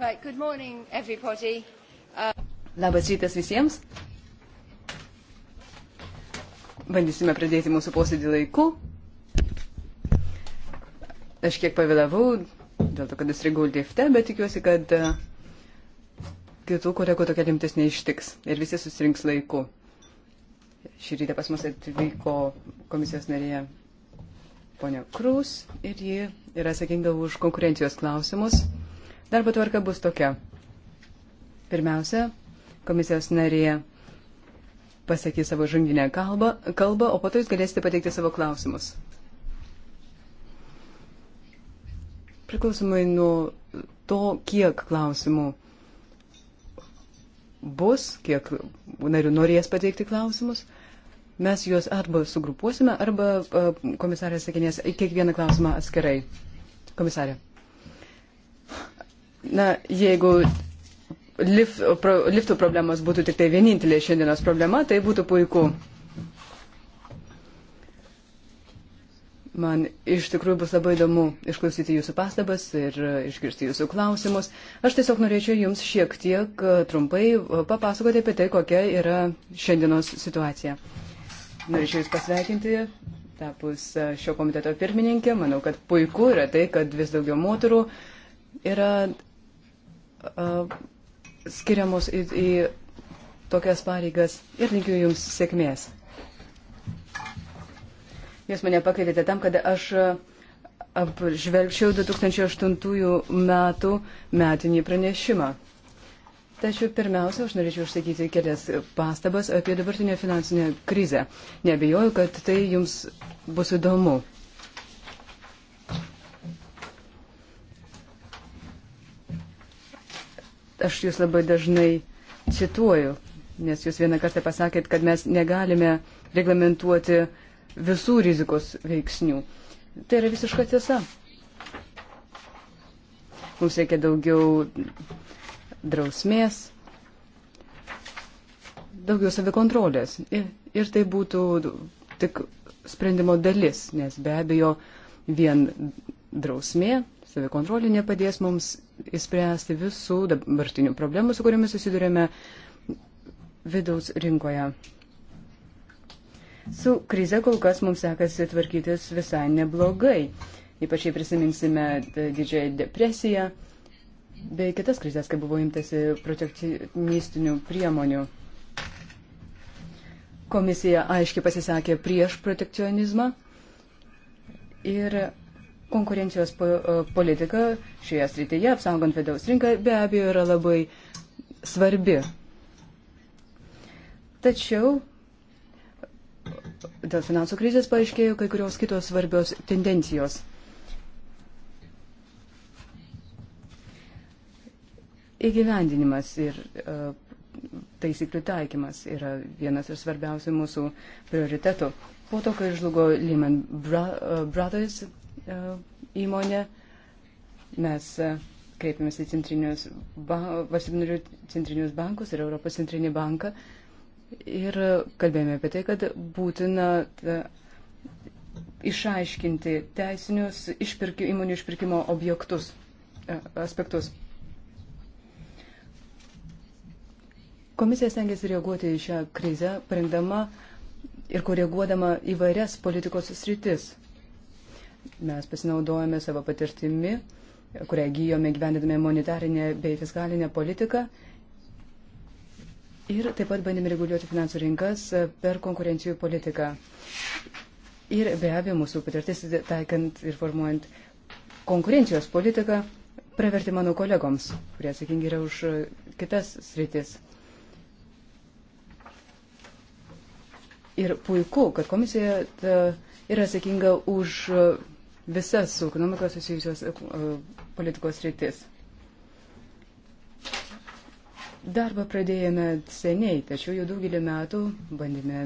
Right, good morning, everybody. Uh... Labas rytas visiems. Bandysime pradėti mūsų posėdį laiku. Aš kiek pavėlavau, dėl to, kad jis reigau lifte, bet tikiuosi, kad uh, kitų kolegų tokia rimtis neištiks ir visi susirinks laiku. Šį rytą pas mus atvyko komisijos narėje ponia Krūs ir ji yra atsakinga už konkurencijos klausimus. Darbo tvarka bus tokia. Pirmiausia, komisijos narė pasakys savo žanginę kalbą, kalbą, o po to jūs galėsite pateikti savo klausimus. Priklausomai nuo to, kiek klausimų bus, kiek narių norės pateikti klausimus, mes juos arba sugrupuosime, arba e, komisarė sakinės kiekvieną klausimą atskirai. Komisarė. Na, jeigu lift, pro, liftų problemas būtų tik tai vienintelė šiandienos problema, tai būtų puiku. Man iš tikrųjų bus labai įdomu išklausyti jūsų pastabas ir e, išgirsti jūsų klausimus. Aš tiesiog norėčiau jums šiek tiek e, trumpai e, papasakoti apie tai, kokia yra šiandienos situacija. Norėčiau jūs pasveikinti, tapus šio komiteto pirmininkė. Manau, kad puiku yra tai, kad vis daugiau moterų yra skiriamos į, į tokias pareigas ir linkiu Jums sėkmės. Jūs mane pakvietėte tam, kad aš apžvelgčiau 2008 metų metinį pranešimą. Tačiau pirmiausia, aš norėčiau užsakyti kelias pastabas apie dabartinę finansinę krizę. Nebejoju, kad tai jums bus įdomu. aš jūs labai dažnai cituoju, nes jūs vieną kartą pasakėt, kad mes negalime reglamentuoti visų rizikos veiksnių. Tai yra visiška tiesa. Mums reikia daugiau drausmės, daugiau savikontrolės. Ir, ir tai būtų tik sprendimo dalis, nes be abejo vien drausmė Savikontrolė nepadės mums įspręsti visų dabartinių problemų, su kuriamis susidurėme vidaus rinkoje. Su krize kol kas mums sekasi tvarkytis visai neblogai, ypač jei prisiminsime didžiąją depresiją bei kitas krizės, kai buvo imtasi protekcionistinių priemonių. Komisija aiškiai pasisakė prieš protekcionizmą ir konkurencijos e, politika šioje srityje, apsaugant vidaus rinką, be abejo yra labai svarbi. Tačiau dėl finansų krizės paaiškėjo kai kurios kitos svarbios tendencijos. Įgyvendinimas ir uh, taisyklių taikymas yra vienas iš svarbiausių mūsų prioritetų. Po to, kai žlugo Lehman e, Brothers, E, įmonė. Mes e, kreipiamės į centrinius, valstybinių centrinius bankus ir Europos centrinį banką ir kalbėjome apie tai, kad būtina ta, e, išaiškinti teisinius išpirki, įmonių išpirkimo objektus, aspektus. Komisija stengiasi reaguoti į šią krizę, parengdama ir koreguodama įvairias politikos sritis. Mes pasinaudojame savo patirtimi, kurią gyjome gyvenidami monetarinę bei fiskalinę politiką. Ir taip pat bandėme reguliuoti finansų rinkas e, per konkurencijų politiką. Ir be abejo, mūsų patirtis taikant ir formuojant konkurencijos politiką praverti mano kolegoms, kurie atsakingi yra už e, kitas sritis. Ir puiku, kad komisija e, yra atsakinga už visas su ekonomikos susijusios e, politikos rytis. Darbą pradėjome seniai, tačiau jau daugelį metų bandėme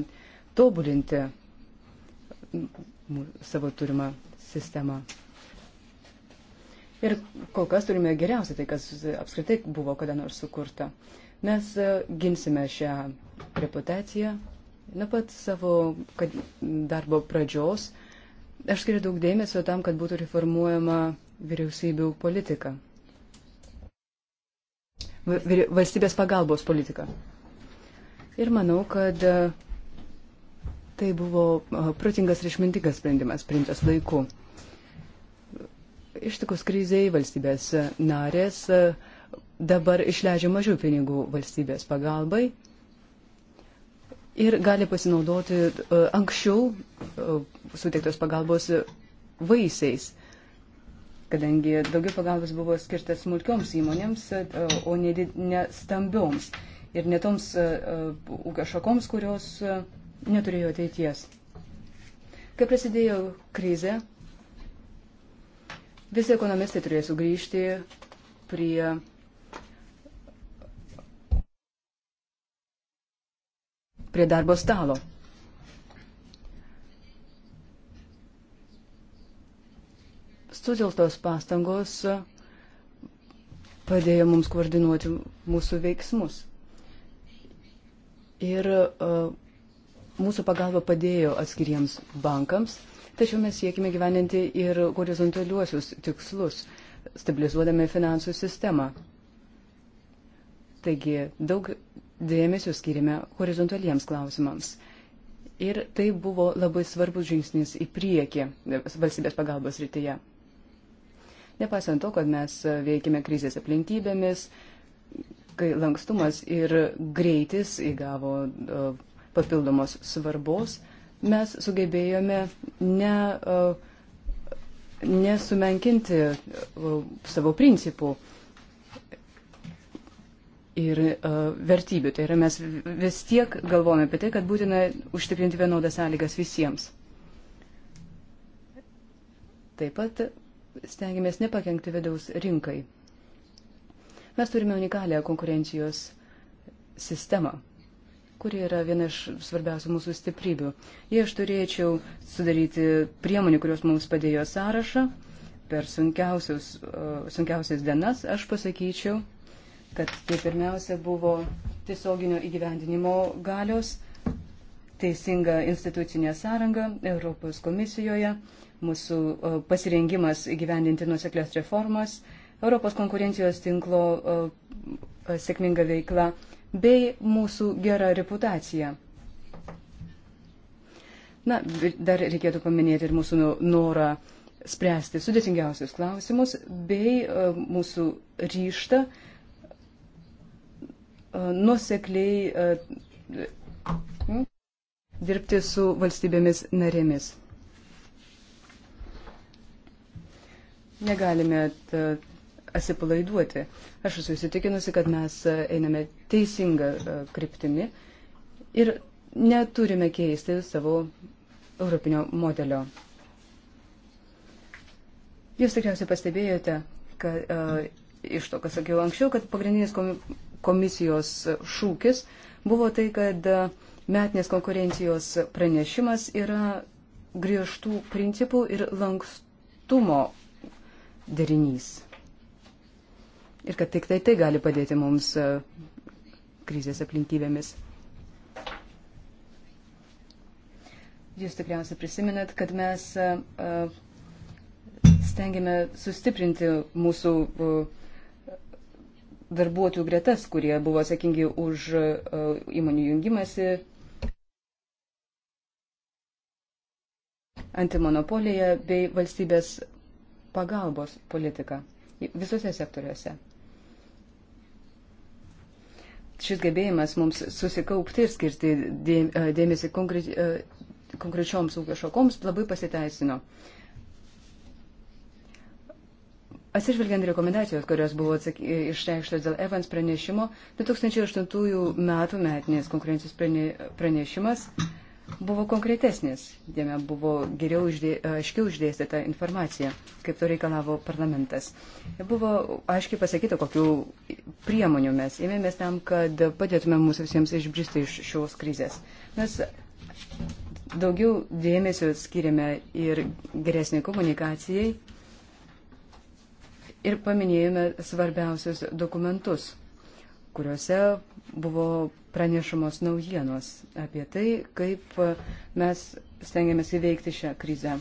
tobulinti savo turimą sistemą. Ir kol kas turime geriausią tai, kas apskritai buvo kada nors sukurta. Mes e, ginsime šią reputaciją nuo pat savo darbo pradžios, Aš skiriu daug dėmesio tam, kad būtų reformuojama vyriausybių politika. Valstybės pagalbos politika. Ir manau, kad e, tai buvo e, protingas ir išmintingas sprendimas, priimtas laiku. Ištikus kriziai valstybės e, narės dabar išleidžia mažiau pinigų valstybės pagalbai ir gali pasinaudoti e, anksčiau e, suteiktos pagalbos vaisiais, kadangi daugiau pagalbos buvo skirtas smulkioms įmonėms, e, o ne, ne stambioms ir netoms ūkio šakoms, kurios neturėjo ateities. Kai prasidėjo krizė, visi ekonomistai turėjo sugrįžti prie prie darbo stalo. Sutiltos pastangos padėjo mums koordinuoti mūsų veiksmus. Ir uh, mūsų pagalba padėjo atskiriems bankams, tačiau mes siekime gyveninti ir horizontaliuosius tikslus, stabilizuodami finansų sistemą. Taigi daug dėmesio skiriame horizontaliems klausimams. Ir tai buvo labai svarbus žingsnis į priekį valstybės pagalbos rytyje. Nepaisant to, kad mes veikime krizės aplinkybėmis, kai lankstumas ir greitis įgavo papildomos svarbos, mes sugebėjome ne, nesumenkinti savo principų ir uh, vertybių. Tai yra mes vis tiek galvojame apie tai, kad būtina užtikrinti vienodas sąlygas visiems. Taip pat stengiamės nepakengti vidaus rinkai. Mes turime unikalią konkurencijos sistemą, kuri yra viena iš svarbiausių mūsų stiprybių. Jei aš turėčiau sudaryti priemonių, kurios mums padėjo sąrašą per e, sunkiausias dienas, aš pasakyčiau, kad tai pirmiausia buvo tiesioginio įgyvendinimo galios, teisinga institucinė sąranga Europos komisijoje, mūsų pasirengimas įgyvendinti nuseklės reformas, Europos konkurencijos tinklo sėkminga veikla bei mūsų gera reputacija. Na, dar reikėtų paminėti ir mūsų norą spręsti sudėtingiausius klausimus bei mūsų ryštą uh, nusekliai e, dirbti su valstybėmis narėmis. Negalime e, asipalaiduoti. Aš esu įsitikinusi, kad mes einame teisinga e, kryptimi ir neturime keisti savo europinio modelio. Jūs tikriausiai pastebėjote, kad e, iš to, kas sakiau anksčiau, kad pagrindinis komisijos šūkis buvo tai, kad metinės konkurencijos pranešimas yra griežtų principų ir lankstumo derinys. Ir kad tik tai tai gali padėti mums e, krizės aplinkybėmis. Jūs tikriausiai prisiminat, kad mes e, e, stengiame sustiprinti mūsų uh, darbuotojų gretas, kurie buvo atsakingi už e, įmonių jungimąsi, antimonopoliją bei valstybės pagalbos politiką visose sektoriuose. Šis gebėjimas mums susikaupti ir skirti e, dėmesį e, konkrečioms ūkio šakoms labai pasiteisino. Uh, Atsižvelgiant rekomendacijos, kurios buvo išreikštos dėl Evans pranešimo, 2008 metų metinės konkurencijos pranešimas buvo konkretesnis, jame buvo geriau išdė, aiškiau išdėstyta informacija, kaip to reikalavo parlamentas. Buvo aiškiai pasakyta, kokiu priemonių mes ėmėmės tam, kad padėtume mūsų visiems išbristi iš šios krizės. Mes daugiau dėmesio skiriame ir geresnį komunikacijai ir paminėjome svarbiausius dokumentus, kuriuose buvo pranešamos naujienos apie tai, kaip mes stengiamės įveikti šią krizę.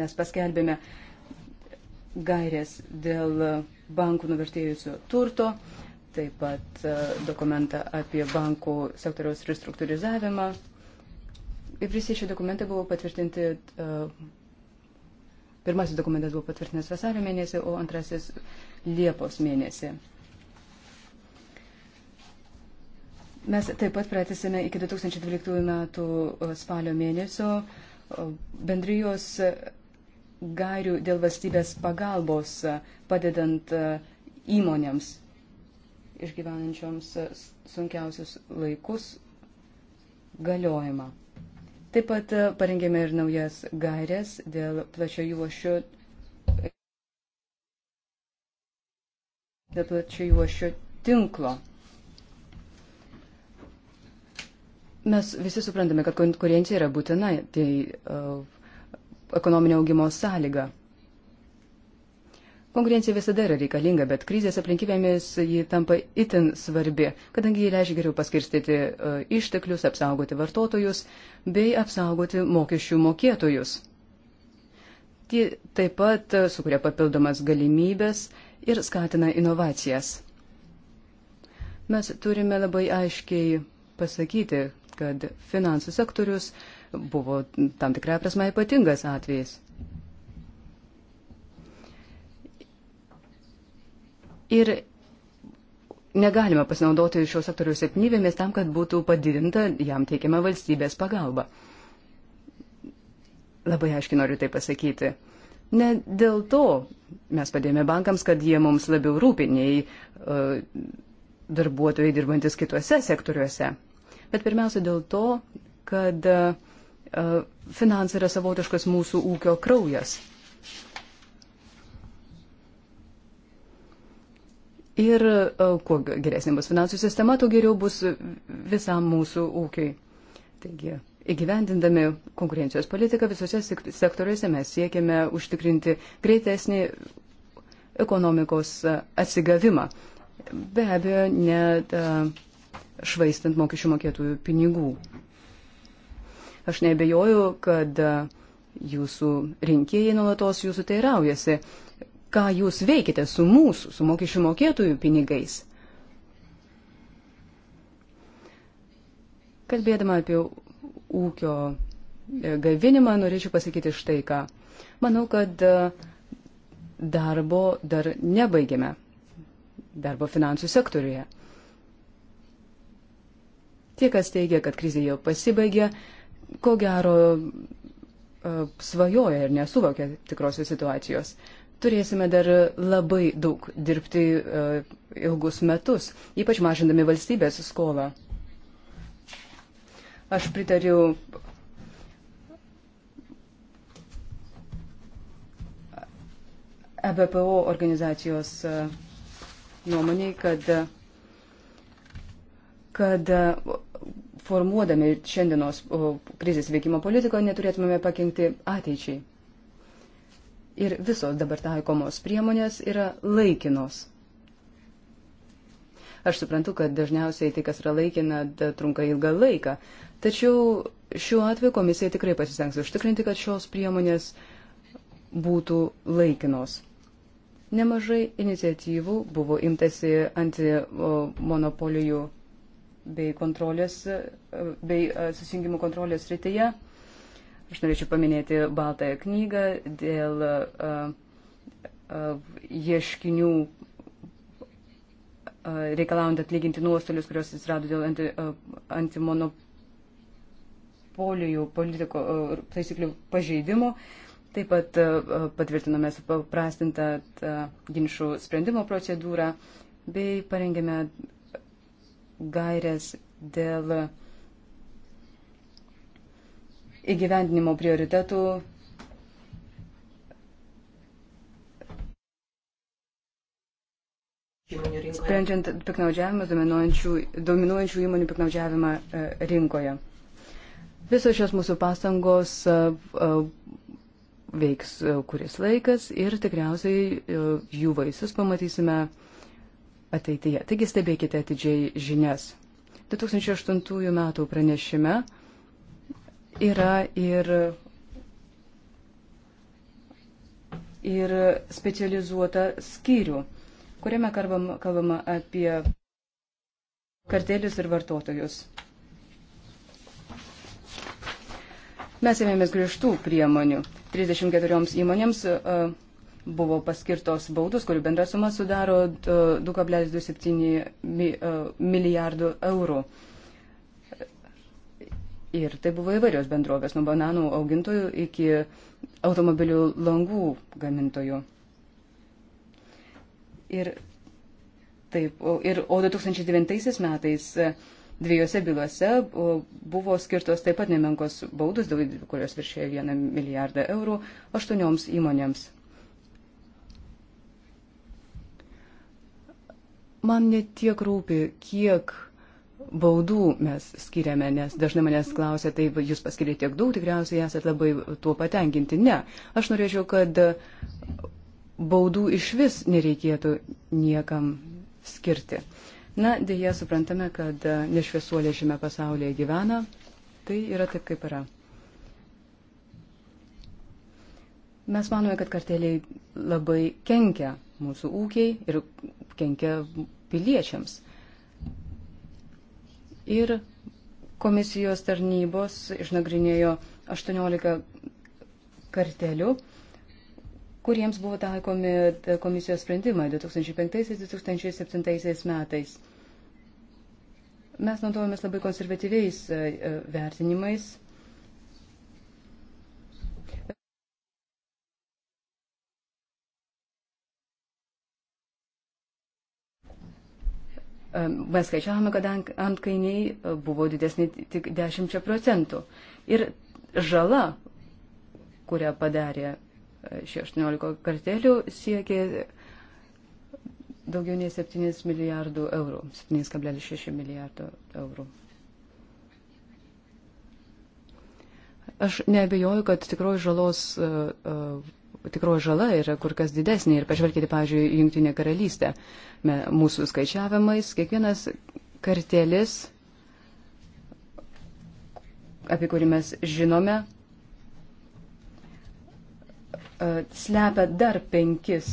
Mes paskelbėme gairės dėl bankų nuvertėjusio turto, taip pat e, dokumentą apie bankų sektoriaus restruktūrizavimą. Ir visi šie dokumentai buvo patvirtinti uh, Pirmasis dokumentas buvo patvirtintas vasario mėnesį, o antrasis Liepos mėnesį. Mes taip pat pratysime iki 2012 metų spalio mėnesio bendrijos gairių dėl valstybės pagalbos padedant įmonėms išgyvenančioms sunkiausius laikus galiojimą. Taip pat e, parengėme ir naujas gairias dėl plačio juošio. Dėl plačio juošio tinklo. Mes visi suprantame, kad konkurencija yra būtina, tai uh, ekonominio augimo sąlyga. Konkurencija visada yra reikalinga, bet krizės aplinkybėmis ji tampa itin svarbi, kadangi ji leidžia geriau paskirstyti e, išteklius, apsaugoti vartotojus bei apsaugoti mokesčių mokėtojus. Tie taip pat sukuria papildomas galimybės ir skatina inovacijas. Mes turime labai aiškiai pasakyti, kad finansų sektorius buvo tam tikrai prasme ypatingas atvejis. Ir negalime pasinaudoti šio sektoriaus septynybėmis tam, kad būtų padidinta jam teikiama valstybės pagalba. Labai aiškiai noriu tai pasakyti. Ne dėl to mes padėjome bankams, kad jie mums labiau rūpiniai uh, e, darbuotojai dirbantis kituose sektoriuose, bet pirmiausia dėl to, kad uh, e, finansai yra savotiškas mūsų ūkio kraujas. Ir e, kuo geresnė bus finansų sistema, tuo geriau bus visam mūsų ūkiai. Taigi, įgyvendindami konkurencijos politiką visose sektoriuose mes siekiame užtikrinti greitesnį ekonomikos e, atsigavimą. Be abejo, net e, švaistant mokesčių mokėtųjų pinigų. Aš nebejoju, kad jūsų rinkėjai nuolatos jūsų teiraujasi, ką jūs veikite su mūsų, su mokesčių mokėtojų pinigais. Kalbėdama apie ūkio e, gavinimą, norėčiau pasakyti štai ką. Manau, kad e, darbo dar nebaigėme. Darbo finansų sektoriuje. Tie, kas teigia, kad krizė jau pasibaigė, ko gero e, svajoja ir nesuvokia tikrosios situacijos turėsime dar labai daug dirbti e, ilgus metus, ypač mažindami valstybės skolą. Aš pritariu EBPO organizacijos e, nuomoniai, kad, kad e, formuodami šiandienos krizės veikimo politikoje neturėtumėme pakengti ateičiai ir visos dabar taikomos priemonės yra laikinos. Aš suprantu, kad dažniausiai tai, kas yra laikina, trunka ilgą laiką. Tačiau šiuo atveju komisija tikrai pasistengs užtikrinti, kad šios priemonės būtų laikinos. Nemažai iniciatyvų buvo imtasi antimonopolijų bei, e, bei e, susijungimų kontrolės rytyje. Aš norėčiau paminėti Baltąją knygą dėl uh, uh, ieškinių uh, reikalaujant atlyginti nuostolius, kurios atsirado dėl anti, uh, antimonopolijų politiko uh, taisyklių pažeidimų. Taip pat uh, patvirtinome supaprastintą uh, ginčių sprendimo procedūrą bei parengėme gairias dėl uh, įgyvendinimo prioritetų sprendžiant piknaudžiavimą dominuojančių įmonių piknaudžiavimą e, rinkoje. Visos šios mūsų pastangos e, e, veiks kuris laikas ir tikriausiai jų vaisius pamatysime ateityje. Taigi stebėkite atidžiai žinias. 2008 m. pranešime yra ir, ir specializuota skyrių, kuriame kalbama, kalbama apie kartelius ir vartotojus. Mes ėmėmės griežtų priemonių. 34 įmonėms buvo paskirtos baudos, kurių bendra suma sudaro 2,27 milijardų eurų. Ir tai buvo įvairios bendrovės, nuo bananų augintojų iki automobilių langų gamintojų. Ir, taip, ir, o 2009 metais e, dviejose bylose buvo skirtos taip pat nemenkos baudos, kurios viršėjo 1 milijardą eurų, aštuonioms įmonėms. Man netiek rūpi, kiek baudų mes skiriame, nes dažnai manęs klausia, taip, jūs paskirėte tiek daug, tikriausiai esate labai tuo patenkinti. Ne, aš norėčiau, kad baudų iš vis nereikėtų niekam skirti. Na, dėja, suprantame, kad nešviesuolė šiame pasaulyje gyvena, tai yra taip, kaip yra. Mes manome, kad karteliai labai kenkia mūsų ūkiai ir kenkia piliečiams. Ir komisijos tarnybos išnagrinėjo 18 kartelių, kuriems buvo taikomi komisijos sprendimai 2005-2007 metais. Mes naudojomės labai konservatyviais e, e, vertinimais Mes skaičiavome, kad antkainiai e, buvo didesni tik 10 procentų. Ir žala, kurią padarė e, šie 18 kartelių, siekė daugiau nei 7 milijardų eurų, 7,6 milijardų eurų. Aš nebejoju, kad tikroji žalos uh, uh, tikroji žala yra kur kas didesnė. Ir pažvelkite, pavyzdžiui, Junktinė karalystė. Mūsų skaičiavimais kiekvienas kartelis, apie kurį mes žinome, e, slepia dar penkis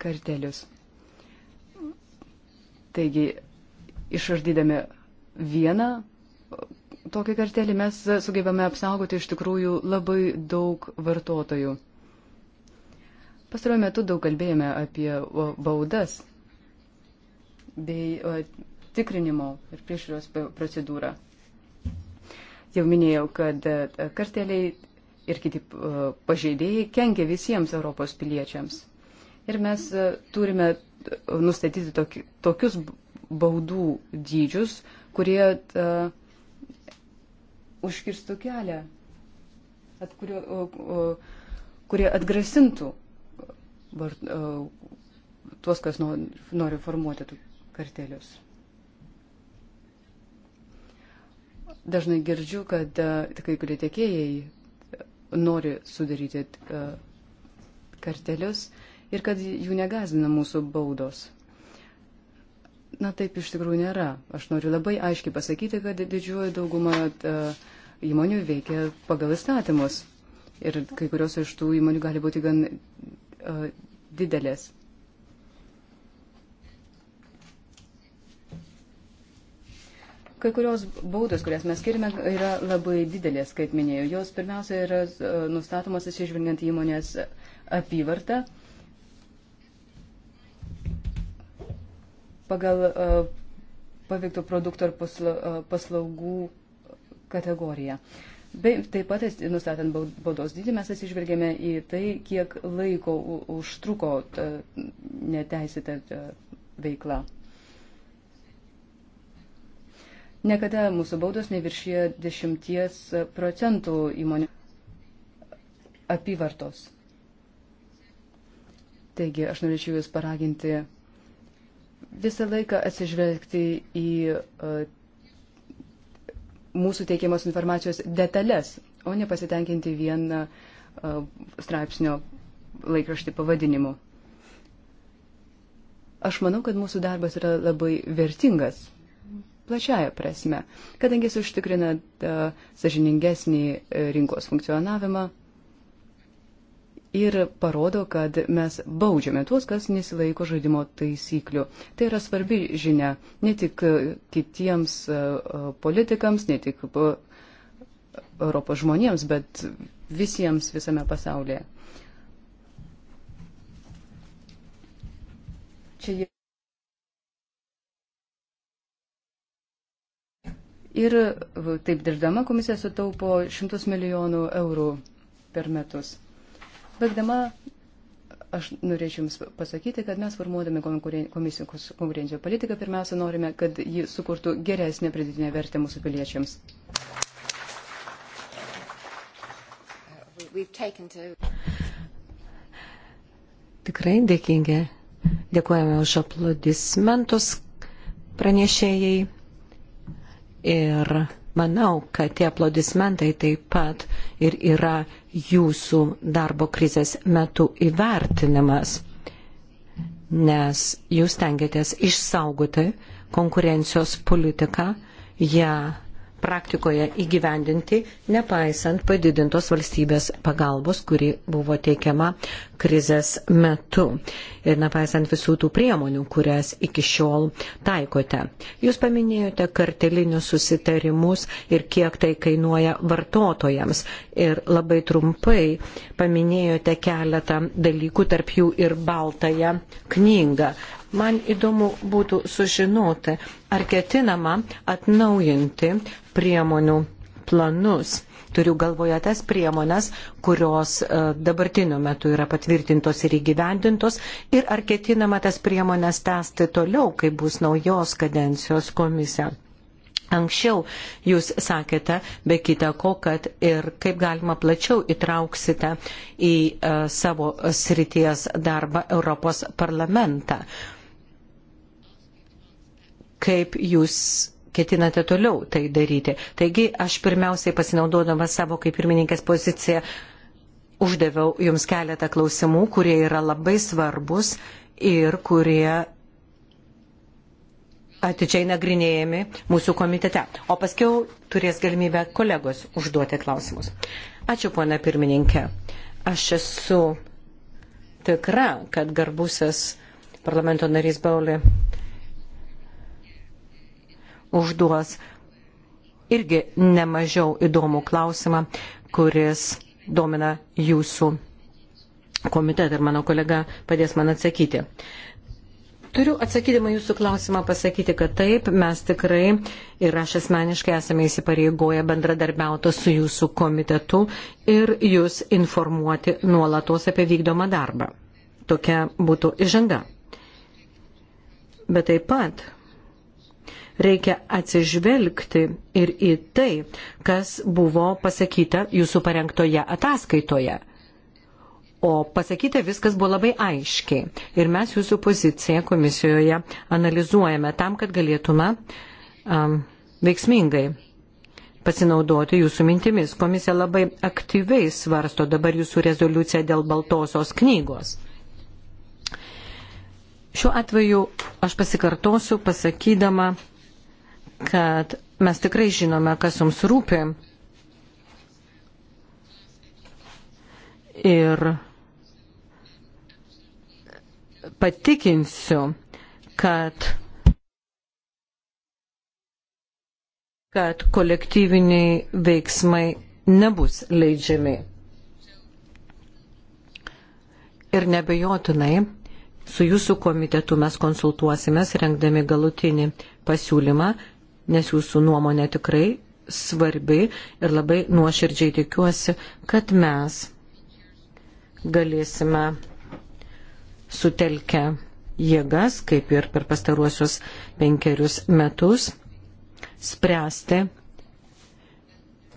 kartelius. Taigi, išardydami vieną tokį kartelį mes sugebame apsaugoti iš tikrųjų labai daug vartotojų. Pastaruoju metu daug kalbėjome apie baudas bei tikrinimo ir priežiūros procedūrą. Jau minėjau, kad e, karteliai ir kiti pažeidėjai kenkia visiems Europos piliečiams. Ir mes e, turime e, nustatyti tokius baudų dydžius, kurie uh, užkirstų kelią, at kurio, o, o, kurie atgrasintų uh, var, o, uh, tuos, kas nori, nori formuoti tų kartelius. Dažnai girdžiu, kad uh, kai kurie tiekėjai nori sudaryti kartelius ir kad jų negazina mūsų baudos. Na taip iš tikrųjų nėra. Aš noriu labai aiškiai pasakyti, kad didžioji dauguma e, įmonių veikia pagal įstatymus. Ir kai kurios iš tų įmonių gali būti gan uh, didelės. Kai kurios baudos, kurias mes skirime, yra labai didelės, kaip minėjau. Jos pirmiausia yra e, nustatomas atsižvelgiant įmonės apyvartą. Uh, pagal e, paveikto produkto ar e, paslaugų kategoriją. Bei taip pat, nustatant baudos dydį, mes atsižvelgėme į tai, kiek laiko užtruko e, neteisėta veikla. Niekada mūsų baudos neviršyje 10 procentų įmonių apyvartos. Taigi, aš norėčiau Jūs paraginti visą laiką atsižvelgti į e, mūsų teikiamos informacijos detalės, o nepasitenkinti vieną e, straipsnio laikraštį pavadinimu. Aš manau, kad mūsų darbas yra labai vertingas, plačiaja prasme, kadangi jis užtikrina e, sažiningesnį rinkos funkcionavimą, ir parodo, kad mes baudžiame tuos, kas nesilaiko žaidimo taisyklių. Tai yra svarbi žinia ne tik kitiems e, e, politikams, ne tik e, Europos žmonėms, bet visiems visame pasaulyje. Čia Ir taip dirbdama komisija sutaupo šimtus milijonų eurų per metus. Baigdama, aš norėčiau Jums pasakyti, kad mes formuodami komisijos konkurencijų politiką pirmiausia norime, kad ji sukurtų geresnę pridėtinę vertę mūsų piliečiams. Tikrai dėkingi. Dėkojame už aplodismentus pranešėjai. Ir manau, kad tie aplodismentai taip pat ir yra jūsų darbo krizės metu įvertinimas, nes jūs tengiatės išsaugoti konkurencijos politiką, ją praktikoje įgyvendinti, nepaisant padidintos valstybės pagalbos, kuri buvo teikiama krizės metu ir nepaisant visų tų priemonių, kurias iki šiol taikote. Jūs paminėjote kartelinius susitarimus ir kiek tai kainuoja vartotojams ir labai trumpai paminėjote keletą dalykų, tarp jų ir baltąją knygą. Man įdomu būtų sužinoti, ar ketinama atnaujinti priemonių planus. Turiu galvoje tas priemonės, kurios e, dabartiniu metu yra patvirtintos ir įgyvendintos ir ar ketinama tas priemonės tęsti toliau, kai bus naujos kadencijos komisija. Anksčiau jūs sakėte, be kita ko, kad ir kaip galima plačiau įtrauksite į e, savo srities darbą Europos parlamentą. Kaip jūs ketinate toliau tai daryti. Taigi aš pirmiausiai pasinaudodama savo kaip pirmininkės poziciją uždaviau Jums keletą klausimų, kurie yra labai svarbus ir kurie atidžiai nagrinėjami mūsų komitete. O paskiau turės galimybę kolegos užduoti klausimus. Ačiū, pona pirmininkė. Aš esu tikra, kad garbusis parlamento narys Baulė užduos irgi nemažiau įdomų klausimą, kuris domina jūsų komitetą ir mano kolega padės man atsakyti. Turiu atsakydama jūsų klausimą pasakyti, kad taip, mes tikrai ir aš asmeniškai esame įsipareigoję bendradarbiauti su jūsų komitetu ir jūs informuoti nuolatos apie vykdomą darbą. Tokia būtų įžanga. Bet taip pat reikia atsižvelgti ir į tai, kas buvo pasakyta jūsų parengtoje ataskaitoje. O pasakyta viskas buvo labai aiškiai. Ir mes jūsų poziciją komisijoje analizuojame tam, kad galėtume um, veiksmingai pasinaudoti jūsų mintimis. Komisija labai aktyviai svarsto dabar jūsų rezoliuciją dėl baltosios knygos. Šiuo atveju aš pasikartosiu pasakydama, kad mes tikrai žinome, kas jums rūpi. Ir patikinsiu, kad, kad kolektyviniai veiksmai nebus leidžiami. Ir nebejotinai su jūsų komitetu mes konsultuosimės, rengdami galutinį pasiūlymą nes jūsų nuomonė tikrai svarbi ir labai nuoširdžiai tikiuosi, kad mes galėsime sutelkę jėgas, kaip ir per pastaruosius penkerius metus, spręsti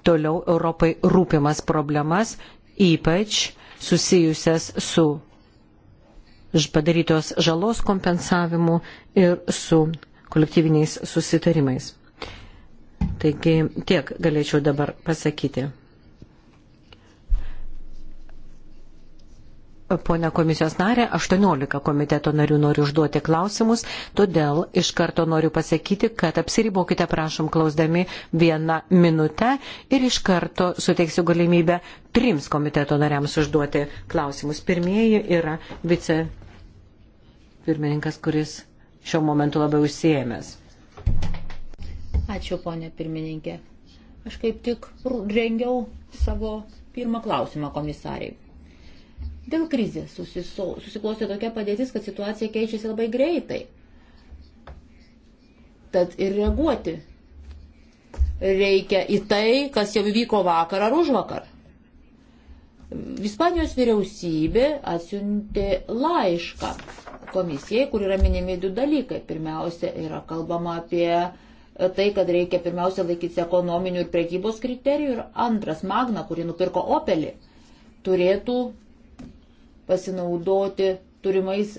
toliau Europai rūpimas problemas, ypač susijusias su padarytos žalos kompensavimu ir su kolektyviniais susitarimais. Taigi tiek galėčiau dabar pasakyti. Pone komisijos narė, 18 komiteto narių noriu užduoti klausimus, todėl iš karto noriu pasakyti, kad apsiribokite, prašom, klausdami vieną minutę ir iš karto suteiksiu galimybę trims komiteto nariams užduoti klausimus. Pirmieji yra vice pirmininkas, kuris šiuo momentu labai užsiemęs. Ačiū, ponė pirmininkė. Aš kaip tik rengiau savo pirmą klausimą komisariai. Dėl krizės susiklostė tokia padėtis, kad situacija keičiasi labai greitai. Tad ir reaguoti reikia į tai, kas jau vyko vakar ar už vakar. Ispanijos vyriausybė atsiuntė laišką komisijai, kur yra minimi du dalykai. Pirmiausia, yra kalbama apie tai, kad reikia pirmiausia laikytis ekonominių ir prekybos kriterijų. Ir antras, Magna, kuri nupirko Opelį, turėtų pasinaudoti turimais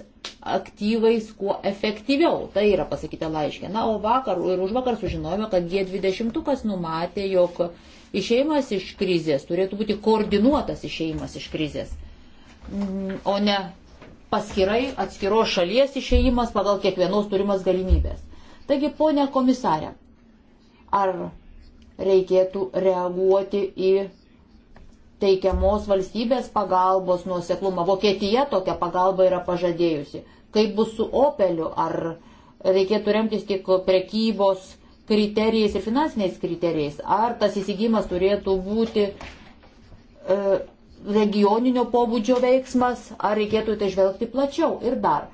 aktyvais kuo efektyviau. Tai yra pasakyta laiškė. Na, o vakar ir už vakar sužinojome, kad G20 numatė, jog išeimas iš krizės turėtų būti koordinuotas išeimas iš krizės, mm, o ne paskirai atskiros šalies išeimas pagal kiekvienos turimas galimybės. Taigi, ponia komisarė, ar reikėtų reaguoti į teikiamos valstybės pagalbos nuoseklumą? Vokietija tokią pagalbą yra pažadėjusi. Kaip bus su Opeliu? Ar reikėtų remtis tik prekybos kriterijais ir finansiniais kriterijais? Ar tas įsigymas turėtų būti e, regioninio pobūdžio veiksmas, ar reikėtų tai žvelgti plačiau? Ir dar,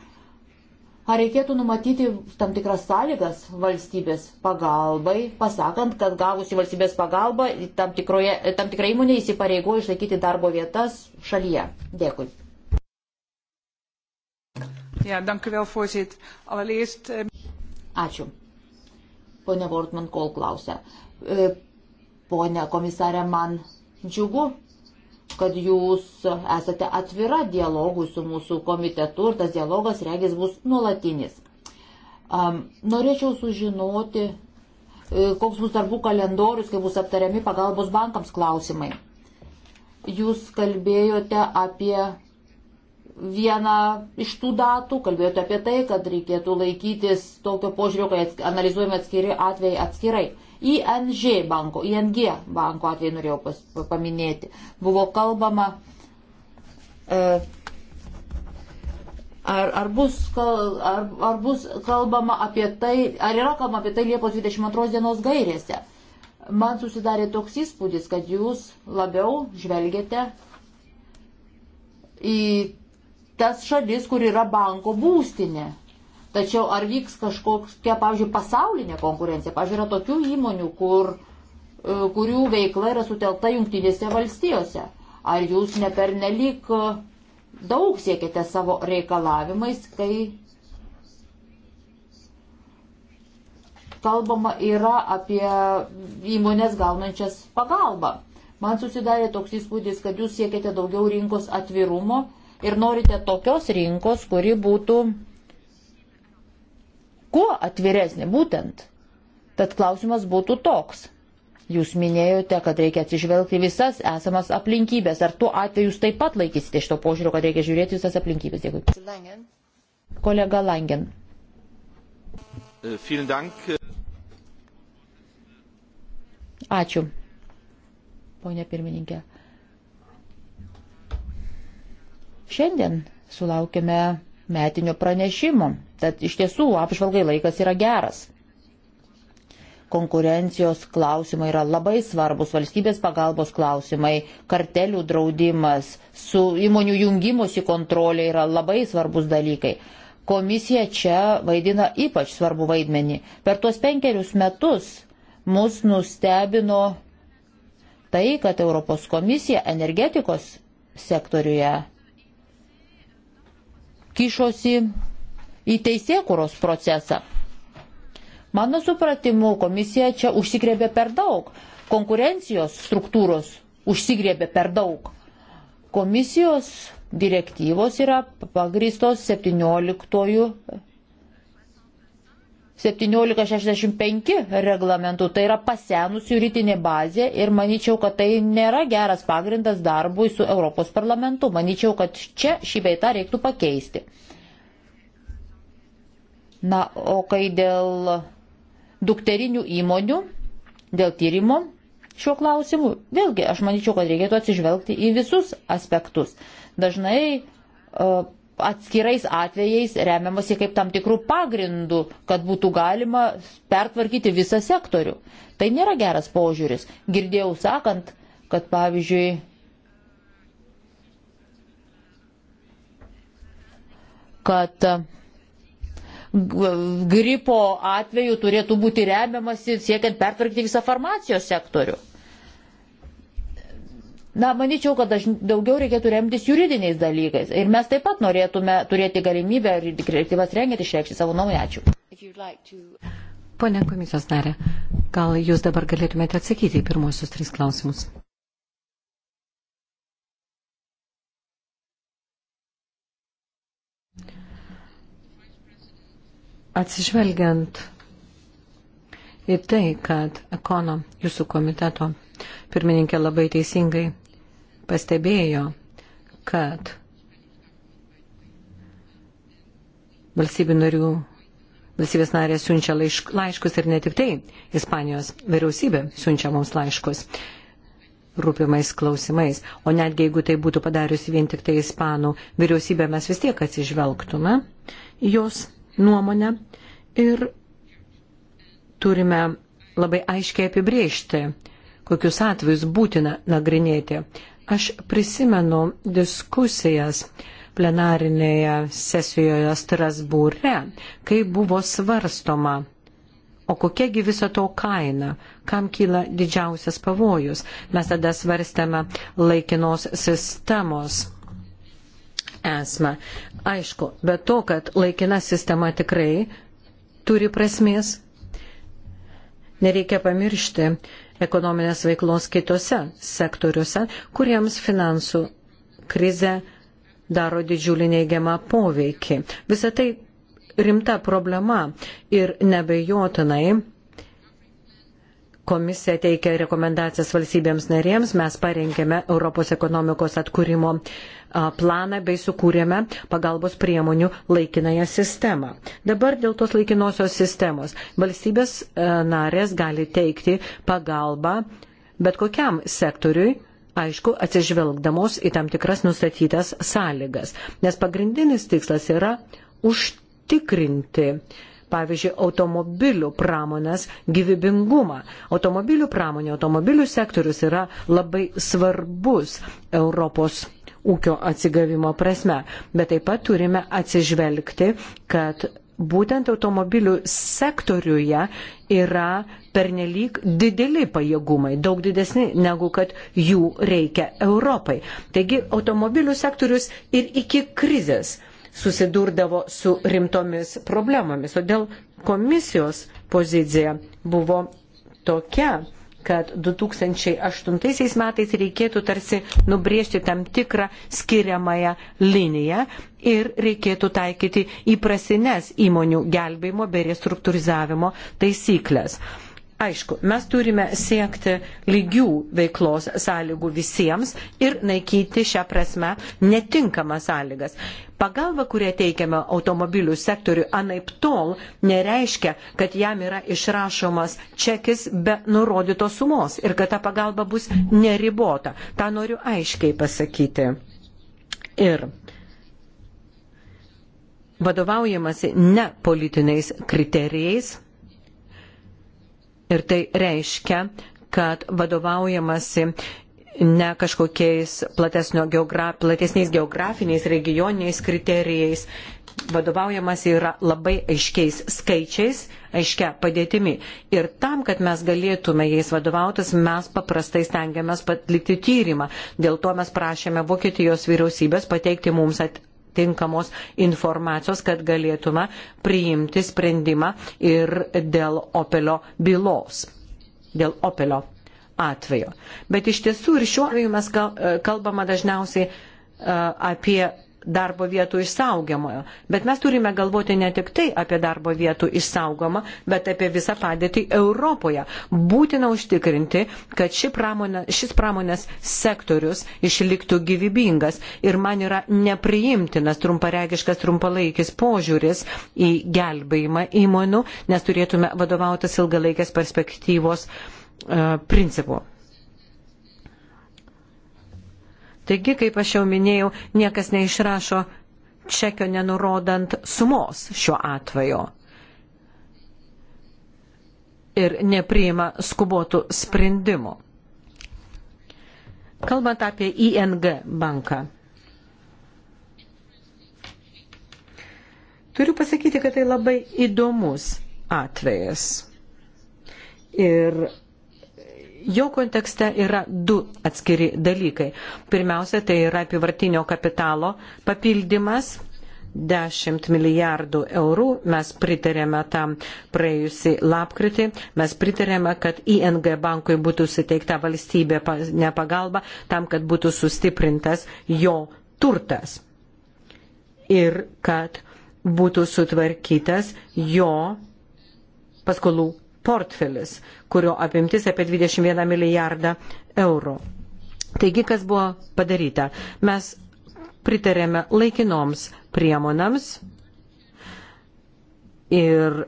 Ar reikėtų numatyti tam tikras sąlygas valstybės pagalbai, pasakant, kad gavusi valstybės pagalbą tam, tikroje, tam tikrai įmonė įsipareigoja išlaikyti darbo vietas šalyje? Dėkui. Ja, vėl, Allerleast, um... Ačiū. Pone Vortman kol klausia. Eh, pone komisarė, man džiugu, kad jūs esate atvira dialogui su mūsų komitetu ir tas dialogas, regis, bus nuolatinis. Um, norėčiau sužinoti, e, koks bus darbų kalendorius, kai bus aptariami pagalbos bankams klausimai. Jūs kalbėjote apie vieną iš tų datų, kalbėjote apie tai, kad reikėtų laikytis tokio požiūrio, kai analizuojame atskiri atvejai atskirai. ING banko, ING banko atveju tai norėjau pas, paminėti. Buvo kalbama, e, ar, ar, bus kal, ar, ar bus kalbama apie tai, ar yra kalbama apie tai Liepos 22 dienos gairėse. Man susidarė toks įspūdis, kad jūs labiau žvelgiate į tas šalis, kur yra banko būstinė. Tačiau ar vyks kažkokia, pavyzdžiui, pasaulinė konkurencija? Pavyzdžiui, yra tokių įmonių, kur, e, kurių veikla yra sutelta jungtinėse valstijose. Ar jūs nepernelyg e, daug siekite savo reikalavimais, kai kalbama yra apie įmonės gaunančias pagalbą. Man susidarė toks įspūdis, kad jūs siekite daugiau rinkos atvirumo ir norite tokios rinkos, kuri būtų kuo atviresnė būtent. Tad klausimas būtų toks. Jūs minėjote, kad reikia atsižvelgti visas esamas aplinkybės. Ar tuo atveju jūs taip pat laikysite šito požiūrio, kad reikia žiūrėti visas aplinkybės? Dėkui. Langen. Kolega Langen. E, Ačiū, ponė pirmininkė. Šiandien sulaukime metinio pranešimo Tad iš tiesų apžvalgai laikas yra geras. Konkurencijos klausimai yra labai svarbus, valstybės pagalbos klausimai, kartelių draudimas, su įmonių jungimusi kontrolė yra labai svarbus dalykai. Komisija čia vaidina ypač svarbu vaidmenį. Per tuos penkerius metus mus nustebino tai, kad Europos komisija energetikos sektoriuje kišosi į teisėkuros procesą. Mano supratimu, komisija čia užsigrėbė per daug, konkurencijos struktūros užsigrėbė per daug. Komisijos direktyvos yra pagristos 17 1765 reglamentų. Tai yra pasenusi rytinė bazė ir manyčiau, kad tai nėra geras pagrindas darbui su Europos parlamentu. Manyčiau, kad čia šį beitą reiktų pakeisti. Na, o kai dėl dukterinių įmonių, dėl tyrimo šiuo klausimu, vėlgi aš manyčiau, kad reikėtų atsižvelgti į visus aspektus. Dažnai uh, atskirais atvejais remiamasi kaip tam tikrų pagrindų, kad būtų galima pertvarkyti visą sektorių. Tai nėra geras požiūris. Girdėjau sakant, kad pavyzdžiui, kad uh, gripo atveju turėtų būti remiamasi siekiant pertvarkyti visą farmacijos sektorių. Na, manyčiau, kad aš daugiau reikėtų remtis juridiniais dalykais. Ir mes taip pat norėtume turėti galimybę ir direktyvas rengiant išreikšti savo nuomonę. Ačiū. Pone komisijos narė, gal jūs dabar galėtumėte atsakyti į pirmosius tris klausimus? Atsižvelgiant į tai, kad Ekono jūsų komiteto pirmininkė labai teisingai pastebėjo, kad valstybių narių, valstybės narės siunčia laišk, laiškus ir ne tik tai, Ispanijos vyriausybė siunčia mums laiškus rūpimais klausimais, o netgi jeigu tai būtų padariusi vien tik tai Ispanų vyriausybė, mes vis tiek atsižvelgtume jos nuomonę ir turime labai aiškiai apibriežti, kokius atvejus būtina nagrinėti. Aš prisimenu diskusijas plenarinėje sesijoje Strasbūre, kai buvo svarstoma, o kokiagi viso to kaina, kam kyla didžiausias pavojus. Mes tada svarstėme laikinos sistemos esmę. Aišku, bet to, kad laikina sistema tikrai turi prasmės, nereikia pamiršti ekonominės veiklos kitose sektoriuose, kuriems finansų krize daro didžiulį neigiamą poveikį. Visą tai rimta problema ir nebejotinai Komisija teikia rekomendacijas valstybėms narėms, mes parengėme Europos ekonomikos atkūrimo planą bei sukūrėme pagalbos priemonių laikinąją sistemą. Dabar dėl tos laikinosios sistemos valstybės narės gali teikti pagalbą bet kokiam sektoriui aišku, atsižvelgdamos į tam tikras nustatytas sąlygas. Nes pagrindinis tikslas yra užtikrinti pavyzdžiui, automobilių pramonės gyvybingumą. Automobilių pramonė, automobilių sektorius yra labai svarbus Europos ūkio atsigavimo prasme, bet taip pat turime atsižvelgti, kad būtent automobilių sektoriuje yra pernelyg dideli pajėgumai, daug didesni negu kad jų reikia Europai. Taigi automobilių sektorius ir iki krizės susidurdavo su rimtomis problemomis. Todėl komisijos pozicija buvo tokia, kad 2008 metais reikėtų tarsi nubriežti tam tikrą skiriamąją liniją ir reikėtų taikyti įprasines įmonių gelbėjimo bei restruktūrizavimo taisyklės. Aišku, mes turime siekti lygių veiklos sąlygų visiems ir naikyti šią prasme netinkamas sąlygas. Pagalba, kurią teikiame automobilių sektoriui anaip tol, nereiškia, kad jam yra išrašomas čekis be nurodytos sumos ir kad ta pagalba bus neribota. Ta noriu aiškiai pasakyti. Ir vadovaujamasi ne politiniais kriterijais Ir tai reiškia, kad vadovaujamasi ne kažkokiais geogra platesniais geografiniais, regioniniais kriterijais. Vadovaujamas yra labai aiškiais skaičiais, aiškia padėtimi. Ir tam, kad mes galėtume jais vadovautis, mes paprastai stengiamės atlikti tyrimą. Dėl to mes prašėme Vokietijos vyriausybės pateikti mums at, tinkamos informacijos, kad galėtume priimti sprendimą ir dėl Opelio bylos, dėl Opelio atvejo. Bet iš tiesų ir šiuo atveju mes e, kalbame dažniausiai e, apie darbo vietų išsaugiamojo. Bet mes turime galvoti ne tik tai apie darbo vietų išsaugomą, bet apie visą padėtį Europoje. Būtina užtikrinti, kad ši pramonė, šis pramonės sektorius išliktų gyvybingas ir man yra nepriimtinas trumparegiškas trumpalaikis požiūris į gelbėjimą įmonių, nes turėtume vadovautas ilgalaikės perspektyvos uh, principu. Taigi, kaip aš jau minėjau, niekas neišrašo čekio nenurodant sumos šiuo atveju ir nepriima skubotų sprendimų. Kalbant apie ING banką. Turiu pasakyti, kad tai labai įdomus atvejas. Ir jo kontekste yra du atskiri dalykai. Pirmiausia, tai yra apivartinio kapitalo papildymas. 10 milijardų eurų, mes pritarėme tam praėjusi lapkritį, mes pritarėme, kad ING bankui būtų suteikta valstybė nepagalba tam, kad būtų sustiprintas jo turtas ir kad būtų sutvarkytas jo paskolų portfelis, kurio apimtis apie 21 milijardą eurų. Taigi, kas buvo padaryta? Mes pritarėme laikinoms priemonams ir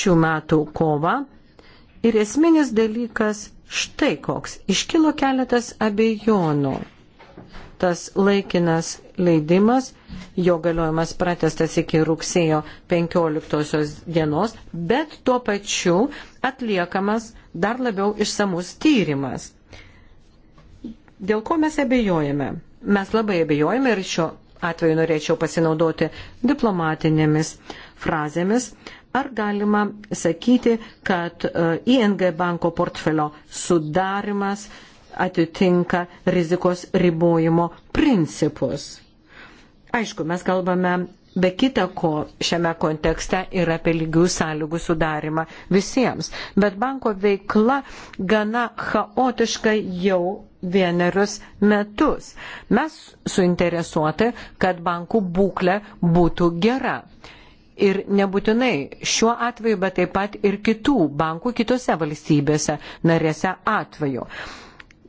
šių metų kovą. Ir esminis dalykas štai koks. Iškilo keletas abejonų tas laikinas leidimas, jo galiojimas pratestas iki rugsėjo 15 dienos, bet tuo pačiu atliekamas dar labiau išsamus tyrimas. Dėl ko mes abejojame? Mes labai abejojame ir šiuo atveju norėčiau pasinaudoti diplomatinėmis frazėmis. Ar galima sakyti, kad e, ING banko portfelio sudarimas uh, atitinka rizikos ribojimo principus. Aišku, mes kalbame be kita ko šiame kontekste ir apie lygių sąlygų sudarimą visiems. Bet banko veikla gana chaotiška jau vienerius metus. Mes suinteresuoti, kad bankų būklė būtų gera. Ir nebūtinai šiuo atveju, bet taip pat ir kitų bankų kitose valstybėse narėse atveju.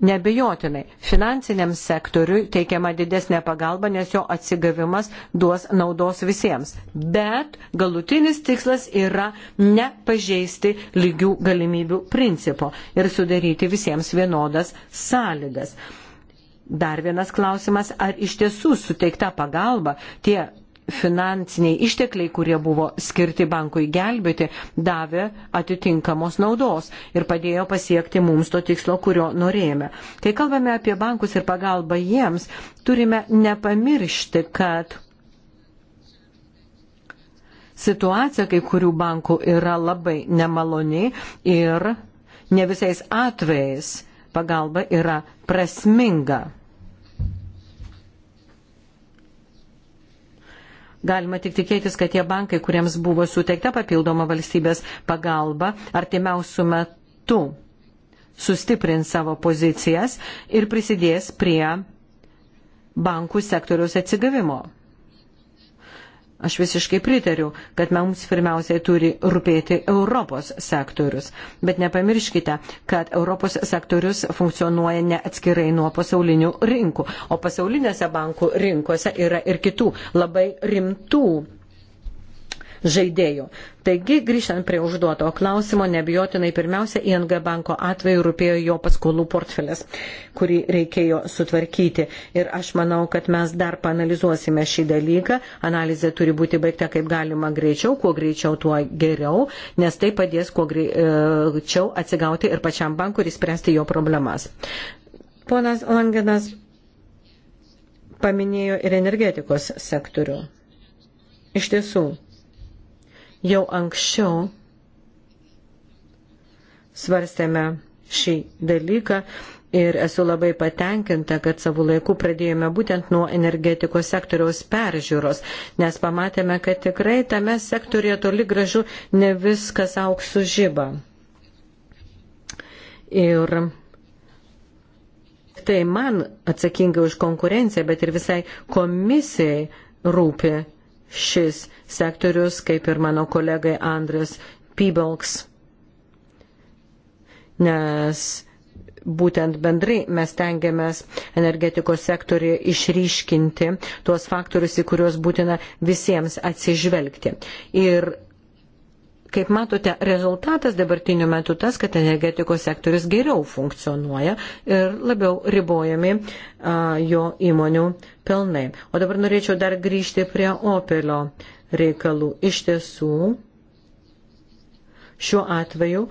Nebejotinai, finansiniam sektoriui teikiama didesnė pagalba, nes jo atsigavimas duos naudos visiems. Bet galutinis tikslas yra nepažeisti lygių galimybių principo ir sudaryti visiems vienodas sąlygas. Dar vienas klausimas, ar iš tiesų suteikta pagalba tie finansiniai ištekliai, kurie buvo skirti bankui gelbėti, davė atitinkamos naudos ir padėjo pasiekti mums to tikslo, kurio norėjome. Kai kalbame apie bankus ir pagalbą jiems, turime nepamiršti, kad situacija kai kurių bankų yra labai nemaloni ir ne visais atvejais pagalba yra prasminga. Galima tik tikėtis, kad tie bankai, kuriems buvo suteikta papildoma valstybės pagalba, artimiausių metų sustiprins savo pozicijas ir prisidės prie bankų sektoriaus atsigavimo. Aš visiškai pritariu, kad mums pirmiausiai turi rūpėti Europos sektorius. Bet nepamirškite, kad Europos sektorius funkcionuoja ne atskirai nuo pasaulinių rinkų, o pasaulinėse bankų rinkose yra ir kitų labai rimtų žaidėjų. Taigi, grįžtant prie užduoto klausimo, nebijotinai pirmiausia, ING banko atveju rūpėjo jo paskolų portfelis, kurį reikėjo sutvarkyti. Ir aš manau, kad mes dar panalizuosime šį dalyką. Analizė turi būti baigta kaip galima greičiau, kuo greičiau tuo geriau, nes tai padės kuo e, greičiau atsigauti ir pačiam bankui ir spręsti jo problemas. Ponas Langenas paminėjo ir energetikos sektorių. Iš tiesų, Jau anksčiau svarstėme šį dalyką ir esu labai patenkinta, kad savo laiku pradėjome būtent nuo energetikos sektoriaus peržiūros, nes pamatėme, kad tikrai tame sektorėje toli gražu ne viskas auksų žyba. Ir tai man atsakinga už konkurenciją, bet ir visai komisijai rūpi šis sektorius, kaip ir mano kolegai Andras Pybalks, nes būtent bendrai mes tengiamės energetikos sektorį išryškinti tuos faktorius, į kuriuos būtina visiems atsižvelgti. Ir Kaip matote, rezultatas dabartiniu metu tas, kad energetikos sektorius geriau funkcionuoja ir labiau ribojami a, jo įmonių pelnai. O dabar norėčiau dar grįžti prie Opelio reikalų. Iš tiesų, šiuo atveju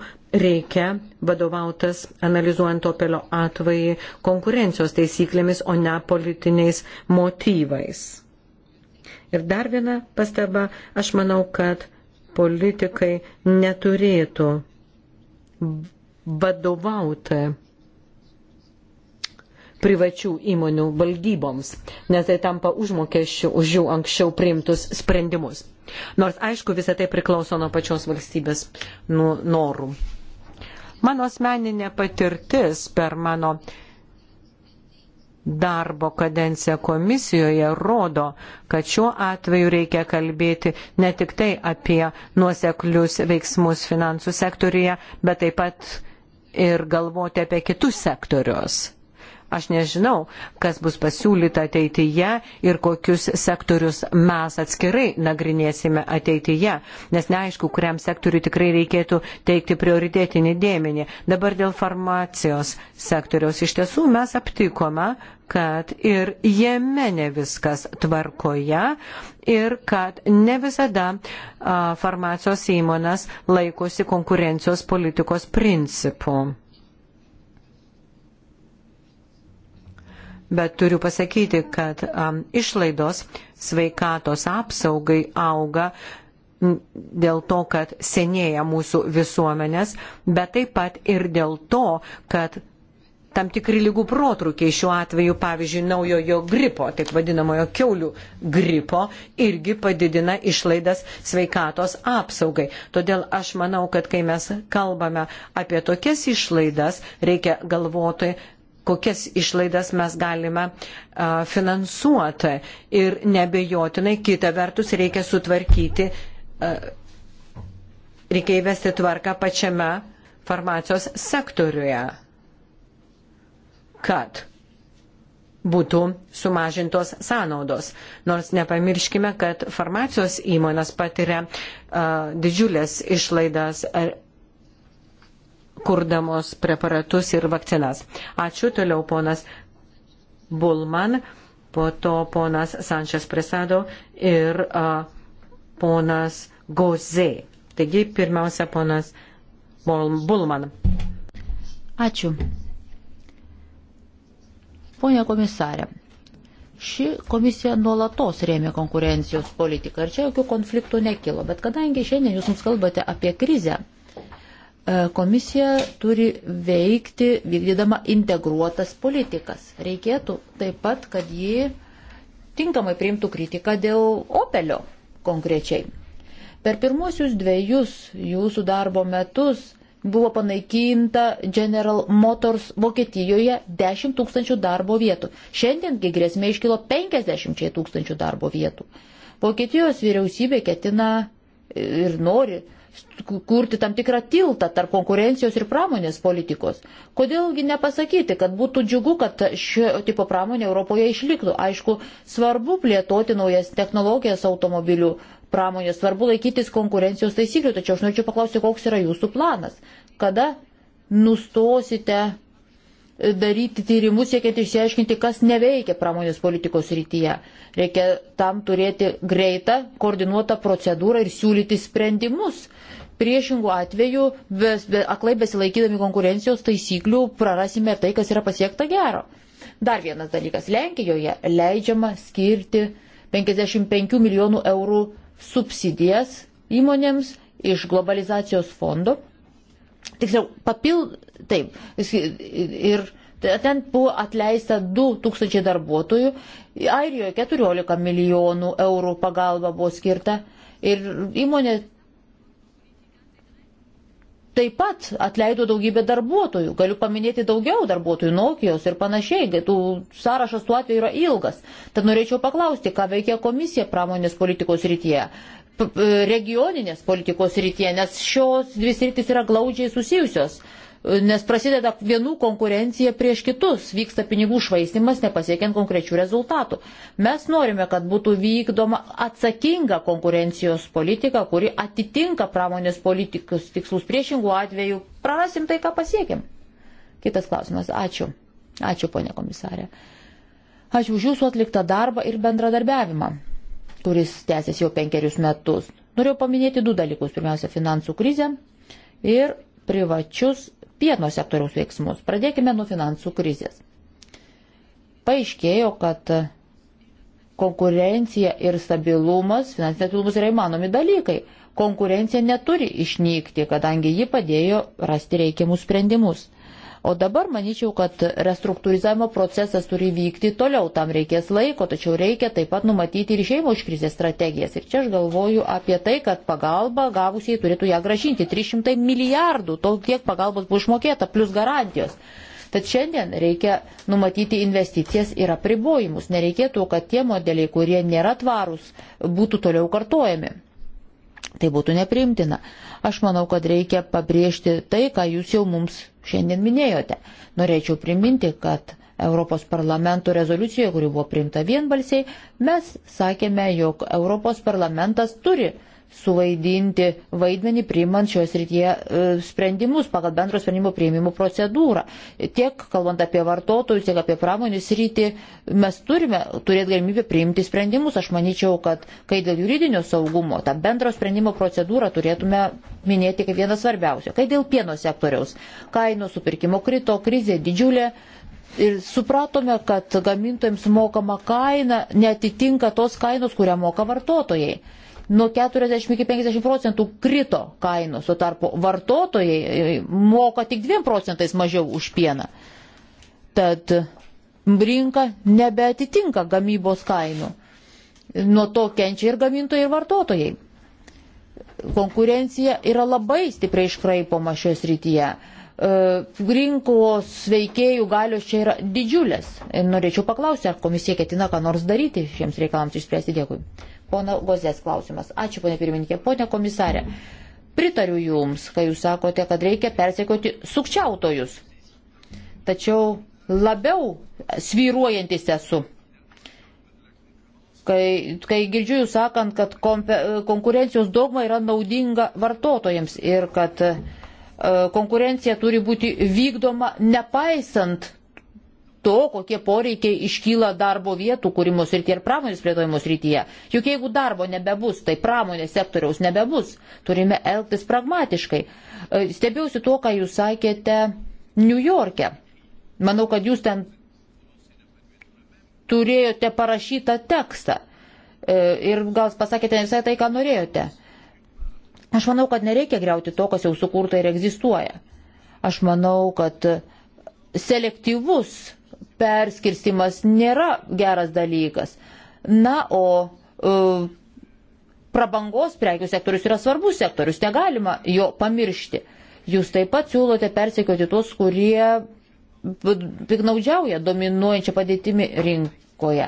reikia vadovautas analizuojant Opelio atvejį konkurencijos taisyklėmis, o ne politiniais motyvais. Ir dar viena pastaba, aš manau, kad politikai neturėtų vadovauti privačių įmonių valdyboms, nes tai tampa užmokesčių už jų anksčiau priimtus sprendimus. Nors aišku, visą tai priklauso nuo pačios valstybės nu, norų. Mano asmeninė patirtis per mano darbo kadencija komisijoje rodo, kad šiuo atveju reikia kalbėti ne tik tai apie nuoseklius veiksmus finansų sektorija, bet taip pat ir galvoti apie kitus sektorius. Aš nežinau, kas bus pasiūlyta ateityje ir kokius sektorius mes atskirai nagrinėsime ateityje, nes neaišku, kuriam sektoriu tikrai reikėtų teikti prioritetinį dėmenį. Dabar dėl farmacijos sektoriaus iš tiesų mes aptikome, kad ir jame ne viskas tvarkoje ir kad ne visada a, farmacijos įmonės laikosi konkurencijos politikos principų. bet turiu pasakyti, kad um, išlaidos sveikatos apsaugai auga dėl to, kad senėja mūsų visuomenės, bet taip pat ir dėl to, kad tam tikri lygų protrukiai šiuo atveju, pavyzdžiui, naujojo gripo, taip vadinamojo keulių gripo, irgi padidina išlaidas sveikatos apsaugai. Todėl aš manau, kad kai mes kalbame apie tokias išlaidas, reikia galvoti kokias išlaidas mes galime a, finansuoti. Ir nebejotinai, kita vertus, reikia sutvarkyti, a, reikia įvesti tvarką pačiame farmacijos sektoriuje, kad būtų sumažintos sąnaudos. Nors nepamirškime, kad farmacijos įmonės patiria a, didžiulės išlaidas. Ar, kurdamos preparatus ir vakcinas. Ačiū toliau ponas Bulman, po to ponas Sančias Presado ir a, ponas Gozė. Taigi pirmiausia ponas Bulman. Ačiū. Pone komisarė, ši komisija nuolatos rėmė konkurencijos politiką ir čia jokių konfliktų nekilo, bet kadangi šiandien jūs mums kalbate apie krizę, E, komisija turi veikti vykdydama integruotas politikas. Reikėtų taip pat, kad ji tinkamai priimtų kritiką dėl Opelio konkrečiai. Per pirmosius dviejus jūsų darbo metus buvo panaikinta General Motors Vokietijoje 10 tūkstančių darbo vietų. Šiandiengi grėsmė iškilo 50 tūkstančių darbo vietų. Vokietijos vyriausybė ketina ir nori kurti tam tikrą tiltą tarp konkurencijos ir pramonės politikos. Kodėlgi nepasakyti, kad būtų džiugu, kad šio tipo pramonė Europoje išliktų. Aišku, svarbu plėtoti naujas technologijas automobilių pramonės, svarbu laikytis konkurencijos taisyklių, tačiau aš norėčiau paklausti, koks yra jūsų planas. Kada nustosite daryti tyrimus, siekiant išsiaiškinti, kas neveikia pramonės politikos rytyje. Reikia tam turėti greitą, koordinuotą procedūrą ir siūlyti sprendimus. Priešingų atveju, bes, be, aklai besilaikydami konkurencijos taisyklių, prarasime tai, kas yra pasiekta gero. Dar vienas dalykas. Lenkijoje leidžiama skirti 55 milijonų eurų subsidijas įmonėms iš globalizacijos fondo. Tiksliau, papild, Taip. Ir ten buvo atleista 2000 darbuotojų, Airijoje 14 milijonų eurų pagalba buvo skirta ir įmonė taip pat atleido daugybę darbuotojų. Galiu paminėti daugiau darbuotojų, Nokijos ir panašiai. Tų sąrašas tuo atveju yra ilgas. Tad norėčiau paklausti, ką veikia komisija pramonės politikos rytyje, regioninės politikos rytyje, nes šios dvi sritis yra glaudžiai susijusios nes prasideda vienų konkurencija prieš kitus, vyksta pinigų švaistimas, nepasiekiant konkrečių rezultatų. Mes norime, kad būtų vykdoma atsakinga konkurencijos politika, kuri atitinka pramonės politikus tikslus priešingų atveju. Prarasim tai, ką pasiekėm. Kitas klausimas. Ačiū. Ačiū, ponė komisarė. Ačiū už jūsų atliktą darbą ir bendradarbiavimą, kuris tęsiasi jau penkerius metus. Norėjau paminėti du dalykus. Pirmiausia, finansų krizę ir privačius pieno sektoriaus veiksmus. Pradėkime nuo finansų krizės. Paaiškėjo, kad konkurencija ir stabilumas, finansinis stabilumas yra įmanomi dalykai. Konkurencija neturi išnykti, kadangi ji padėjo rasti reikiamus sprendimus. O dabar manyčiau, kad restruktūrizavimo procesas turi vykti toliau, tam reikės laiko, tačiau reikia taip pat numatyti ir šeimo iš krizės strategijas. Ir čia aš galvoju apie tai, kad pagalba gavusiai turėtų ją gražinti. 300 milijardų, tol tiek pagalbos buvo išmokėta, plus garantijos. Tad šiandien reikia numatyti investicijas ir apribojimus. Nereikėtų, kad tie modeliai, kurie nėra tvarūs, būtų toliau kartojami. Tai būtų nepriimtina. Aš manau, kad reikia pabrėžti tai, ką jūs jau mums šiandien minėjote. Norėčiau priminti, kad Europos parlamento rezoliucijoje, kuri buvo priimta vienbalsiai, mes sakėme, jog Europos parlamentas turi suvaidinti vaidmenį priimant šios rytyje e, sprendimus pagal bendro sprendimo priimimo procedūrą. Tiek kalbant apie vartotojus, tiek apie pramonės rytį, mes turime turėti galimybę priimti sprendimus. Aš manyčiau, kad kai dėl juridinio saugumo, tą bendro sprendimo procedūrą turėtume minėti kaip vieną svarbiausią. Kai dėl pieno sektoriaus, kainų supirkimo krito, krizė didžiulė. Ir supratome, kad gamintojams mokama kaina netitinka tos kainos, kurią moka vartotojai nuo 40 iki 50 procentų krito kainos, o tarpu vartotojai e, moka tik 2 procentais mažiau už pieną. Tad rinka nebeatitinka gamybos kainų. Nuo to kenčia ir gamintojai, ir vartotojai. Konkurencija yra labai stipriai iškraipoma šios rytyje. E, rinkos veikėjų galios čia yra didžiulės. E, norėčiau paklausti, ar komisija ketina ką nors daryti šiems reikalams išspręsti. Dėkui. Pono Gozės klausimas. Ačiū, ponė pirmininkė. Pone komisarė, pritariu Jums, kai Jūs sakote, kad reikia persekioti sukčiautojus. Tačiau labiau svyruojantis esu. Kai, kai girdžiu Jūs sakant, kad kompe, konkurencijos dogma yra naudinga vartotojams ir kad e, konkurencija turi būti vykdoma nepaisant to, kokie poreikiai iškyla darbo vietų kūrimo srityje ir pramonės plėtojimo srityje. Juk jeigu darbo nebebus, tai pramonės sektoriaus nebebus. Turime elgtis pragmatiškai. E, Stebiausi tuo, ką jūs sakėte New York'e. Manau, kad jūs ten turėjote parašytą tekstą e, ir gal pasakėte ne visai tai, ką norėjote. Aš manau, kad nereikia greuti to, kas jau sukurta ir egzistuoja. Aš manau, kad selektyvus perskirstimas nėra geras dalykas. Na, o uh, prabangos prekių sektorius yra svarbus sektorius, negalima jo pamiršti. Jūs taip pat siūlote persekioti tuos, kurie piknaudžiauja dominuojančią padėtimi rinkoje.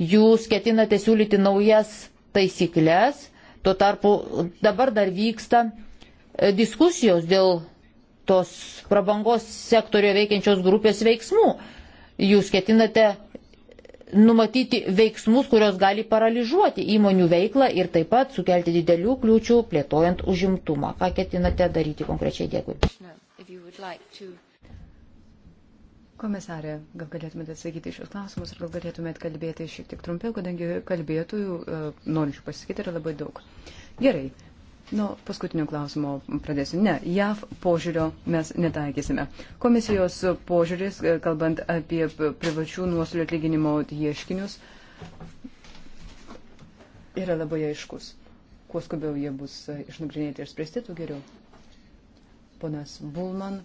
Jūs ketinate siūlyti naujas taisyklės, tuo tarpu dabar dar vyksta e, diskusijos dėl tos prabangos sektorio veikiančios grupės veiksmų jūs ketinate numatyti veiksmus, kurios gali paralyžuoti įmonių veiklą ir taip pat sukelti didelių kliūčių plėtojant užimtumą. Ką ketinate daryti konkrečiai? Dėkui. Komisarė, gal galėtumėte atsakyti šios klausimus ir gal galėtumėte kalbėti šiek tiek trumpiau, kadangi kalbėtojų e, norinčių pasakyti yra labai daug. Gerai, Nuo paskutinio klausimo pradėsiu. Ne, JAV požiūrio mes netaikysime. Komisijos požiūris, e, kalbant apie privačių nuostolių atlyginimo ieškinius, yra labai aiškus. Kuo skubiau jie bus e, išnagrinėti ir spręsti, tuo geriau. Ponas Bulman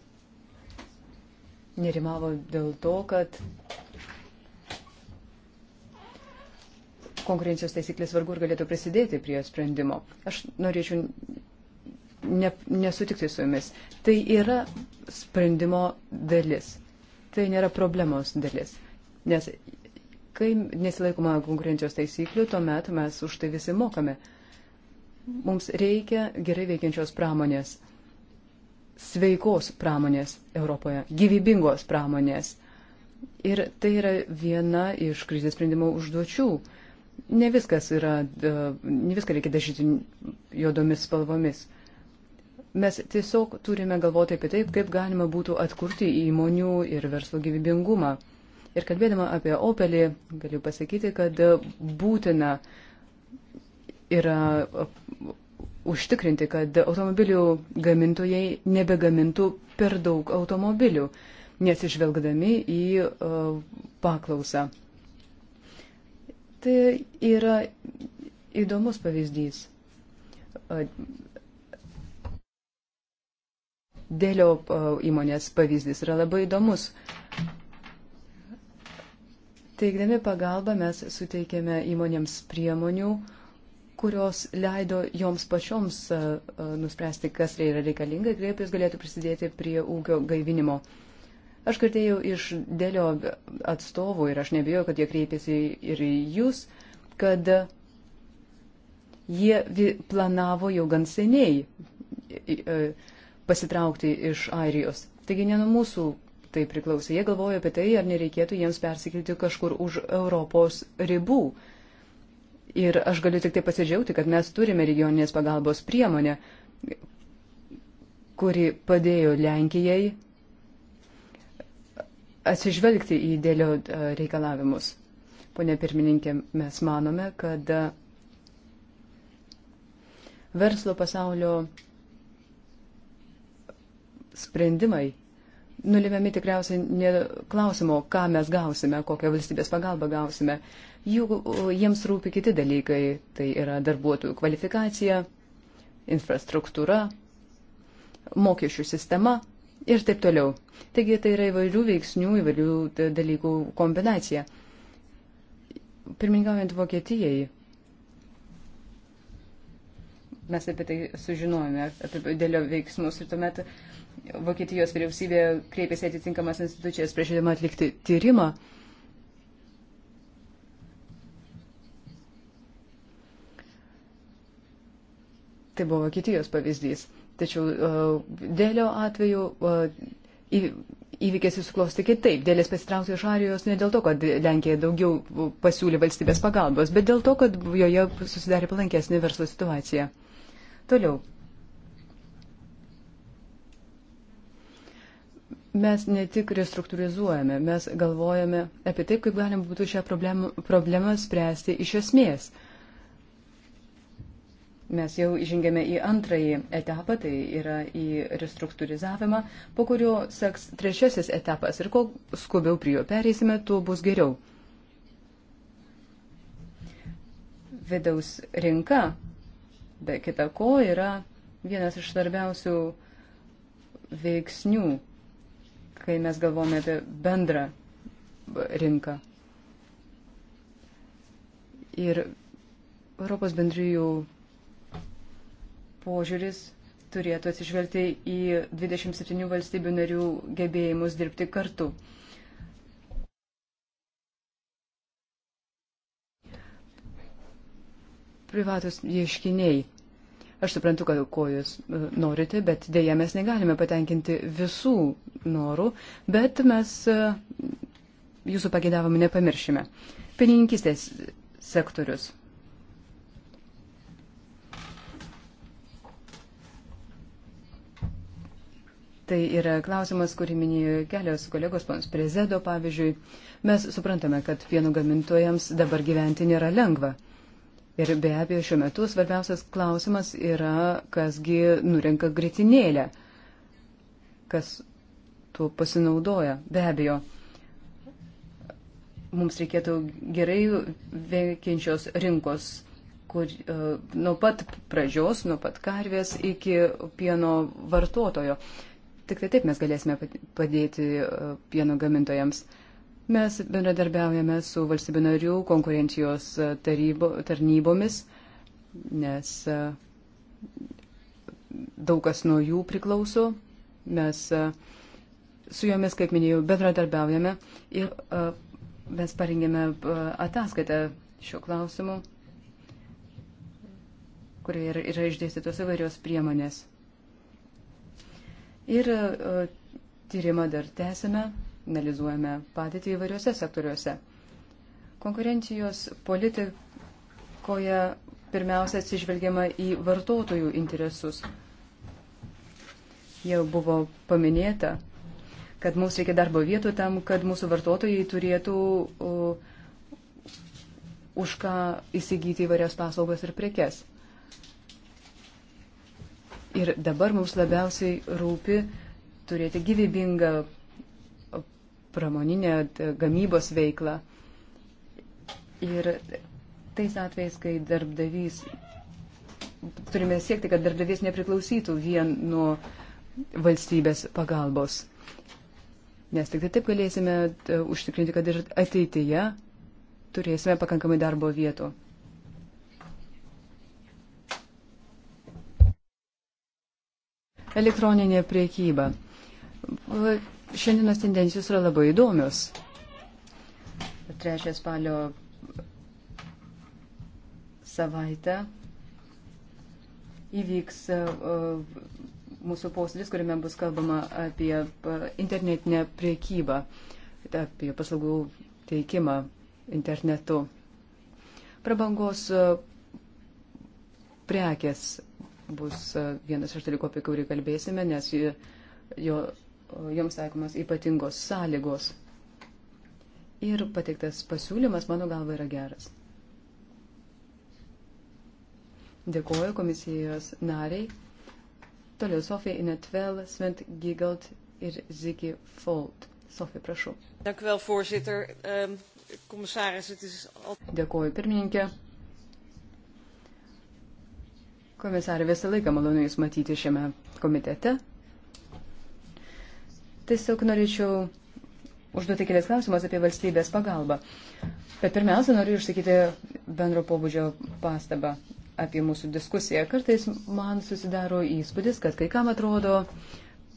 nerimavo dėl to, kad konkurencijos taisyklės vargu ar galėtų prisidėti prie sprendimo. Aš norėčiau ne, nesutikti su jumis. Tai yra sprendimo dalis. Tai nėra problemos dalis. Nes kai nesilaikoma konkurencijos taisyklių, tuomet mes už tai visi mokame. Mums reikia gerai veikiančios pramonės, sveikos pramonės Europoje, gyvybingos pramonės. Ir tai yra viena iš krizės sprendimo užduočių ne viskas yra, e, ne viską reikia dažyti juodomis spalvomis. Mes tiesiog turime galvoti apie tai, kaip galima būtų atkurti įmonių ir verslo gyvybingumą. Ir kalbėdama apie Opelį, galiu pasakyti, kad būtina yra užtikrinti, kad automobilių gamintojai nebegamintų per daug automobilių, nesižvelgdami į e, paklausą. Tai yra įdomus pavyzdys. Dėlio įmonės pavyzdys yra labai įdomus. Teikdami pagalbą mes suteikėme įmonėms priemonių, kurios leido joms pačioms nuspręsti, kas yra reikalinga ir kaip jos galėtų prisidėti prie ūkio gaivinimo. Uh, Aš girdėjau iš dėlio atstovų ir aš nebijau, kad jie kreipėsi ir į jūs, kad jie planavo jau gan seniai e, pasitraukti iš Airijos. Taigi ne nuo mūsų tai priklausė. Jie galvojo apie tai, ar nereikėtų jiems persikilti kažkur už Europos ribų. Ir aš galiu tik tai pasidžiaugti, kad mes turime regioninės pagalbos priemonę, kuri padėjo Lenkijai atsižvelgti į dėlio e, reikalavimus. Pone pirmininkė, mes manome, kad e, verslo pasaulio sprendimai nulėmėmi tikriausiai ne klausimo, ką mes gausime, kokią valstybės pagalbą gausime. Jų, e, jiems rūpi kiti dalykai, tai yra darbuotojų kvalifikacija, infrastruktūra, mokesčių sistema ir taip toliau. Taigi tai yra įvairių veiksnių, įvairių dalykų kombinacija. Pirmininkaujant Vokietijai, mes apie tai sužinojome, apie dėlio veiksmus ir tuomet Vokietijos vyriausybė kreipėsi atitinkamas institucijas priešėdama atlikti tyrimą. Tai buvo Vokietijos pavyzdys. Tačiau e, dėlio atveju e, įvykis susiklosti kitaip. Dėlės pasitraukti iš Arijos ne dėl to, kad Lenkija daugiau pasiūlė valstybės pagalbos, bet dėl to, kad joje susidarė palankesnė verslo situacija. Toliau. Mes ne tik restruktūrizuojame, mes galvojame apie tai, kaip galima būtų šią problemą, problemą spręsti iš esmės. Uh, Mes jau žengėme į antrąjį etapą, tai yra į restruktūrizavimą, po kurio seks trečiasis etapas ir kuo skubiau prie jo pereisime, tuo bus geriau. Vidaus rinka, be kita ko, yra vienas iš svarbiausių veiksnių, kai mes galvome apie bendrą rinką. Ir Europos bendrijų požiūris turėtų atsižvelgti į 27 valstybių narių gebėjimus dirbti kartu. Privatus ieškiniai. Aš suprantu, kad ko jūs e, norite, bet dėja mes negalime patenkinti visų norų, bet mes e, jūsų pagėdavome nepamiršime. Penininkistės sektorius. Tai yra klausimas, kurį minėjo kelios kolegos, panas Prezedo pavyzdžiui. Mes suprantame, kad pieno gamintojams dabar gyventi nėra lengva. Ir be abejo, šiuo metu svarbiausias klausimas yra, kasgi nurenka gritinėlę, kas tuo pasinaudoja. Be abejo, mums reikėtų gerai veikiančios rinkos, kur e, nuo pat pradžios, nuo pat karvės iki pieno vartotojo. Tik tai taip mes galėsime padėti e, pieno gamintojams. Mes bendradarbiaujame su valstybių narių konkurencijos e, tarybo, tarnybomis, nes e, daug kas nuo jų priklauso. Mes su jomis, kaip minėjau, bendradarbiaujame ir mes parengėme ataskaitą šiuo klausimu, kurioje yra išdėstytos įvairios priemonės. Ir e, tyrimą dar tęsime, analizuojame padėtį įvairiuose sektoriuose. Konkurencijos politikoje pirmiausia atsižvelgiama į vartotojų interesus. Jau buvo paminėta, kad mums reikia darbo vietų tam, kad mūsų vartotojai turėtų uh, už ką įsigyti įvairias paslaugas ir prekes. Ir dabar mums labiausiai rūpi turėti gyvybingą pramoninę gamybos veiklą. Ir tais atvejais, kai darbdavys, turime siekti, kad darbdavys nepriklausytų vien nuo valstybės pagalbos. Nes tik tai taip galėsime e, užtikrinti, kad ir ateityje turėsime pakankamai darbo vietų. elektroninė priekyba. Šiandienos tendencijos yra labai įdomios. 3 spalio savaitę įvyks e, e, mūsų posėdis, kuriame bus kalbama apie e, internetinę priekybą, apie paslaugų teikimą internetu. Prabangos prekės bus e, vienas iš dalykų, apie kurį kalbėsime, nes jo, joms taikomas ypatingos sąlygos. Ir pateiktas pasiūlymas, mano galva, yra geras. Dėkuoju komisijos nariai. Toliau Sofija Inetvel, Svent Gigald ir Ziggy Fold. Sofija, prašau. Dank u wel, voorzitter. Um, commissaris, het is al... Dėkuoju, pirmininkė. Komisarė, visą laiką malonu Jūs matyti šiame komitete. Tiesiog norėčiau užduoti kelias klausimas apie valstybės pagalbą. Bet pirmiausia, noriu išsakyti bendro pobūdžio pastabą apie mūsų diskusiją. Kartais man susidaro įspūdis, kad kai kam atrodo,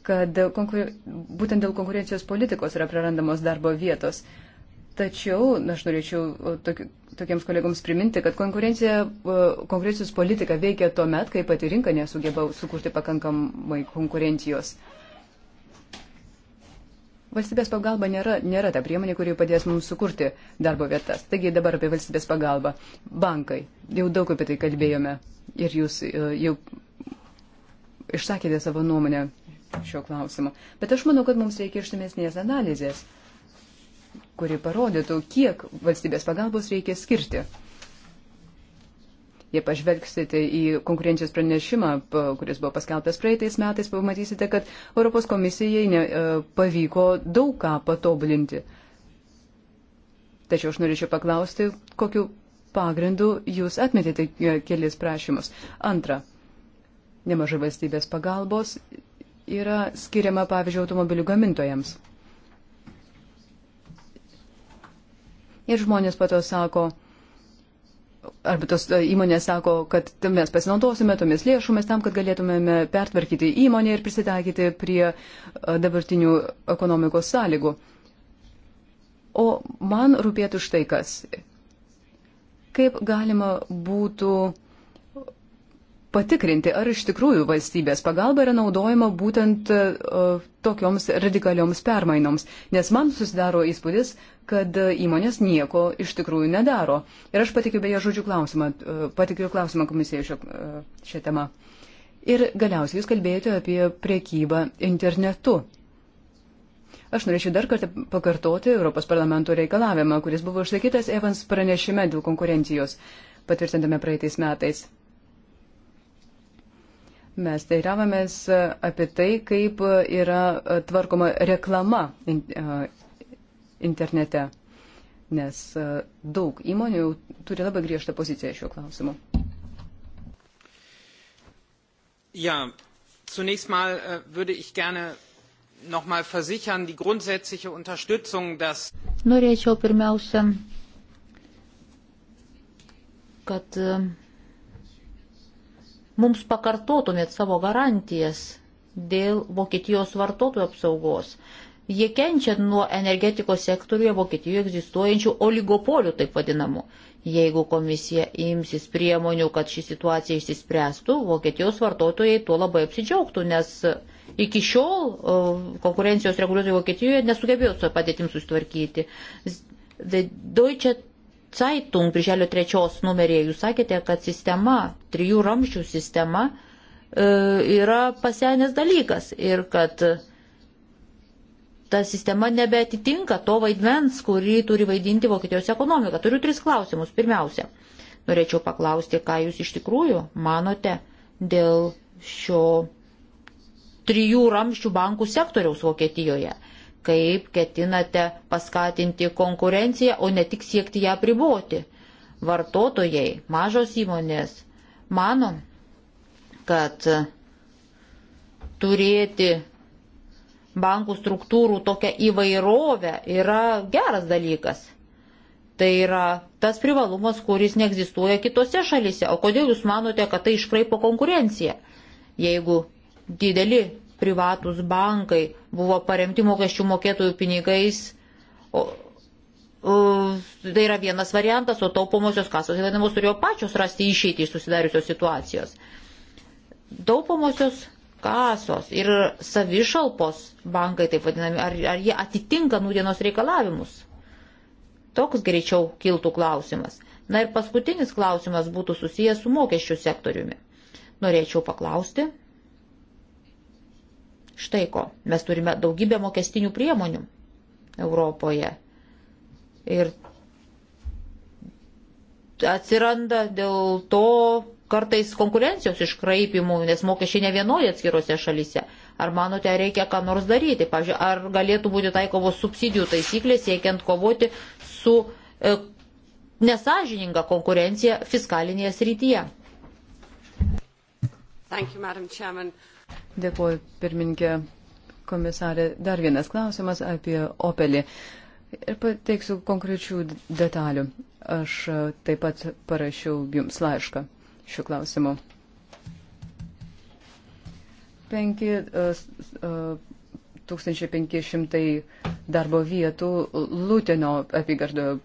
kad konkur... būtent dėl konkurencijos politikos yra prarandamos darbo vietos. Tačiau aš norėčiau tokiu, tokiems kolegoms priminti, kad e, konkurencijos politika veikia tuo met, kai pati rinka nesugeba sukurti pakankamai konkurencijos. Valstybės pagalba nėra, nėra ta priemonė, kuri padės mums sukurti darbo vietas. Taigi dabar apie valstybės pagalbą. Bankai. Jau daug apie tai kalbėjome. Ir jūs e, jau išsakėte savo nuomonę šio klausimo. Bet aš manau, kad mums reikia ištamesnės analizės kuri parodytų, kiek valstybės pagalbos reikia skirti. Jei pažvelgsite į konkurencijos pranešimą, kuris buvo paskelbtas praeitais metais, pamatysite, kad Europos komisijai ne, e, pavyko daug ką patobulinti. Tačiau aš norėčiau paklausti, kokiu pagrindu jūs atmetėte e, kelis prašymus. Antra, nemažai valstybės pagalbos yra skiriama, pavyzdžiui, automobilių gamintojams. Ir žmonės pato sako, arba tos e, įmonės sako, kad mes pasinaudosime tomis lėšomis tam, kad galėtumėme pertvarkyti įmonę ir prisitaikyti prie e, dabartinių ekonomikos sąlygų. O man rūpėtų štai kas. Kaip galima būtų patikrinti, ar iš tikrųjų valstybės pagalba yra naudojama būtent uh, tokioms radikalioms permainoms. Nes man susidaro įspūdis, kad įmonės nieko iš tikrųjų nedaro. Ir aš patikiu beje žodžių klausimą, e, patikiu klausimą komisijai šio, e, šią temą. Ir galiausiai jūs kalbėjote apie priekybą internetu. Aš norėčiau dar kartą pakartoti Europos parlamento reikalavimą, kuris buvo išsakytas Evans pranešime dėl konkurencijos patvirtintame praeitais metais. Mes teiravomės apie tai, kaip yra tvarkoma reklama e, internete, nes e, daug įmonių jau turi labai griežtą poziciją šiuo klausimu. Ja, zunächst mal äh, würde ich gerne noch mal versichern, die grundsätzliche Unterstützung, dass. Norėčiau pirmiausia, kad e, mums pakartotumėt savo garantijas dėl Vokietijos vartotojų apsaugos. Jie kenčia nuo energetikos sektoriuje Vokietijoje egzistuojančių oligopolių, taip vadinamų. Jeigu komisija imsis priemonių, kad ši situacija išsispręstų, Vokietijos vartotojai tuo labai apsidžiaugtų, nes iki šiol konkurencijos reguliuotojai Vokietijoje nesugebėjo su padėtim susitvarkyti. Deutsche Zeitung, priželio trečios numerėje, jūs sakėte, kad sistema, trijų ramščių sistema, e, yra pasenęs dalykas ir kad ta sistema nebeatitinka to vaidmens, kurį turi vaidinti Vokietijos ekonomika. Turiu tris klausimus. Pirmiausia, norėčiau paklausti, ką jūs iš tikrųjų manote dėl šio trijų ramščių bankų sektoriaus Vokietijoje. Kaip ketinate paskatinti konkurenciją, o ne tik siekti ją priboti? Vartotojai, mažos įmonės, mano, kad turėti bankų struktūrų tokią įvairovę yra geras dalykas. Tai yra tas privalumas, kuris neegzistuoja kitose šalise. O kodėl jūs manote, kad tai iškraipo konkurenciją? Jeigu dideli privatus bankai buvo paremti mokesčių mokėtojų pinigais, o, o, tai yra vienas variantas, o taupomosios kasos vadinamos turėjo pačios rasti išeitį iš susidariusios situacijos. Taupomosios kasos ir savišalpos bankai, taip vadinami, ar, ar jie atitinka nūdienos reikalavimus? Toks greičiau kiltų klausimas. Na ir paskutinis klausimas būtų susijęs su mokesčių sektoriumi. Norėčiau paklausti. Štai ko, mes turime daugybę mokestinių priemonių Europoje. Ir atsiranda dėl to kartais konkurencijos iškraipimų, nes mokesčiai ne vienoje atskirose šalyse. Ar manote, ar reikia ką nors daryti? Pavyzdžiui, ar galėtų būti taikomos subsidijų taisyklės, siekiant kovoti su e, nesažininga konkurencija fiskalinėje srityje? You, Dėkuoju, pirmininkė komisarė. Dar vienas klausimas apie Opelį. Ir pateiksiu konkrečių detalių. Aš taip pat parašiau jums laišką šiuo klausimu. Penki, uh, e, 1500 e, darbo vietų Lūtenio apygardoje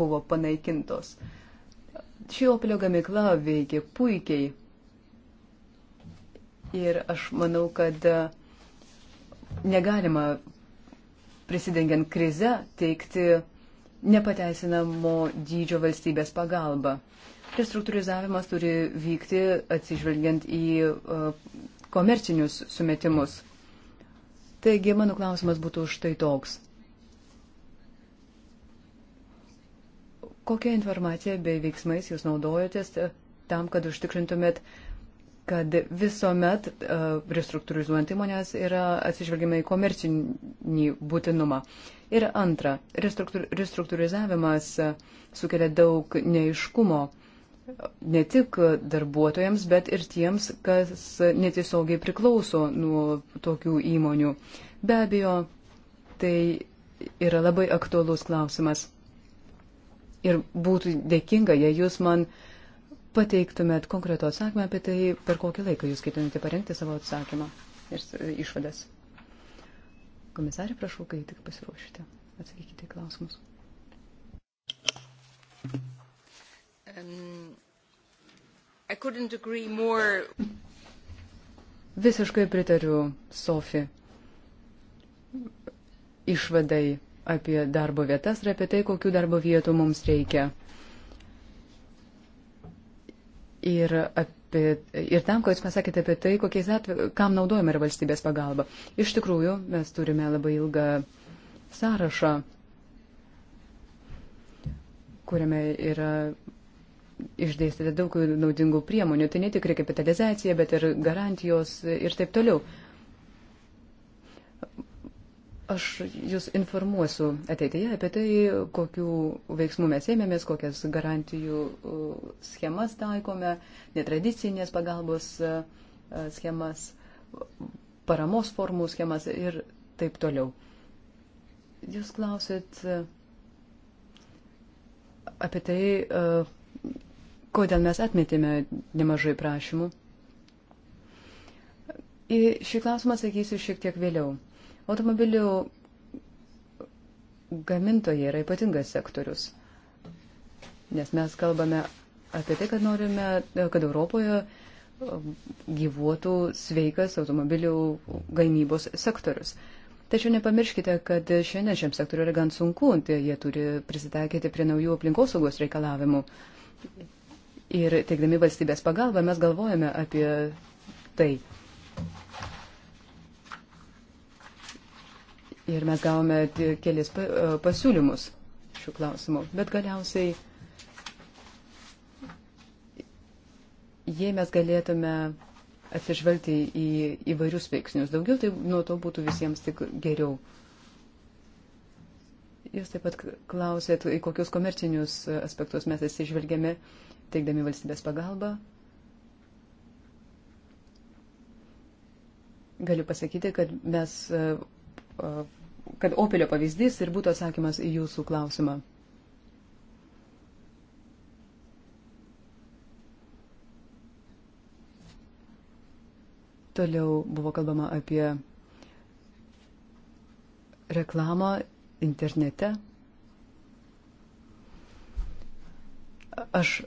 buvo panaikintos. Ši opelio gamikla veikė puikiai. Ir aš manau, kad e, negalima prisidengiant krize teikti nepateisinamo dydžio valstybės pagalbą. Restruktūrizavimas turi vykti atsižvelgiant į e, komercinius sumetimus. Taigi, mano klausimas būtų štai toks. Kokią informaciją bei veiksmais jūs naudojotės e, tam, kad užtikrintumėt, kad visuomet e, restruktūrizuojant įmonės yra atsižvelgiama į komercinį būtinumą. Ir antra, restruktūrizavimas sukelia daug neiškumo ne tik darbuotojams, bet ir tiems, kas netiesiogiai priklauso nuo tokių įmonių. Be abejo, tai yra labai aktuolus klausimas. Ir būtų dėkinga, jei jūs man pateiktumėt konkretų atsakymą apie tai, per kokį laiką jūs ketinate parengti savo atsakymą ir e, išvadas. Komisarė, prašau, kai tik pasiruošite, atsakykite į klausimus. Thank you. Um, I couldn't agree more. Visiškai pritariu Sofi išvadai apie darbo vietas ir apie tai, kokiu darbo vietų mums reikia. Ir, apie, ir tam, ko jūs pasakėte apie tai, kokiais atveju, kam naudojama yra valstybės pagalba. Iš tikrųjų, mes turime labai ilgą sąrašą, kuriame yra išdėstėte daug naudingų priemonių. Tai ne tik rekapitalizacija, bet ir garantijos ir taip toliau. Aš jūs informuosiu ateityje apie tai, kokiu veiksmu mes ėmėmės, kokias garantijų uh, schemas taikome, netradicinės pagalbos uh, schemas, paramos formų schemas ir taip toliau. Jūs klausit uh, apie tai, kodėl mes atmetėme nemažai prašymų. Į šį klausimą sakysiu šiek tiek vėliau. Automobilių gamintojai yra ypatingas sektorius, nes mes kalbame apie tai, kad norime, kad Europoje gyvuotų sveikas automobilių gamybos sektorius. Tačiau nepamirškite, kad šiandien šiam sektoriu yra gan sunku, tai jie turi prisitaikyti prie naujų aplinkosaugos reikalavimų. Ir teikdami valstybės pagalbą mes galvojame apie tai. Ir mes gavome kelis e, pasiūlymus šių klausimų. Bet galiausiai, jei mes galėtume atsižvelgti į įvairius veiksnius daugiau, tai nuo to būtų visiems tik geriau. Jūs taip pat klausėt, į kokius komercinius aspektus mes atsižvelgėme teikdami valstybės pagalbą. Galiu pasakyti, kad mes, e, e, kad Opelio pavyzdys ir būtų atsakymas į jūsų klausimą. Toliau buvo kalbama apie reklamą internete. Aš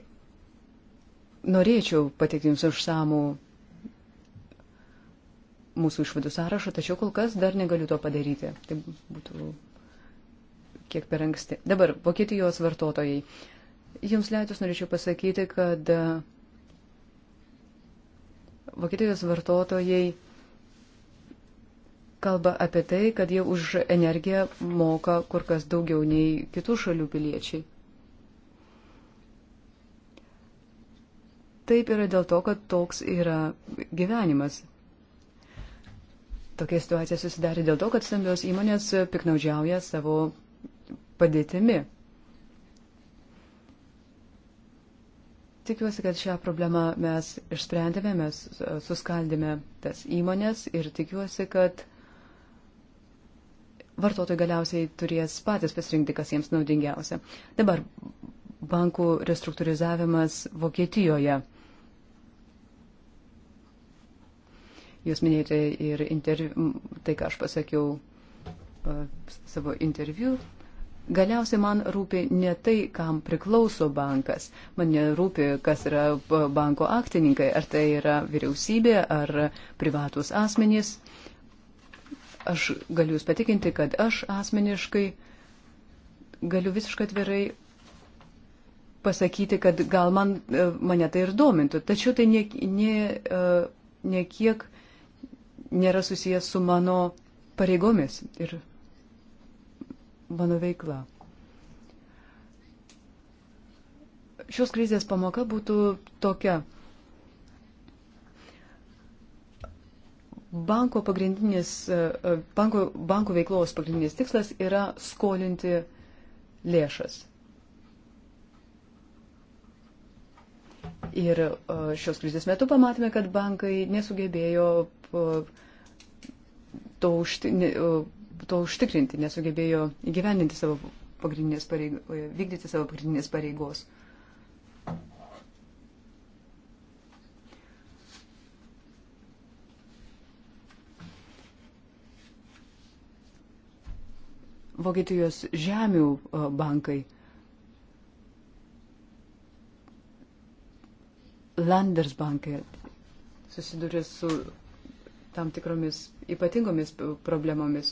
norėčiau pateikti Jums išsamų mūsų išvadų sąrašą, tačiau kol kas dar negaliu to padaryti. Tai būtų kiek per anksti. Dabar, Vokietijos vartotojai. Jums leidus norėčiau pasakyti, kad e, Vokietijos vartotojai kalba apie tai, kad jie už energiją moka kur kas daugiau nei kitų šalių piliečiai. Taip yra dėl to, kad toks yra gyvenimas. Tokia situacija susidarė dėl to, kad stambios įmonės piknaudžiauja savo padėtimi. Tikiuosi, kad šią problemą mes išsprendėme, mes suskaldėme tas įmonės ir tikiuosi, kad vartotojai galiausiai turės patys pasirinkti, kas jiems naudingiausia. Dabar bankų restruktūrizavimas Vokietijoje. Jūs minėjote ir interviu, tai, ką aš pasakiau savo interviu. Galiausiai man rūpi ne tai, kam priklauso bankas. Man nerūpi, kas yra banko akcininkai, ar tai yra vyriausybė, ar privatus asmenys. Aš galiu Jūs patikinti, kad aš asmeniškai galiu visiškai atvirai pasakyti, kad gal man, e, mane tai ir domintų, tačiau tai ne, ne, ne kiek nėra susijęs su mano pareigomis ir mano veikla. Šios krizės pamoka būtų tokia. Banko, e, e, banko, banko veiklos pagrindinis tikslas yra skolinti lėšas. Ir e, šios krizės metu pamatėme, kad bankai nesugebėjo E, to, užti, ne, e, to užtikrinti, nesugebėjo įgyvendinti savo pagrindinės pareigos, e, vykdyti savo pagrindinės pareigos. Vokietijos žemių bankai Landesbankai susidūrė su tam tikromis ypatingomis problemomis.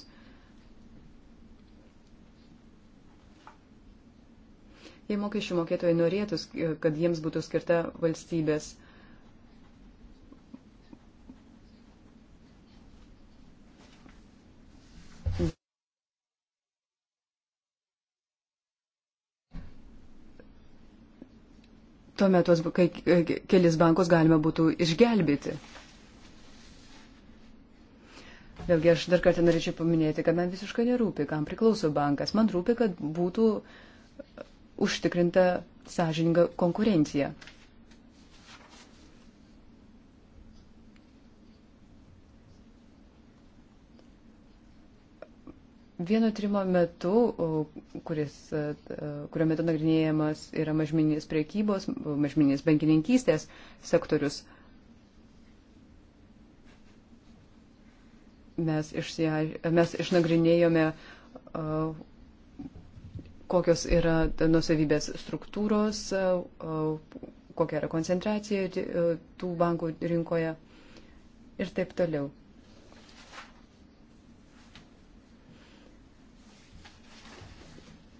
Jei mokesčių mokėtojai norėtų, kad jiems būtų skirta valstybės tuomet tuos kai, kelis bankus galima būtų išgelbėti. Vėlgi aš dar kartą norėčiau paminėti, kad man visiškai nerūpi, kam priklauso bankas. Man rūpi, kad būtų uh, užtikrinta sąžininga konkurencija. Vieno trimo metu, uh, kuris, uh, kurio metu nagrinėjamas yra mažminės priekybos, mažminės bankininkystės sektorius, mes, išsie, mes išnagrinėjome, kokios yra nusavybės struktūros, kokia yra koncentracija tų bankų rinkoje ir taip toliau.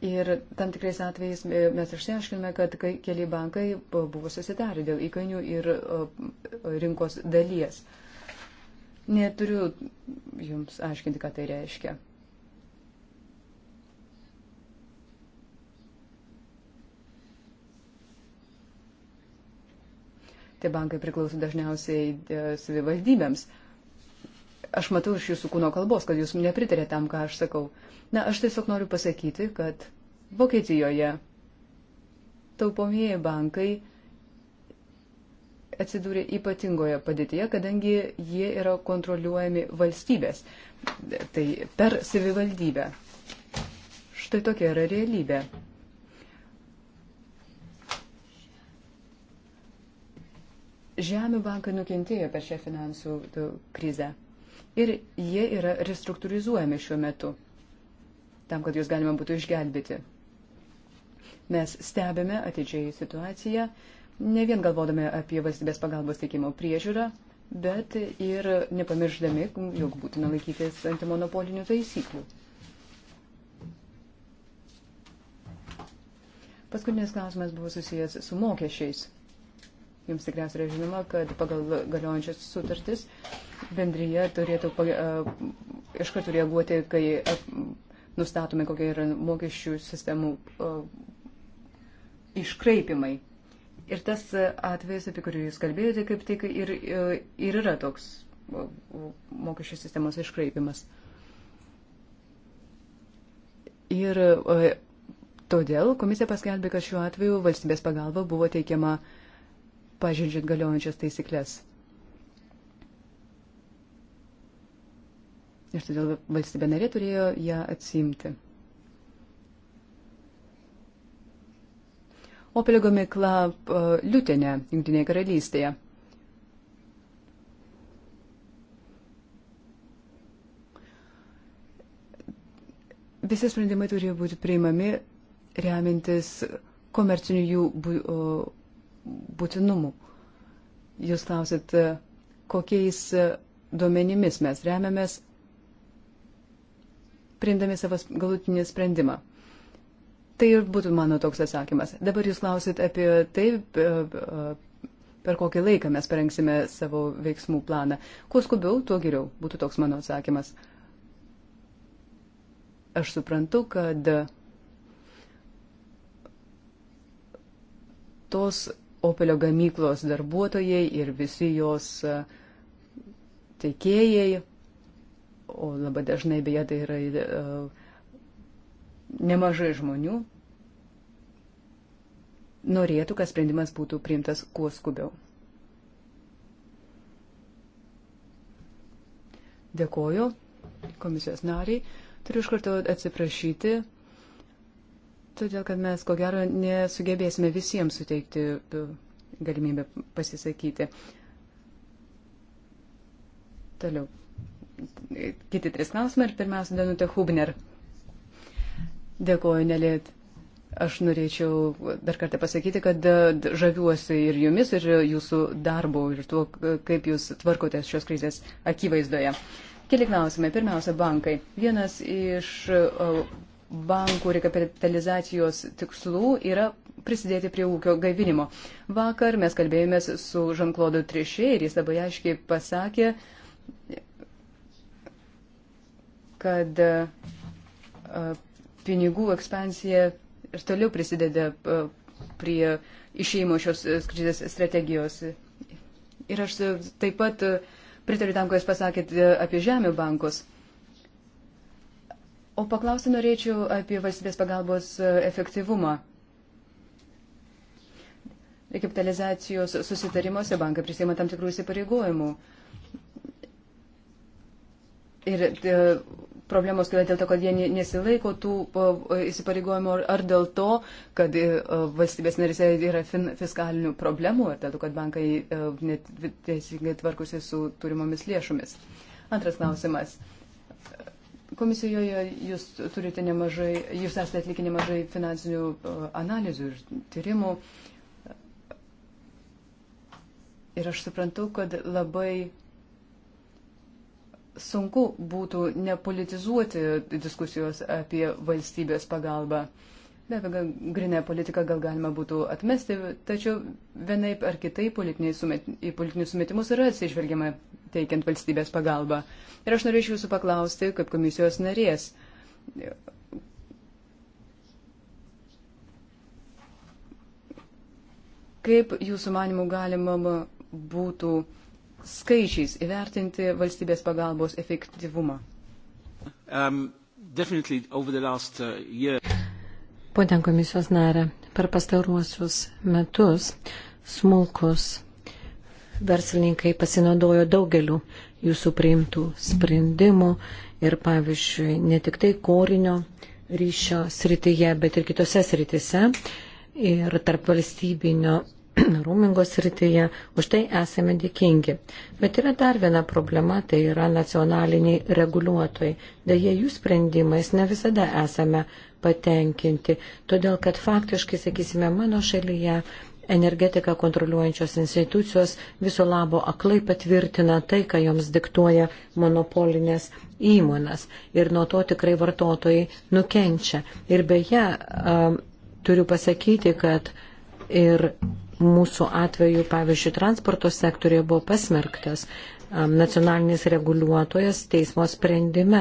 Ir tam tikrais atvejais mes išsiaiškinome, kad keli bankai buvo susidarę dėl įkainių ir rinkos dalies. Uh, Neturiu jums aiškinti, ką tai reiškia. Tie bankai priklauso dažniausiai e, savivaldybėms. Aš matau iš jūsų kūno kalbos, kad jūs nepritarė tam, ką aš sakau. Na, aš tiesiog noriu pasakyti, kad Vokietijoje taupomieji bankai atsidūrė ypatingoje padėtyje, kadangi jie yra kontroliuojami valstybės, tai per savivaldybę. Štai tokia yra realybė. Žemė bankai nukentėjo per šią finansų krizę ir jie yra restruktūrizuojami šiuo metu, tam, kad juos galima būtų išgelbėti. Mes stebime atidžiai situaciją ne vien galvodami apie valstybės pagalbos teikimo priežiūrą, bet ir nepamirždami, jog būtume laikytis antimonopolinių taisyklių. Paskutinis klausimas buvo susijęs su mokesčiais. Jums tikriausiai yra žinoma, kad pagal galiojančias sutartis bendryje turėtų uh, iš karto reaguoti, kai uh, nustatome, kokie yra mokesčių sistemų uh, iškraipimai. Ir tas atvejas, apie kurį jūs kalbėjote, kaip tik ir, ir yra toks mokesčių sistemos iškraipimas. Ir todėl komisija paskelbė, kad šiuo atveju valstybės pagalba buvo teikiama pažydžiant galiojančias taisyklės. Ir todėl valstybė narė turėjo ją atsimti. Opelio gamykla e, Liutenė, Junktinėje karalystėje. Visi sprendimai turi būti priimami remintis komercinių jų e, būtinumų. Jūs klausit, e, kokiais duomenimis mes remiamės, priimdami savo galutinį sprendimą. Tai ir būtų mano toks atsakymas. Dabar jūs klausit apie tai, per kokį laiką mes parengsime savo veiksmų planą. Kuo skubiau, tuo geriau, būtų toks mano atsakymas. Aš suprantu, kad tos Opelio gamyklos darbuotojai ir visi jos e, teikėjai, o labai dažnai beje tai yra uh, nemažai žmonių norėtų, kad sprendimas būtų priimtas kuo skubiau. Dėkoju komisijos nariai. Turiu iš karto atsiprašyti, todėl kad mes ko gero nesugebėsime visiems suteikti uh, galimybę pasisakyti. Toliau. Kiti trys klausimai ir pirmiausia, Danutė Hubner. Dėkuoju, Nelėt. Aš norėčiau dar kartą pasakyti, kad e, žaviuosi ir jumis, ir jūsų darbu, ir tuo, kaip jūs tvarkotės šios krizės akivaizdoje. Keli klausimai. Pirmiausia, bankai. Vienas iš e, bankų rekapitalizacijos tikslų yra prisidėti prie ūkio gaivinimo. Vakar mes kalbėjomės su Žanklodu Trišė ir jis labai aiškiai pasakė, kad e, pinigų ekspansija ir toliau prisideda e, prie išėjimo šios e, krizės strategijos. Ir aš e, taip pat pritariu tam, ką jūs pasakėte apie žemė bankus. O paklausti norėčiau apie valstybės pagalbos efektyvumą. Rekapitalizacijos susitarimuose bankai prisima tam tikrų įsipareigojimų. Ir problemos kyla dėl to, kad jie nesilaiko tų įsipareigojimų ar dėl to, kad e, valstybės narise yra fin, fiskalinių problemų ar dėl to, kad bankai e, neteisingai tvarkusi su turimomis lėšomis. Antras klausimas. Komisijoje jūs turite nemažai, jūs esate atlikę nemažai finansinių e, analizių ir tyrimų. Ir aš suprantu, kad labai sunku būtų nepolitizuoti diskusijos apie valstybės pagalbą. Be abejo, grinę politiką gal galima būtų atmesti, tačiau vienaip ar kitai sumet, į politinius sumetimus yra atsižvelgiama teikiant valstybės pagalbą. Ir aš norėčiau jūsų paklausti, kaip komisijos narės. Kaip jūsų manimų galima būtų uh, skaičiais įvertinti valstybės pagalbos efektyvumą? Um, last, uh, year... Pone komisijos narė, per pastaruosius metus smulkus verslininkai pasinaudojo daugeliu jūsų priimtų sprendimų ir, pavyzdžiui, ne tik tai korinio ryšio srityje, bet ir kitose srityse ir tarp valstybinio rūmingos rytyje, už tai esame dėkingi. Bet yra dar viena problema, tai yra nacionaliniai reguliuotojai. Deja, jų sprendimais ne visada esame patenkinti, todėl kad faktiškai, sakysime, mano šalyje energetiką kontroliuojančios institucijos viso labo aklai patvirtina tai, ką joms diktuoja monopolinės įmonas. Ir nuo to tikrai vartotojai nukenčia. Ir beje, turiu pasakyti, kad ir mūsų atveju, pavyzdžiui, transporto sektorėje buvo pasmerktas um, nacionalinis reguliuotojas teismo sprendime.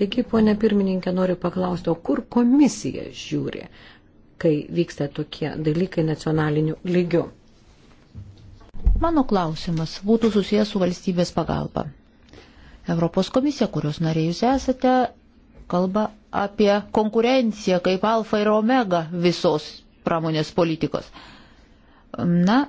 Taigi, ponė pirmininkė, noriu paklausti, o kur komisija žiūri, kai vyksta tokie dalykai nacionaliniu lygiu? Mano klausimas būtų susijęs su valstybės pagalba. Europos komisija, kurios nariai jūs esate, kalba apie konkurenciją kaip alfa ir omega visos pramonės politikos. Na,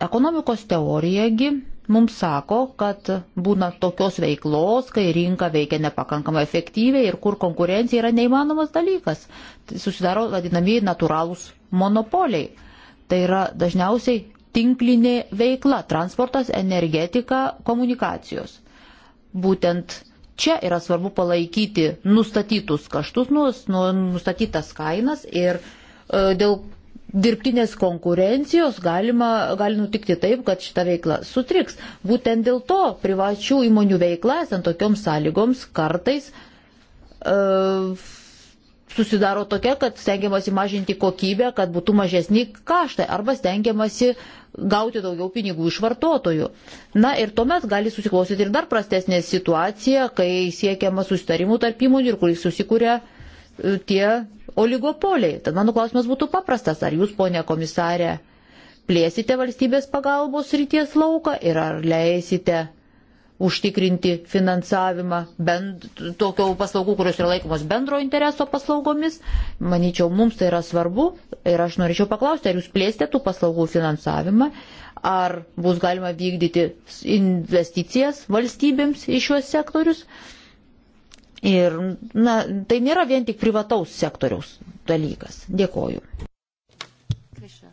ekonomikos teorijagi mums sako, kad būna tokios veiklos, kai rinka veikia nepakankamai efektyviai ir kur konkurencija yra neįmanomas dalykas. Tai susidaro vadinamieji natūralūs monopoliai. Tai yra dažniausiai tinklinė veikla - transportas, energetika, komunikacijos. Būtent čia yra svarbu palaikyti nustatytus kaštus, nu- nustatytas kainas ir e, dėl dirbtinės konkurencijos galima, gali nutikti taip, kad šita veikla sutriks. Būtent dėl to privačių įmonių veikla, esant tokioms sąlygoms, kartais uh, susidaro tokia, kad stengiamasi mažinti kokybę, kad būtų mažesni kaštai arba stengiamasi gauti daugiau pinigų iš vartotojų. Na ir tuomet gali susiklausyti ir dar prastesnė situacija, kai siekiama susitarimų tarp įmonių ir kuris susikūrė uh, E, tie oligopoliai. Tad mano klausimas būtų paprastas. Ar jūs, ponė komisarė, plėsite valstybės pagalbos ryties lauką ir ar leisite užtikrinti finansavimą bend, tokio paslaugų, kurios yra laikomos bendro intereso paslaugomis. Manyčiau, mums tai yra svarbu ir aš norėčiau paklausti, ar jūs plėsite tų paslaugų finansavimą, ar bus galima vykdyti investicijas valstybėms į šiuos sektorius. Uh, Ir na, tai nėra vien tik privataus sektoriaus dalykas. Dėkoju. Krishna.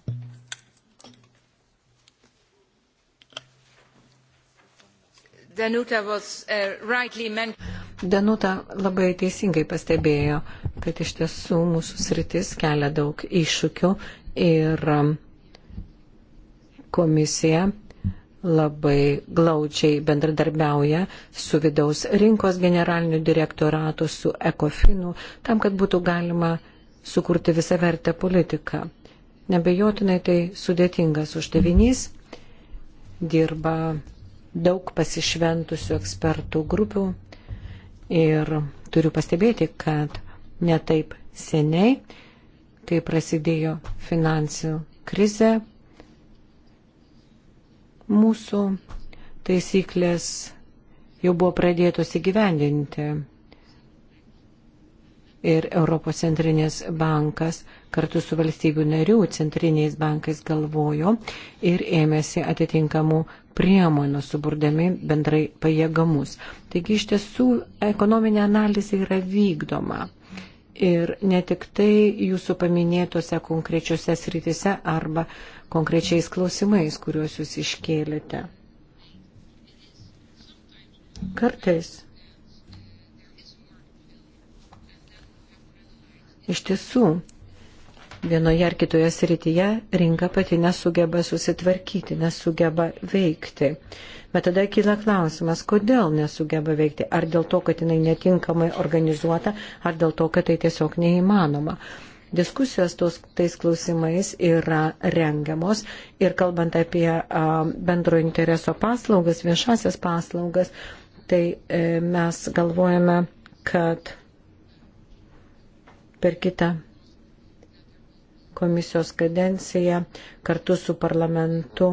Danuta, was, uh, rightly meant... Danuta labai teisingai pastebėjo, kad iš tiesų mūsų sritis kelia daug iššūkių ir um, komisija labai glaučiai bendradarbiauja su vidaus rinkos generaliniu direktoratu, su ekofinu, tam, kad būtų galima sukurti visą vertę politiką. Nebejotinai tai sudėtingas uždavinys, dirba daug pasišventusių ekspertų grupių ir turiu pastebėti, kad netaip seniai, kai prasidėjo finansų krize, Mūsų taisyklės jau buvo pradėtos įgyvendinti. Ir Europos centrinės bankas kartu su valstybių narių centriniais bankais galvojo ir ėmėsi atitinkamų priemonių, suburdami bendrai pajėgamus. Taigi iš tiesų ekonominė analizė yra vykdoma. Ir ne tik tai jūsų paminėtose konkrečiose srityse arba uh, konkrečiais klausimais, kuriuos jūs iškėlėte. Kartais iš tiesų vienoje ar kitoje srityje rinka pati nesugeba susitvarkyti, nesugeba veikti. Bet tada kyla klausimas, kodėl nesugeba veikti. Ar dėl to, kad jinai netinkamai organizuota, ar dėl to, kad tai tiesiog neįmanoma. Diskusijos tos, tais klausimais yra rengiamos ir kalbant apie bendro intereso paslaugas, viešasias paslaugas, tai e, mes galvojame, kad per kitą komisijos kadenciją kartu su parlamentu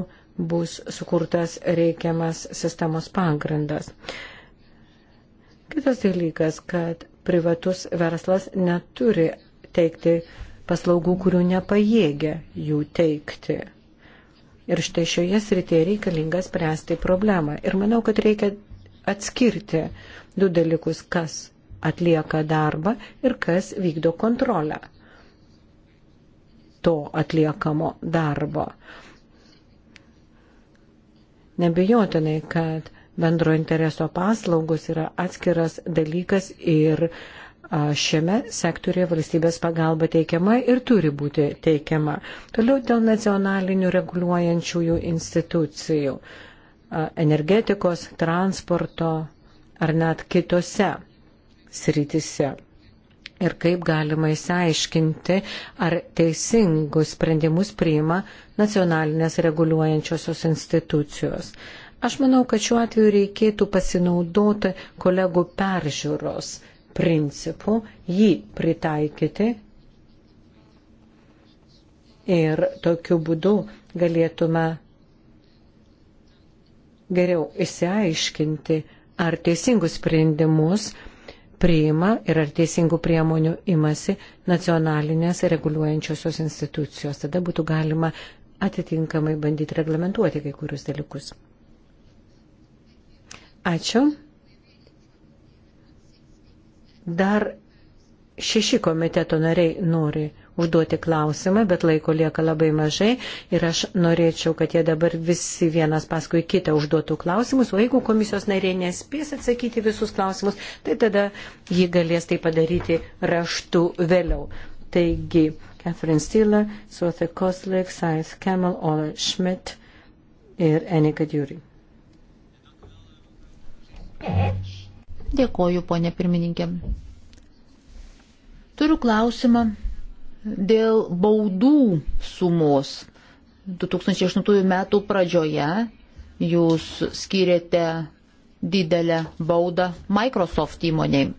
bus sukurtas reikiamas sistemos pagrindas. Kitas dalykas, kad privatus verslas neturi teikti paslaugų, kurių nepajėgia jų teikti. Ir štai šioje srityje reikalinga spręsti problemą. Ir manau, kad reikia atskirti du dalykus, kas atlieka darbą ir kas vykdo kontrolę to atliekamo darbo. Nebijotinai, kad bendro intereso paslaugos yra atskiras dalykas ir uh, šiame sektorėje valstybės pagalba teikiama ir turi būti teikiama. Toliau dėl nacionalinių reguliuojančiųjų institucijų energetikos, transporto ar net kitose sritise. Ir kaip galima įsiaiškinti, ar teisingus sprendimus priima nacionalinės reguliuojančiosios institucijos. Aš manau, kad šiuo atveju reikėtų pasinaudoti kolegų peržiūros principu, jį pritaikyti ir tokiu būdu galėtume geriau įsiaiškinti, ar teisingus sprendimus priima ir ar teisingų priemonių imasi nacionalinės reguliuojančiosios institucijos. Tada būtų galima atitinkamai bandyti reglamentuoti kai kurius dalykus. Ačiū. Dar šeši komiteto nariai nori užduoti klausimą, bet laiko lieka labai mažai ir aš norėčiau, kad jie dabar visi vienas paskui kitą užduotų klausimus, o jeigu komisijos nariai nespės atsakyti visus klausimus, tai tada jį galės tai padaryti raštu vėliau. Taigi, Catherine Steele, Suothe Koslik, Saif Kemal, Ola Schmidt ir Enika Djuri. Mhm. Dėkoju, ponė pirmininkė. Turiu klausimą dėl baudų sumos. 2008 metų pradžioje jūs skiriate didelę baudą Microsoft įmoniai.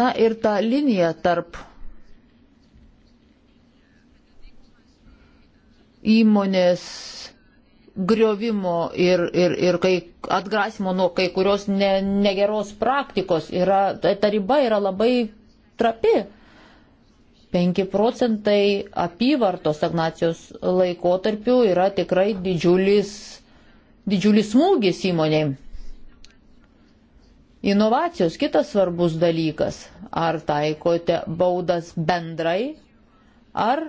Na ir ta linija tarp įmonės griovimo ir, ir, ir kai atgrasimo nuo kai kurios ne, negeros praktikos yra, ta riba yra labai trapi. 5 procentai apyvartos stagnacijos laikotarpių yra tikrai didžiulis, didžiulis smūgis įmoniai. Inovacijos kitas svarbus dalykas. Ar taikote baudas bendrai, ar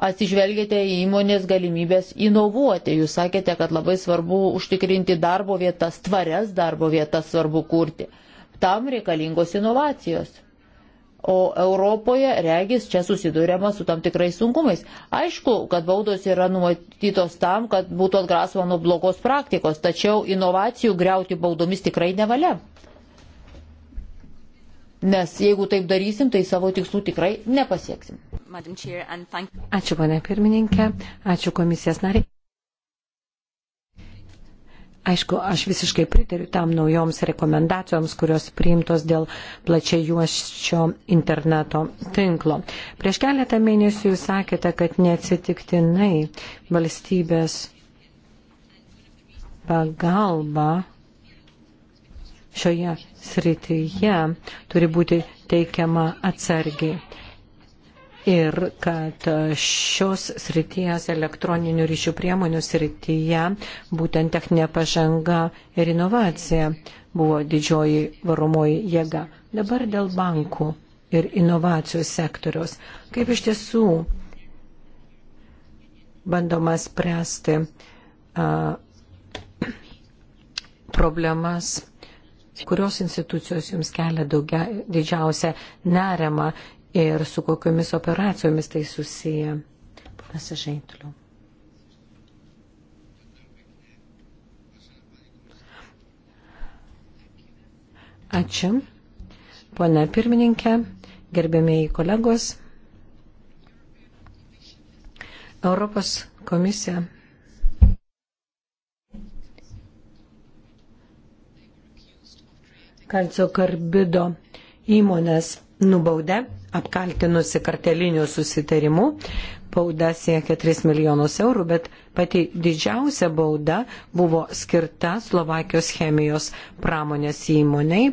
atsižvelgėte į įmonės galimybės inovuoti. Jūs sakėte, kad labai svarbu užtikrinti darbo vietas, tvarias darbo vietas svarbu kurti. Tam reikalingos inovacijos. O Europoje, regis, čia susidūrėma su tam tikrais sunkumais. Aišku, kad baudos yra numatytos tam, kad būtų atgrasoma nuo blogos praktikos, tačiau inovacijų greuti baudomis tikrai nevalia. Nes jeigu taip darysim, tai savo tikslų tikrai nepasieksim. Ačiū, ponė pirmininkė. Ačiū komisijos nariai. Aišku, aš visiškai pritariu tam naujoms rekomendacijoms, kurios priimtos dėl plačiai juoščio interneto tinklo. Prieš keletą mėnesių jūs sakėte, kad neatsitiktinai valstybės pagalba šioje srityje turi būti teikiama atsargiai. Ir kad šios srities elektroninių ryšių priemonių srityje būtent techninė pažanga ir inovacija buvo didžioji varomoji jėga. Dabar dėl bankų ir inovacijų sektoriaus. Kaip iš tiesų bandoma spręsti a, problemas kurios institucijos jums kelia daugia, didžiausią nerimą ir su kokiomis operacijomis tai susiję. Panas Žaitliu. Ačiū. Pone pirmininkė, gerbėmėjai kolegos, Europos komisija kancio karbido įmonės nubaudė, apkaltinusi karteliniu susitarimu. Bauda siekia 3 milijonus eurų, bet pati didžiausia bauda buvo skirta Slovakijos chemijos pramonės įmoniai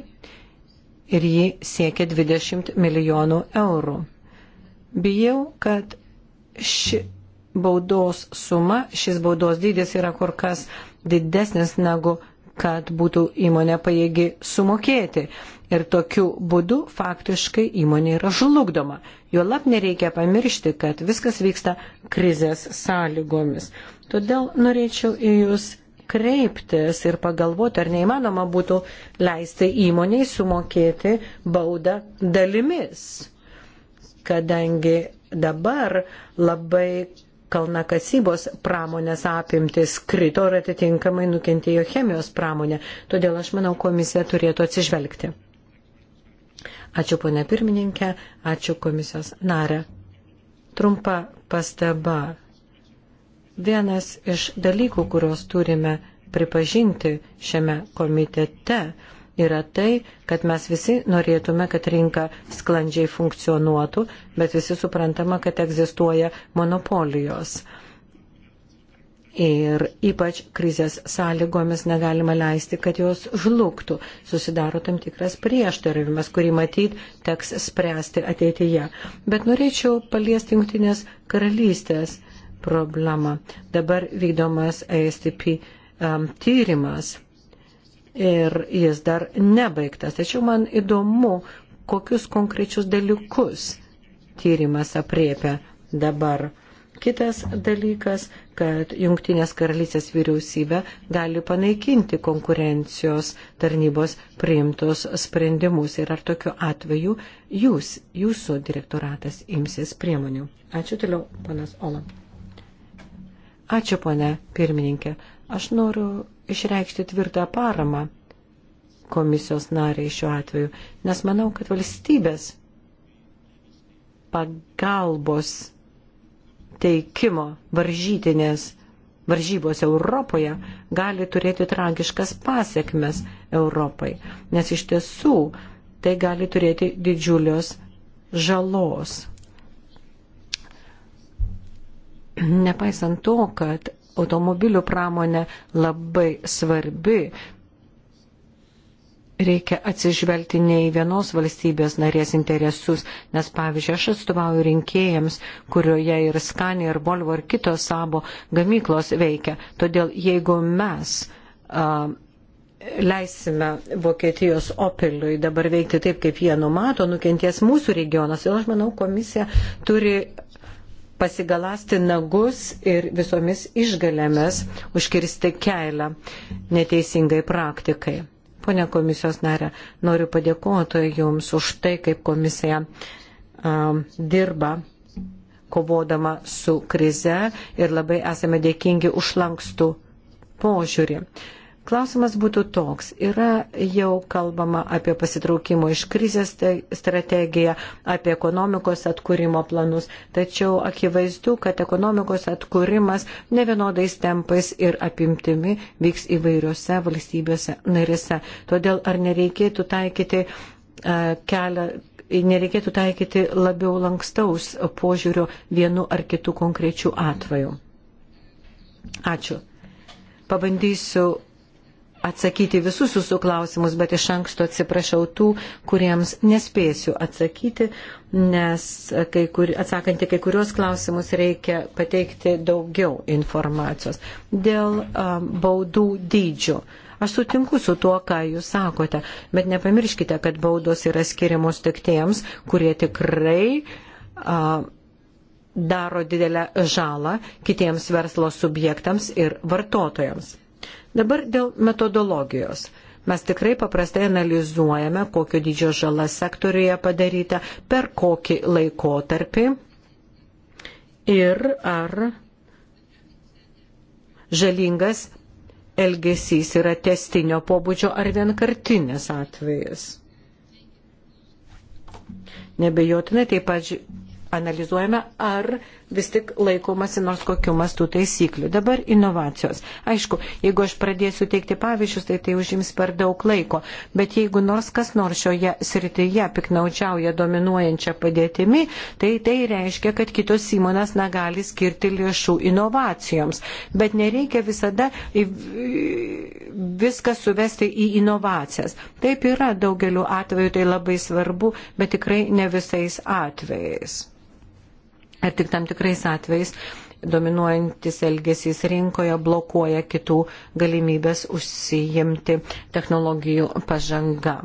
ir ji siekia 20 milijonų eurų. Bijau, kad ši baudos suma, šis baudos dydis yra kur kas didesnis negu kad būtų įmonė pajėgi sumokėti. Ir tokiu būdu faktiškai įmonė yra žlugdoma. Juolab nereikia pamiršti, kad viskas vyksta krizės sąlygomis. Todėl norėčiau į Jūs kreiptis ir pagalvoti, ar neįmanoma būtų leisti įmoniai sumokėti baudą dalimis. Kadangi dabar labai kalnakasybos pramonės apimtis krito ir atitinkamai nukentėjo chemijos pramonė. Todėl aš manau, komisija turėtų atsižvelgti. Ačiū ponė pirmininkė, ačiū komisijos narė. Trumpa pastaba. Vienas iš dalykų, kuriuos turime pripažinti šiame komitete, yra tai, kad mes visi norėtume, kad rinka sklandžiai funkcionuotų, bet visi suprantama, kad egzistuoja monopolijos. Ir ypač krizės sąlygomis negalima leisti, kad jos žlugtų. Susidaro tam tikras prieštaravimas, kurį matyt teks spręsti ateityje. Bet norėčiau paliesti Junktinės karalystės problemą. Dabar vykdomas ASTP um, tyrimas ir jis dar nebaigtas. Tačiau man įdomu, kokius konkrečius dalykus tyrimas apriepia dabar. Kitas dalykas, kad Junktinės karalystės vyriausybė gali panaikinti konkurencijos tarnybos priimtus sprendimus ir ar tokiu atveju jūs, jūsų direktoratas imsis priemonių. Ačiū toliau, panas Ola. Ačiū, ponė pirmininkė. Aš noriu išreikšti tvirtą paramą komisijos nariai šiuo atveju, nes manau, kad valstybės pagalbos teikimo varžytinės varžybos Europoje gali turėti tragiškas pasiekmes Europai, nes iš tiesų tai gali turėti didžiulios žalos. Nepaisant to, kad automobilių pramonė labai svarbi. Reikia atsižvelgti ne į vienos valstybės narės interesus, nes pavyzdžiui, aš atstovauju rinkėjams, kurioje ir Skanė, ir Volvo, ir kitos savo gamyklos veikia. Todėl jeigu mes uh, leisime Vokietijos Opeliui dabar veikti taip, kaip jie numato, nukenties mūsų regionas. Ir aš manau, komisija turi pasigalasti nagus ir visomis išgalėmis užkirsti kelią neteisingai praktikai. Pone komisijos narė, noriu padėkoti Jums už tai, kaip komisija um, dirba kovodama su krize ir labai esame dėkingi už lankstų požiūrį. Klausimas būtų toks. Yra jau kalbama apie pasitraukimo iš krizės strategiją, apie ekonomikos atkūrimo planus, tačiau akivaizdu, kad ekonomikos atkūrimas ne vienodais tempais ir apimtimi vyks įvairiose valstybėse narėse. Todėl ar nereikėtų taikyti e, kelią. Nereikėtų taikyti labiau lankstaus požiūrio vienu ar kitu konkrečiu atveju. Ačiū. Pabandysiu atsakyti visus jūsų klausimus, bet iš anksto atsiprašau tų, kuriems nespėsiu atsakyti, nes kai kur, atsakant į kai kurios klausimus reikia pateikti daugiau informacijos. Dėl um, baudų dydžių. Aš sutinku su tuo, ką jūs sakote, bet nepamirškite, kad baudos yra skiriamos tik tiems, kurie tikrai uh, daro didelę žalą kitiems verslo subjektams ir vartotojams. Dabar dėl metodologijos. Mes tikrai paprastai analizuojame, kokio dydžio žala sektoriuje padaryta, per kokį laikotarpį ir ar žalingas elgesys yra testinio pobūdžio ar vienkartinės atvejas. Nebejotinai taip pat analizuojame, ar vis tik laikomasi nors kokiu mastu taisyklių. Dabar inovacijos. Aišku, jeigu aš pradėsiu teikti pavyzdžius, tai tai užims per daug laiko, bet jeigu nors kas nors šioje srityje piknaučiauja dominuojančią padėtimi, tai tai reiškia, kad kitos įmonės negali skirti lėšų inovacijoms. Bet nereikia visada viską suvesti į inovacijas. Taip yra daugeliu atveju, tai labai svarbu, bet tikrai ne visais atvejais ir tik tam tikrais atvejais dominuojantis elgesys rinkoje blokuoja kitų galimybės užsijimti technologijų pažanga.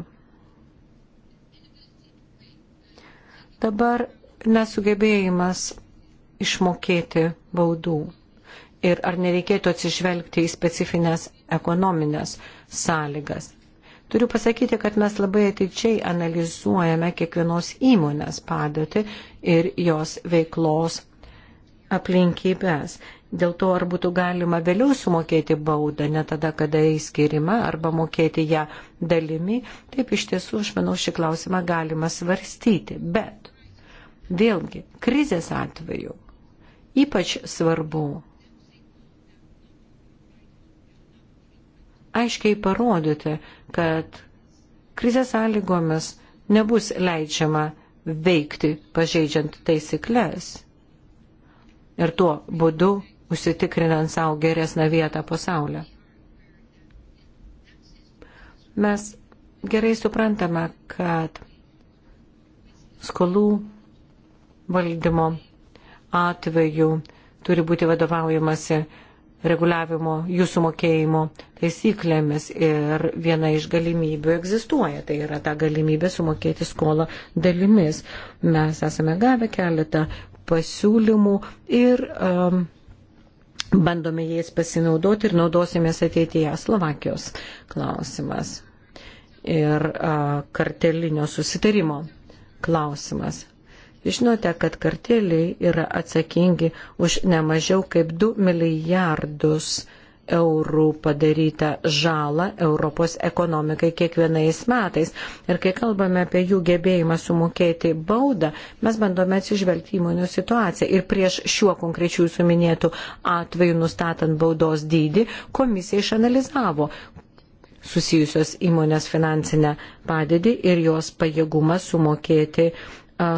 Dabar nesugebėjimas išmokėti baudų ir ar nereikėtų atsižvelgti į specifines ekonominės sąlygas. Turiu pasakyti, kad mes labai ateičiai analizuojame kiekvienos įmonės padėtį ir jos veiklos aplinkybės. Dėl to, ar būtų galima vėliau sumokėti baudą, ne tada, kada įskirima, arba mokėti ją dalimi, taip iš tiesų, aš manau, šį klausimą galima svarstyti. Bet vėlgi, krizės atveju ypač svarbu aiškiai parodyti, kad krizės sąlygomis nebus leidžiama veikti pažeidžiant taisyklės ir tuo būdu užsitikrinant savo geresnę vietą pasaulio. Mes gerai suprantame, kad skolų valdymo atveju turi būti vadovaujamasi reguliavimo jūsų mokėjimo taisyklėmis ir viena iš galimybių egzistuoja, tai yra ta galimybė sumokėti skolą dalimis. Mes esame gavę keletą pasiūlymų ir um, bandome jais pasinaudoti ir naudosimės ateityje Slovakijos klausimas ir uh, kartelinio susitarimo klausimas. Žinote, kad karteliai yra atsakingi už nemažiau kaip 2 milijardus eurų padarytą žalą Europos ekonomikai kiekvienais metais. Ir kai kalbame apie jų gebėjimą sumokėti baudą, mes bandome atsižvelgti įmonių situaciją. Ir prieš šiuo konkrečiu jūsų minėtų atveju nustatant baudos dydį, komisija išanalizavo susijusios įmonės finansinę padėtį ir jos pajėgumą sumokėti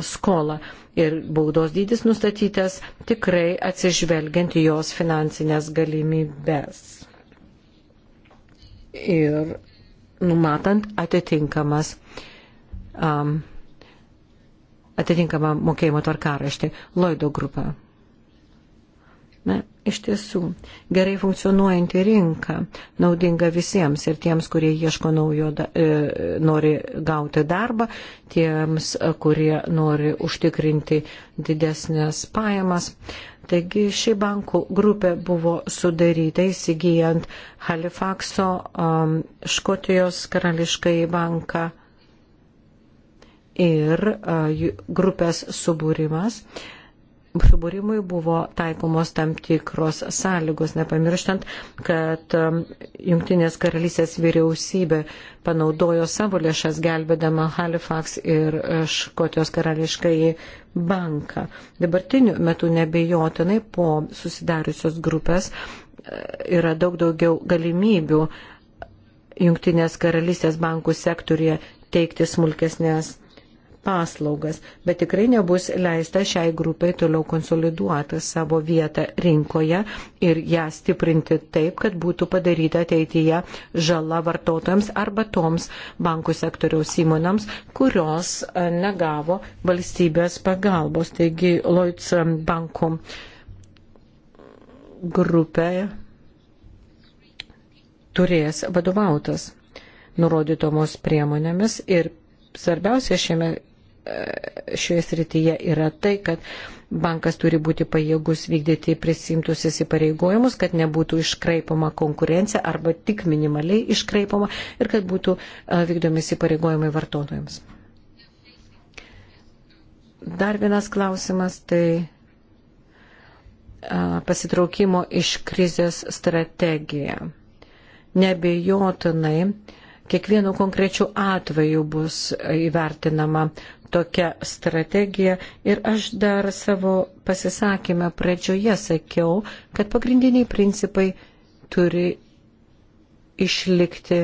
skolą. Ir baudos dydis nustatytas tikrai atsižvelgiant į jos finansinės galimybės. Ir numatant atitinkamas um, atitinkamą mokėjimo tvarkaraštį Loido grupą. Na, Iš tiesų, gerai funkcionuojanti rinka naudinga visiems ir tiems, kurie ieško naujo, da, e, nori gauti darbą, tiems, kurie nori užtikrinti didesnės pajamas. Taigi ši bankų grupė buvo sudaryta įsigijant Halifaxo um, Škotijos karališkai banką ir uh, grupės subūrimas. Uh, subūrimui buvo taikomos tam tikros sąlygos, nepamirštant, kad um, Junktinės karalystės vyriausybė panaudojo savo lėšas gelbėdama Halifax ir uh, Škotijos karališkai banką. Dabartiniu metu nebejotinai po susidariusios grupės uh, yra daug daugiau galimybių Junktinės karalystės bankų sektorija teikti smulkesnės paslaugas, bet tikrai nebus leista šiai grupai toliau konsoliduoti savo vietą rinkoje ir ją stiprinti taip, kad būtų padaryta ateityje žala vartotojams arba toms bankų sektoriaus įmonams, kurios e, negavo valstybės pagalbos. Taigi, Lloyds bankų grupė turės vadovautas nurodytomis priemonėmis ir svarbiausia šiame E, šioje srityje yra tai, kad bankas turi būti pajėgus vykdyti prisimtus įsipareigojimus, kad nebūtų iškraipama konkurencija arba tik minimaliai iškraipama ir kad būtų e, vykdomi įsipareigojimai vartotojams. Dar vienas klausimas - tai e, pasitraukimo iš krizės strategija. Nebejotinai, kiekvienu konkrečiu atveju bus įvertinama tokia strategija. Ir aš dar savo pasisakymę pradžioje sakiau, kad pagrindiniai principai turi išlikti,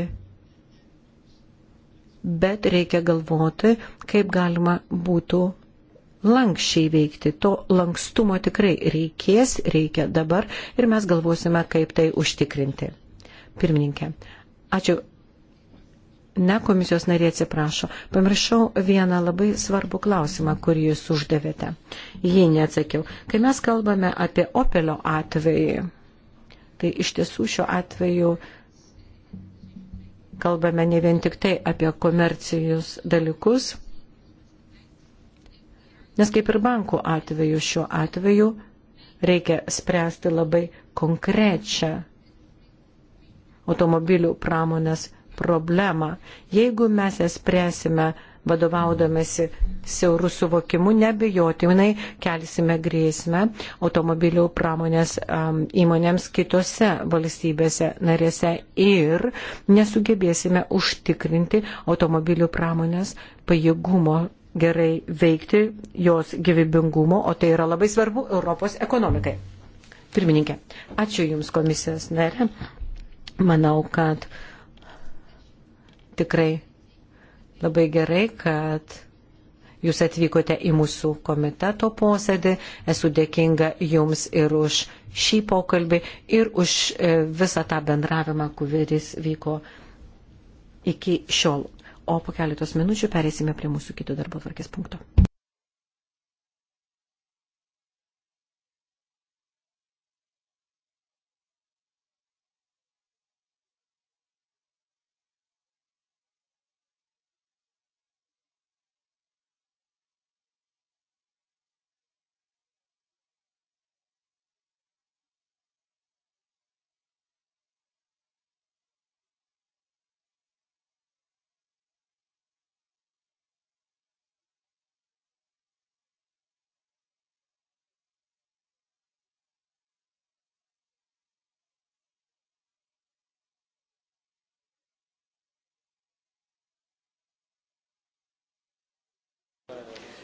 bet reikia galvoti, kaip galima būtų lankščiai veikti. To lankstumo tikrai reikės, reikia dabar ir mes galvosime, kaip tai užtikrinti. Pirmininkė, ačiū Ne komisijos narė atsiprašo. Pamiršau vieną labai svarbų klausimą, kurį jūs uždavėte. Jį neatsakiau. Kai mes kalbame apie Opelio atvejį, tai iš tiesų šiuo atveju kalbame ne vien tik tai apie komercijus dalykus, nes kaip ir bankų atveju šiuo atveju reikia spręsti labai konkrečią automobilių pramonės problemą, jeigu mes ją spręsime vadovaudomėsi siaurų suvokimų, nebejotinai kelsime grėsmę automobilių pramonės um, įmonėms kitose valstybėse narėse ir nesugebėsime užtikrinti automobilių pramonės pajėgumo gerai veikti, jos gyvybingumo, o tai yra labai svarbu Europos ekonomikai. Pirmininkė, ačiū Jums komisijos narė. Manau, kad uh, Tikrai labai gerai, kad jūs atvykote į mūsų komiteto posėdį. Esu dėkinga jums ir už šį pokalbį, ir už e, visą tą bendravimą, kuris vyko iki šiol. O po keletos minučių perėsime prie mūsų kito darbo tvarkės punkto.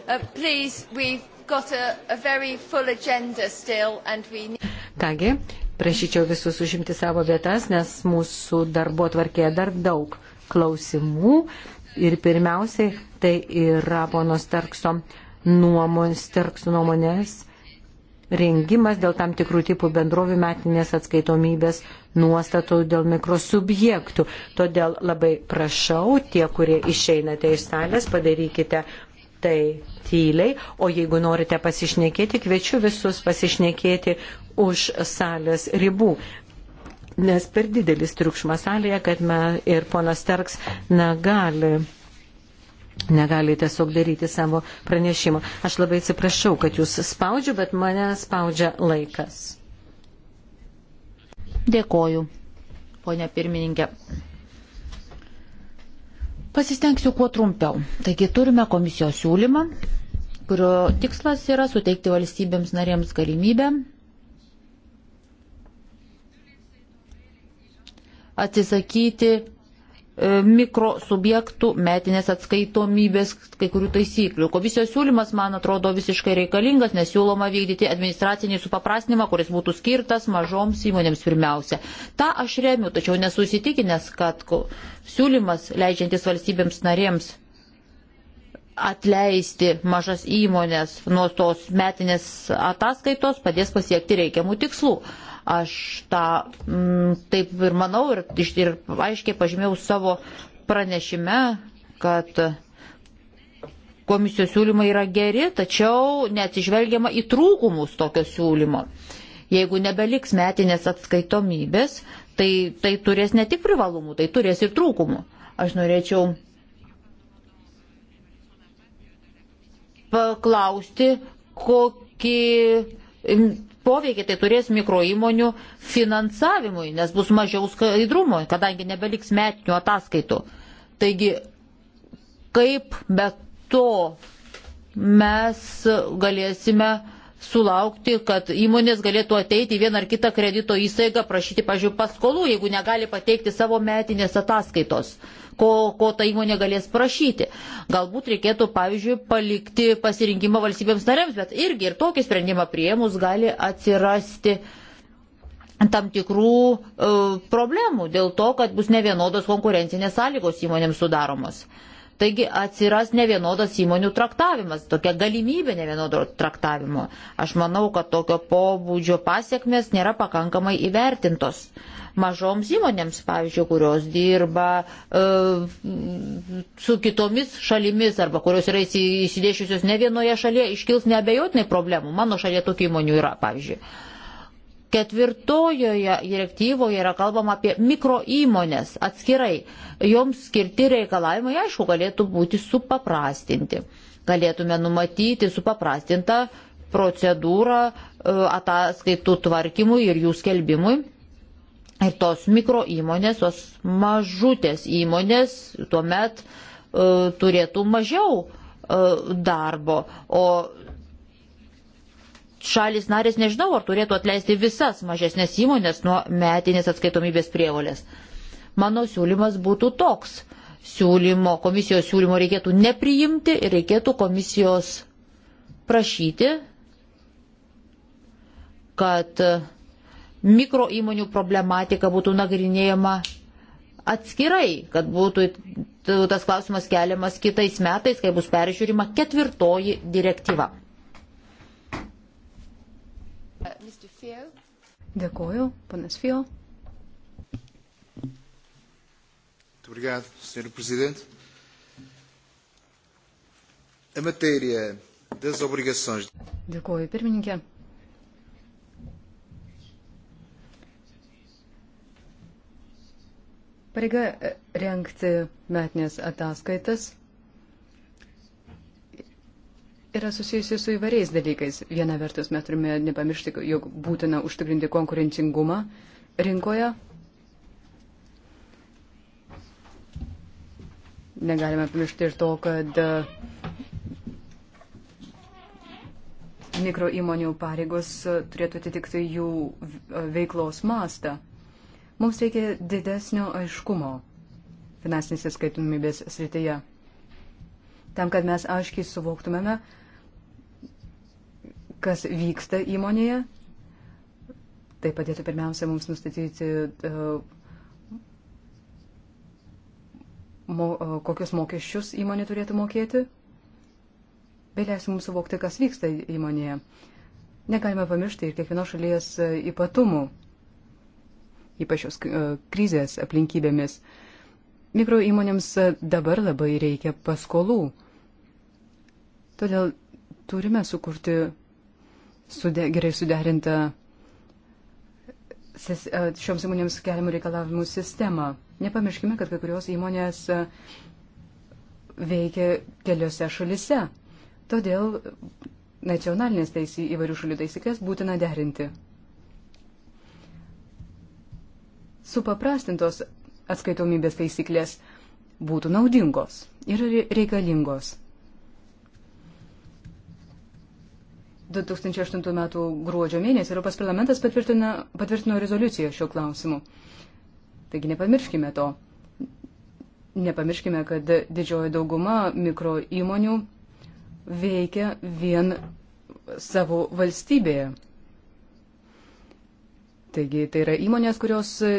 Uh, please, we've got a, a very full agenda still and we need... Kągi, prašyčiau visus užimti savo vietas, nes mūsų darbo tvarkėje dar daug klausimų. Ir pirmiausiai tai yra pono Starkso nuomonės, Starkso nuomonės rengimas dėl tam tikrų tipų bendrovių metinės atskaitomybės nuostatų dėl mikrosubjektų. Todėl labai prašau, tie, kurie išeinate iš salės, padarykite tai tyliai, o jeigu norite pasišnekėti, kviečiu visus pasišnekėti už salės ribų. Nes per didelis triukšmas salėje, kad me ir ponas Terks negali negali tiesiog daryti savo pranešimo. Aš labai atsiprašau, kad jūs spaudžiu, bet mane spaudžia laikas. Dėkoju, ponia pirmininkė. Pasistengsiu kuo trumpiau. Taigi turime komisijos siūlymą, kurio tikslas yra suteikti valstybėms narėms galimybę atsisakyti e, mikrosubjektų metinės atskaitomybės kai kurių taisyklių. Komisijos siūlymas, man atrodo, visiškai reikalingas, nes siūloma vykdyti administracinį supaprastinimą, kuris būtų skirtas mažoms įmonėms pirmiausia. Ta aš remiu, tačiau nesusitikinęs, kad siūlymas leidžiantis valstybėms narėms atleisti mažas įmonės nuo tos metinės ataskaitos, padės pasiekti reikiamų tikslų. Aš tą m, mm, taip ir manau ir, ir aiškiai pažymėjau savo pranešime, kad komisijos siūlymai yra geri, tačiau neatsižvelgiama į trūkumus tokio siūlymo. Jeigu nebeliks metinės atskaitomybės, tai tai turės ne tik privalumų, tai turės ir trūkumų. Aš norėčiau paklausti, kokį poveikį tai turės mikro įmonių finansavimui, nes bus mažiau skaidrumo, kadangi nebeliks metinių ataskaitų. Taigi, kaip be to mes galėsime uh, sulaukti, kad įmonės galėtų ateiti į vieną ar kitą kredito įstaigą, prašyti, pažiūrėjau, paskolų, jeigu negali pateikti savo metinės ataskaitos, ko, ko ta įmonė galės prašyti. Galbūt reikėtų, pavyzdžiui, palikti pasirinkimą valstybėms narėms, bet irgi ir tokį sprendimą prieimus gali atsirasti tam tikrų e, problemų dėl to, kad bus nevienodos konkurencinės sąlygos įmonėms sudaromos. E, Taigi atsiras nevienodas įmonių traktavimas, tokia galimybė nevienodo traktavimo. Aš manau, kad tokio pobūdžio pasiekmes nėra pakankamai įvertintos. Mažoms įmonėms, pavyzdžiui, kurios dirba e, su kitomis šalimis arba kurios yra įsidėšiusios ne vienoje šalyje, iškils neabejotinai problemų. Mano šalyje tokių įmonių yra, pavyzdžiui. Ketvirtojoje direktyvoje yra kalbama apie mikro įmonės atskirai. Joms skirti reikalavimai, aišku, galėtų būti supaprastinti. Galėtume numatyti supaprastintą procedūrą e, ataskaitų tvarkymui ir jų skelbimui. Ir tos mikro įmonės, tos mažutės įmonės tuomet uh, turėtų mažiau uh, darbo, o šalis narės nežinau, ar turėtų atleisti visas mažesnės įmonės nuo metinės atskaitomybės prievolės. Mano siūlymas būtų toks. Siūlymo, komisijos siūlymo reikėtų nepriimti ir reikėtų komisijos prašyti, kad mikro įmonių problematika būtų nagrinėjama atskirai, kad būtų tas klausimas keliamas kitais metais, kai bus peržiūrima ketvirtoji direktyva. Dėkoju, panas Fio. Obrigado, Sr. Presidente. A matéria das obrigações. Dėkoju, pirmininkė. Pareiga eh, renkti metinės ataskaitas yra susijusi su įvairiais dalykais. Viena vertus mes turime nepamiršti, jog būtina užtikrinti konkurencingumą rinkoje. Negalime pamiršti ir to, kad e, mikro įmonių pareigos e, turėtų atitikti jų e, veiklos mastą. Mums reikia didesnio aiškumo finansinės atskaitomybės srityje tam, kad mes aiškiai suvoktumėme, kas vyksta įmonėje. Tai padėtų pirmiausia mums nustatyti, e, mo, e, kokius mokesčius įmonė turėtų mokėti. Bei tai leis mums suvokti, kas vyksta įmonėje. Negalime pamiršti ir kiekvienos šalies e, ypatumų, ypač šios krizės aplinkybėmis. Mikro įmonėms dabar labai reikia paskolų. Todėl turime sukurti sude, gerai suderinta e, šioms įmonėms keliamų reikalavimų sistemą. Nepamirškime, kad kai kurios įmonės e, veikia keliose šalise. Todėl nacionalinės teisy, įvairių šalių taisyklės būtina derinti. Supaprastintos atskaitomybės taisyklės būtų naudingos ir reikalingos. 2008 m. gruodžio mėnesį Europos parlamentas patvirtino, patvirtino rezoliuciją šiuo klausimu. Taigi nepamirškime to. Nepamirškime, kad didžioji dauguma mikro įmonių veikia vien savo valstybėje. Taigi tai yra įmonės, kurios e,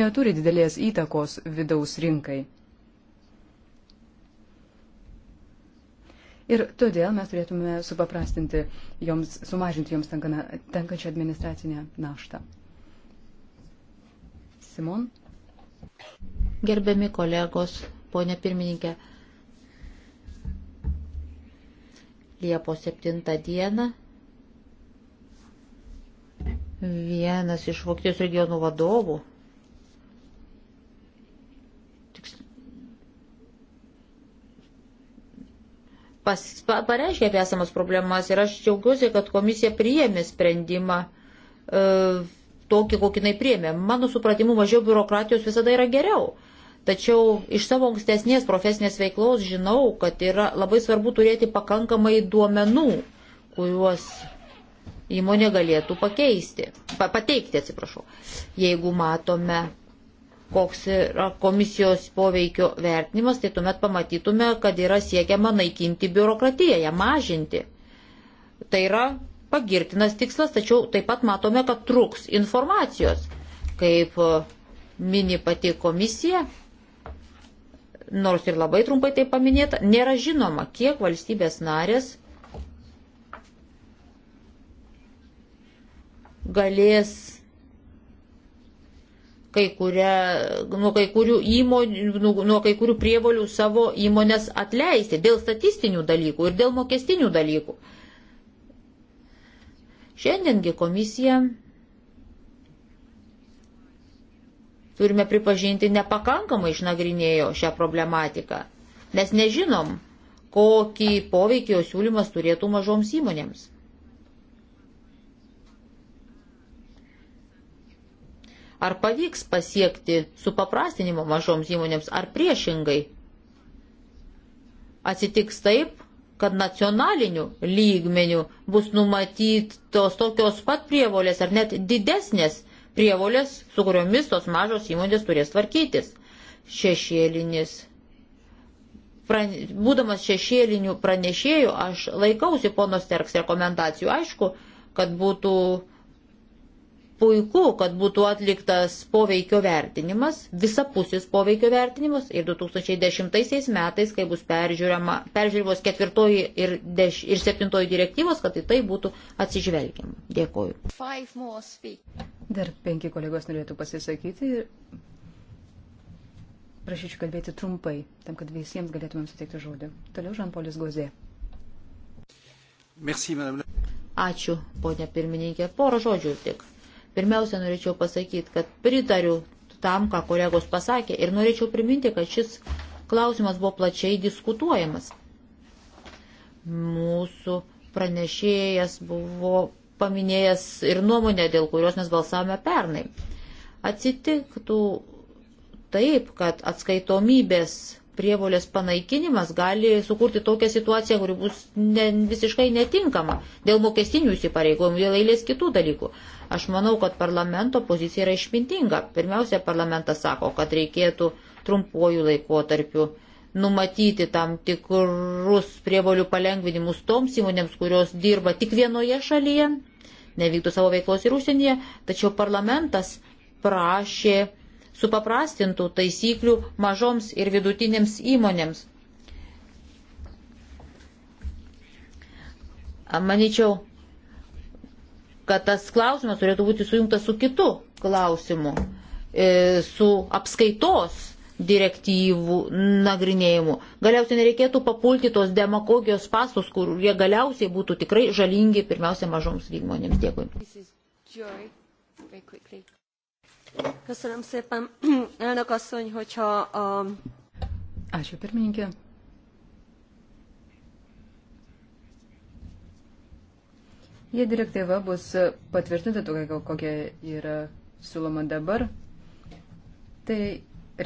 neturi didelės įtakos vidaus rinkai. Ir todėl mes turėtume supaprastinti joms, sumažinti joms tenkančią administracinę naštą. Simon? Gerbiami kolegos, ponė pirmininkė, Liepos 7 dieną vienas iš Vokietijos regionų vadovų pas, pa, pareiškia apie esamas problemas ir aš džiaugiuosi, kad komisija priėmė sprendimą e, tokį, kokį jinai priėmė. Mano supratimu, mažiau biurokratijos visada yra geriau. Tačiau iš savo ankstesnės profesinės veiklos žinau, kad yra labai svarbu turėti pakankamai duomenų, kuriuos įmonė galėtų pakeisti, pa, pateikti, atsiprašau. Jeigu matome koks yra komisijos poveikio vertinimas, tai tuomet pamatytume, kad yra siekiama naikinti biurokratiją, ją mažinti. Tai yra pagirtinas tikslas, tačiau taip pat matome, kad truks informacijos, kaip mini pati komisija, nors ir labai trumpai tai paminėta, nėra žinoma, kiek valstybės narės galės kai kuria, nuo, kai įmonių, nu, nuo kai kurių prievolių savo įmonės atleisti dėl statistinių dalykų ir dėl mokestinių dalykų. Šiandiengi komisija turime pripažinti nepakankamai išnagrinėjo šią problematiką. Mes nežinom, kokį poveikį jo siūlymas turėtų mažoms įmonėms. Ar pavyks pasiekti supaprastinimo mažoms įmonėms, ar priešingai? Atsitiks taip, kad nacionaliniu lygmeniu bus numatytos tokios pat prievolės ar net didesnės prievolės, su kuriomis tos mažos įmonės turės tvarkytis. Šešėlinis pran, būdamas šešėlinių pranešėjų, aš laikausi ponos Terks rekomendacijų. Aišku, kad būtų puiku, kad būtų atliktas poveikio vertinimas, visapusis poveikio vertinimas ir 2010 metais, kai bus peržiūrimos ketvirtoji ir, deš, ir septintoji direktyvos, kad į tai būtų atsižvelgiama. Dėkoju. Dar penki kolegos norėtų pasisakyti ir prašyčiau kalbėti trumpai, tam, kad visiems galėtumėm suteikti žodį. Toliau Žanpolis Gozė. Merci, Ačiū, ponia pirmininkė. Porą žodžių tik Pirmiausia, norėčiau pasakyti, kad pritariu tam, ką kolegos pasakė ir norėčiau priminti, kad šis klausimas buvo plačiai diskutuojamas. Mūsų pranešėjas buvo paminėjęs ir nuomonę, dėl kurios mes balsavome pernai. Atsitiktų taip, kad atskaitomybės prievolės panaikinimas gali sukurti tokią situaciją, kuri bus ne, visiškai netinkama dėl mokestinių įsipareigojimų, dėl eilės kitų dalykų. Aš manau, kad parlamento pozicija yra išmintinga. Pirmiausia, parlamentas sako, kad reikėtų trumpuoju laikotarpiu numatyti tam tikrus prievolių palengvinimus toms įmonėms, kurios dirba tik vienoje šalyje, nevykdo savo veiklos ir užsienyje, tačiau parlamentas prašė supaprastintų taisyklių mažoms ir vidutinėms įmonėms. Maničiau, kad tas klausimas turėtų būti sujungtas su kitu klausimu, e, su apskaitos direktyvų nagrinėjimu. Galiausiai nereikėtų papulti tos demagogijos pasus, kur jie galiausiai būtų tikrai žalingi pirmiausia mažoms įmonėms. Dėkui. Köszönöm szépen, elnök asszony, hogyha a... Um, Ačiū pirmininkė. Jei direktyva bus patvirtinta tokia, kokia yra siūloma dabar, tai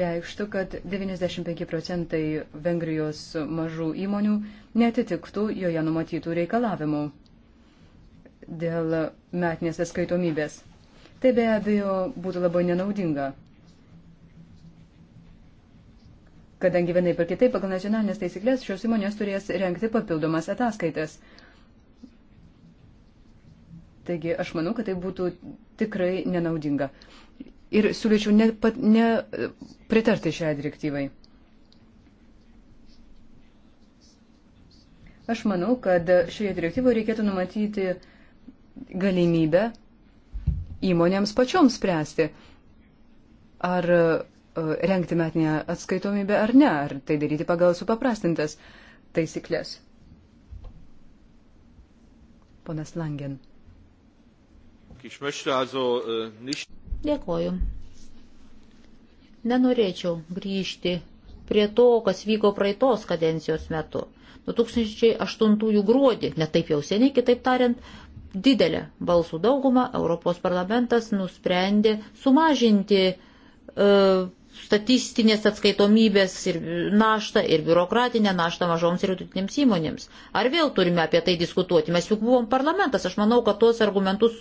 reikštų, kad 95 procentai Vengrijos mažų įmonių netitiktų joje numatytų reikalavimų dėl metinės atskaitomybės. Tai be abejo būtų labai nenaudinga, kadangi vienai per kitaip pagal nacionalinės taisyklės šios įmonės turės renkti papildomas ataskaitas, Taigi aš manau, kad tai būtų tikrai nenaudinga. Ir siūlyčiau nepritarti ne e, šią direktyvai. Aš manau, kad šioje direktyvoje reikėtų numatyti galimybę įmonėms pačioms spręsti, ar e, rengti metinę atskaitomybę ar ne, ar tai daryti pagal supaprastintas taisyklės. Ponas Langen. Äh, Dėkoju. Nenorėčiau grįžti prie to, kas vyko praeitos kadencijos metu. 2008 gruodį, netaip jau seniai, kitaip tariant, didelę balsų daugumą Europos parlamentas nusprendė sumažinti e, statistinės atskaitomybės ir naštą ir biurokratinę naštą mažoms ir vidutinėms įmonėms. Ar vėl turime apie tai diskutuoti? Mes juk buvom parlamentas, aš manau, kad tuos argumentus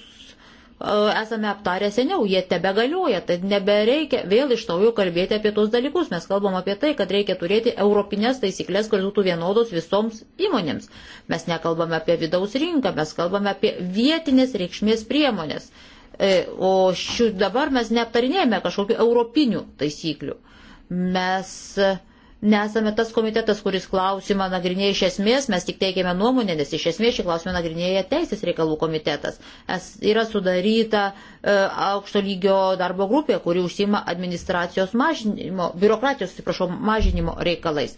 esame aptarę seniau, jie tebe galioja, tai nebereikia vėl iš naujo kalbėti apie tos dalykus. Mes kalbam apie tai, kad reikia turėti europinės taisyklės, kurios būtų vienodos visoms įmonėms. Mes nekalbame apie vidaus rinką, mes kalbame apie vietinės reikšmės priemonės. E, o šių dabar mes neaptarinėjame kažkokių europinių taisyklių. Mes uh, Nesame tas komitetas, kuris klausimą nagrinėja iš esmės, mes tik teikėme nuomonę, nes iš esmės šį klausimą nagrinėja Teisės reikalų komitetas. Es yra sudaryta e, aukšto lygio darbo grupė, kuri užsima administracijos mažinimo, biurokratijos, atsiprašau, mažinimo reikalais.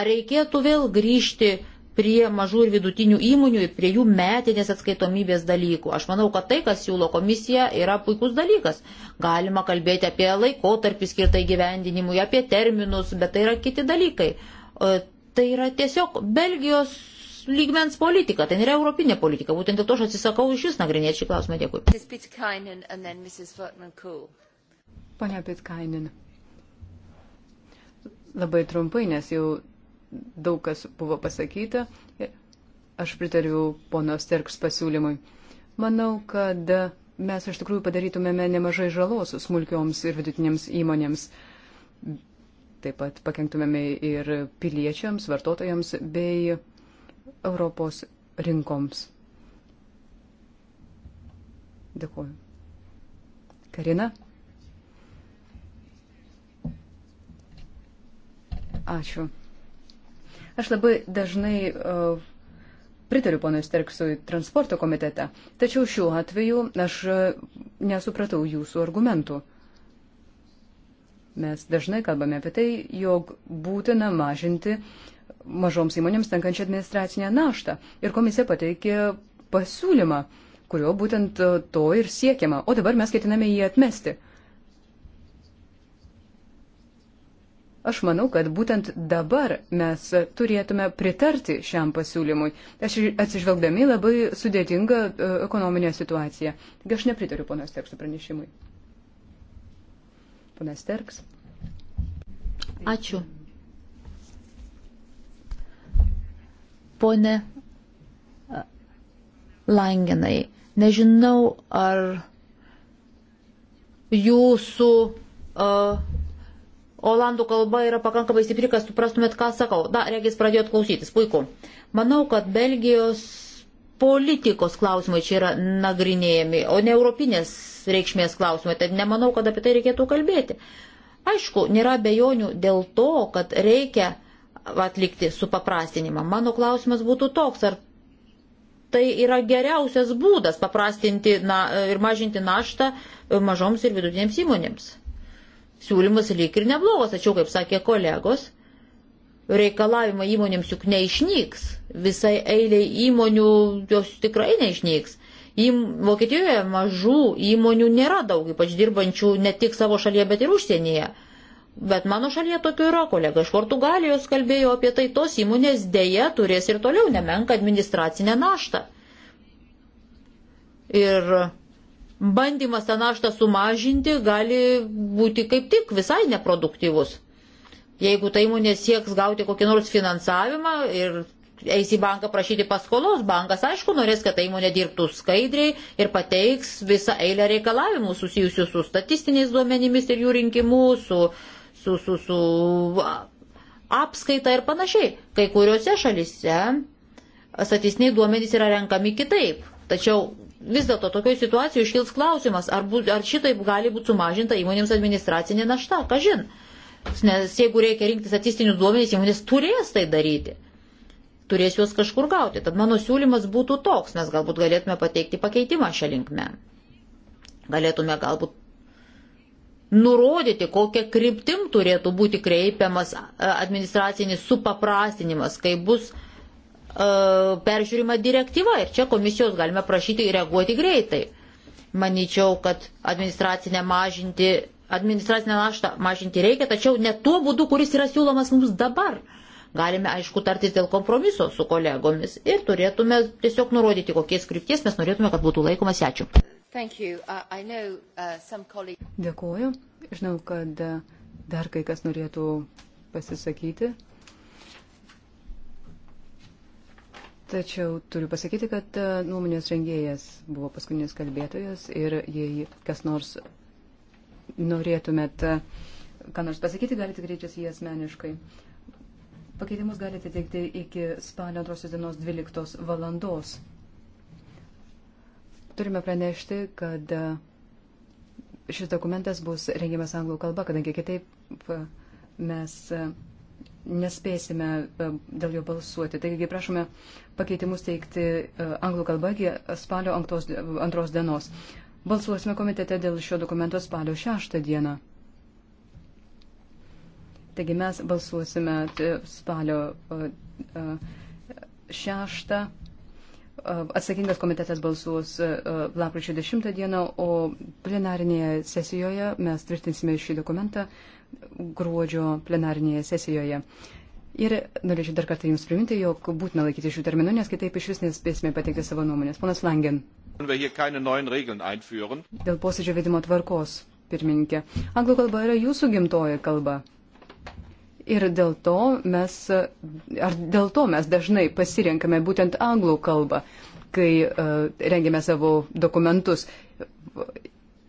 Ar reikėtų vėl grįžti prie mažų ir vidutinių įmonių ir prie jų metinės atskaitomybės dalykų. Aš manau, kad tai, kas siūlo komisija, yra puikus dalykas. Galima kalbėti apie laikotarpį skirtą įgyvendinimui, apie terminus, bet tai yra kiti dalykai. E, tai yra tiesiog Belgijos lygmens politika, tai nėra europinė politika. Būtent dėl to aš atsisakau iš vis nagrinėti šį klausimą. Dėkui. Pane Pitkainin. Labai trumpai, nes jau daug kas buvo pasakyta. Aš pritariu pono Sterks pasiūlymui. Manau, kad mes iš tikrųjų padarytumėme nemažai žalos smulkioms ir vidutinėms įmonėms. Taip pat pakenktumėme ir piliečiams, vartotojams bei Europos rinkoms. Dėkuoju. Karina? Ačiū. Aš labai dažnai uh, pritariu ponui Sterksui transporto komitete, tačiau šiuo atveju aš e, nesupratau jūsų argumentų. Mes dažnai kalbame apie tai, jog būtina mažinti mažoms įmonėms tenkančią administracinę naštą. Ir komisija pateikė pasiūlymą, kurio būtent to ir siekiama. O dabar mes ketiname jį atmesti. Aš manau, kad būtent dabar mes turėtume pritarti šiam pasiūlymui, atsižvelgdami labai sudėtingą e, ekonominę situaciją. Taigi aš nepritariu ponas Terksų pranešimui. Ponas Terks. Ačiū. Pone e, Langinai, nežinau, ar jūsų uh, Olandų kalba yra pakankamai stipri, kad suprastumėt, ką sakau. Na, regis pradėjot klausytis, puiku. Manau, kad Belgijos politikos klausimai čia yra nagrinėjami, o ne europinės reikšmės klausimai. Tad nemanau, kad apie tai reikėtų kalbėti. Aišku, nėra bejonių dėl to, kad reikia atlikti supaprastinimą. Mano klausimas būtų toks, ar tai yra geriausias būdas paprastinti na, ir mažinti naštą mažoms ir vidutinėms įmonėms siūlymas lyg ir neblogas, tačiau, kaip sakė kolegos, reikalavimai įmonėms juk neišnyks, visai eiliai įmonių jos tikrai neišnyks. Į Vokietijoje mažų įmonių nėra daug, ypač dirbančių ne tik savo šalyje, bet ir užsienyje. Bet mano šalyje tokių yra kolega iš Portugalijos kalbėjo apie tai, tos įmonės dėja turės ir toliau nemenka administracinę naštą. Ir bandymas tą naštą sumažinti gali būti kaip tik visai neproduktyvus. Jeigu ta įmonė sieks gauti kokį nors finansavimą ir eis į banką prašyti paskolos, bankas aišku norės, kad ta įmonė dirbtų skaidriai ir pateiks visą eilę reikalavimų susijusių su statistiniais duomenimis ir jų rinkimu, su, su, su, su apskaita ir panašiai. Kai kuriuose šalise statistiniai duomenys yra renkami kitaip. Tačiau vis dėlto tokioje situacijoje iškils klausimas, ar, bu, ar šitaip gali būti sumažinta įmonėms administracinė našta, kažin. Nes jeigu reikia rinkti statistinius duomenys, įmonės turės tai daryti. Turės juos kažkur gauti. Tad mano siūlymas būtų toks, mes galbūt galėtume pateikti pakeitimą šią linkmę. Galėtume galbūt nurodyti, kokia kryptim turėtų būti kreipiamas administracinis supaprastinimas, kai bus uh, E, peržiūrima direktyva ir čia komisijos galime prašyti reaguoti greitai. Maničiau, kad administracinę, mažinti, administracinę naštą mažinti reikia, tačiau ne tuo būdu, kuris yra siūlomas mums dabar. Galime, aišku, tartis dėl kompromiso su kolegomis ir turėtume tiesiog nurodyti, kokiais krypties mes norėtume, kad būtų laikomas. Ačiū. Uh, know, uh, colleague... Dėkuoju. Žinau, kad uh, dar kai kas norėtų pasisakyti. Tačiau turiu pasakyti, kad e, nuomonės rengėjas buvo paskutinis kalbėtojas ir jei kas nors norėtumėt e, ką nors pasakyti, galite kreiptis jį asmeniškai. Pakeitimus galite teikti iki spalio antrosios dienos 12 valandos. Turime pranešti, kad e, šis dokumentas bus rengiamas anglų kalba, kadangi kitaip mes nespėsime e, dėl jo balsuoti. Taigi prašome pakeitimus teikti e, anglų kalba iki spalio antros, antros dienos. Balsuosime komitete dėl šio dokumento spalio šeštą dieną. Taigi mes balsuosime e, spalio šeštą. Atsakingas komitetas balsuos lapkričio 10 dieną, o plenarinėje sesijoje mes tvirtinsime šį dokumentą gruodžio plenarinėje sesijoje. Ir norėčiau dar kartą Jums priminti, jog būtina laikyti šių terminų, nes kitaip iš vis nespėsime pateikti savo nuomonės. Ponas Langen. Dėl posėdžio vedimo tvarkos, pirmininkė. Anglų kalba yra Jūsų gimtoji kalba. Ir dėl to mes, ar dėl to mes dažnai pasirenkame būtent anglų kalbą, kai uh, rengiame savo dokumentus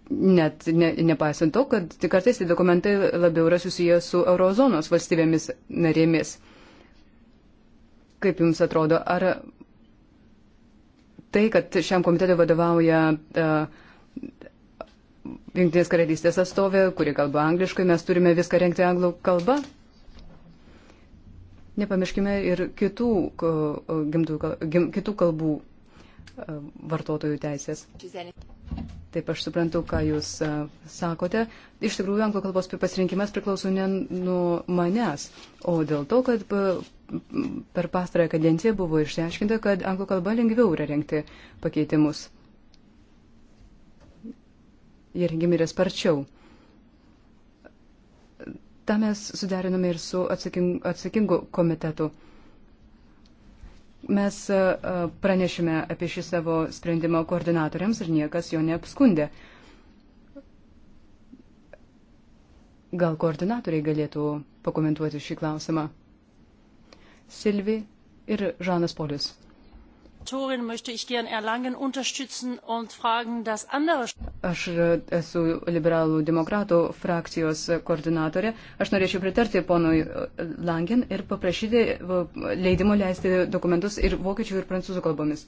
net ne, nepaisant to, kad tik kartais tie dokumentai labiau yra susiję su eurozonos valstybėmis narėmis. Kaip Jums atrodo, ar tai, kad šiam komitetui vadovauja uh, e, Junktinės karalystės atstovė, kuri kalba angliškai, mes turime viską renkti anglų kalbą? Nepamirškime ir kitų, uh, gimtų, gim, kitų kalbų uh, vartotojų teisės. Gizenė. Taip aš suprantu, ką jūs e, sakote. Iš tikrųjų, anglų kalbos pasirinkimas priklauso ne nuo manęs, o dėl to, kad per pastarąją kadenciją buvo išsiaiškinta, kad anglų kalba lengviau yra renkti pakeitimus. Jie rengiami yra sparčiau. Ta mes suderinome ir su atsakingu komitetu. Mes e, e, pranešime apie šį savo sprendimą koordinatoriams ir niekas jo neapskundė. Gal koordinatoriai galėtų pakomentuoti šį klausimą? Silvi ir Žanas Polis. Koordinatorin möchte ich gern Erlangen unterstützen und fragen, dass andere. Aš e, esu liberalų demokratų frakcijos koordinatorė. Aš norėčiau pritarti ponui e, Langen ir paprašyti e, leidimo leisti dokumentus ir vokiečių ir prancūzų kalbomis.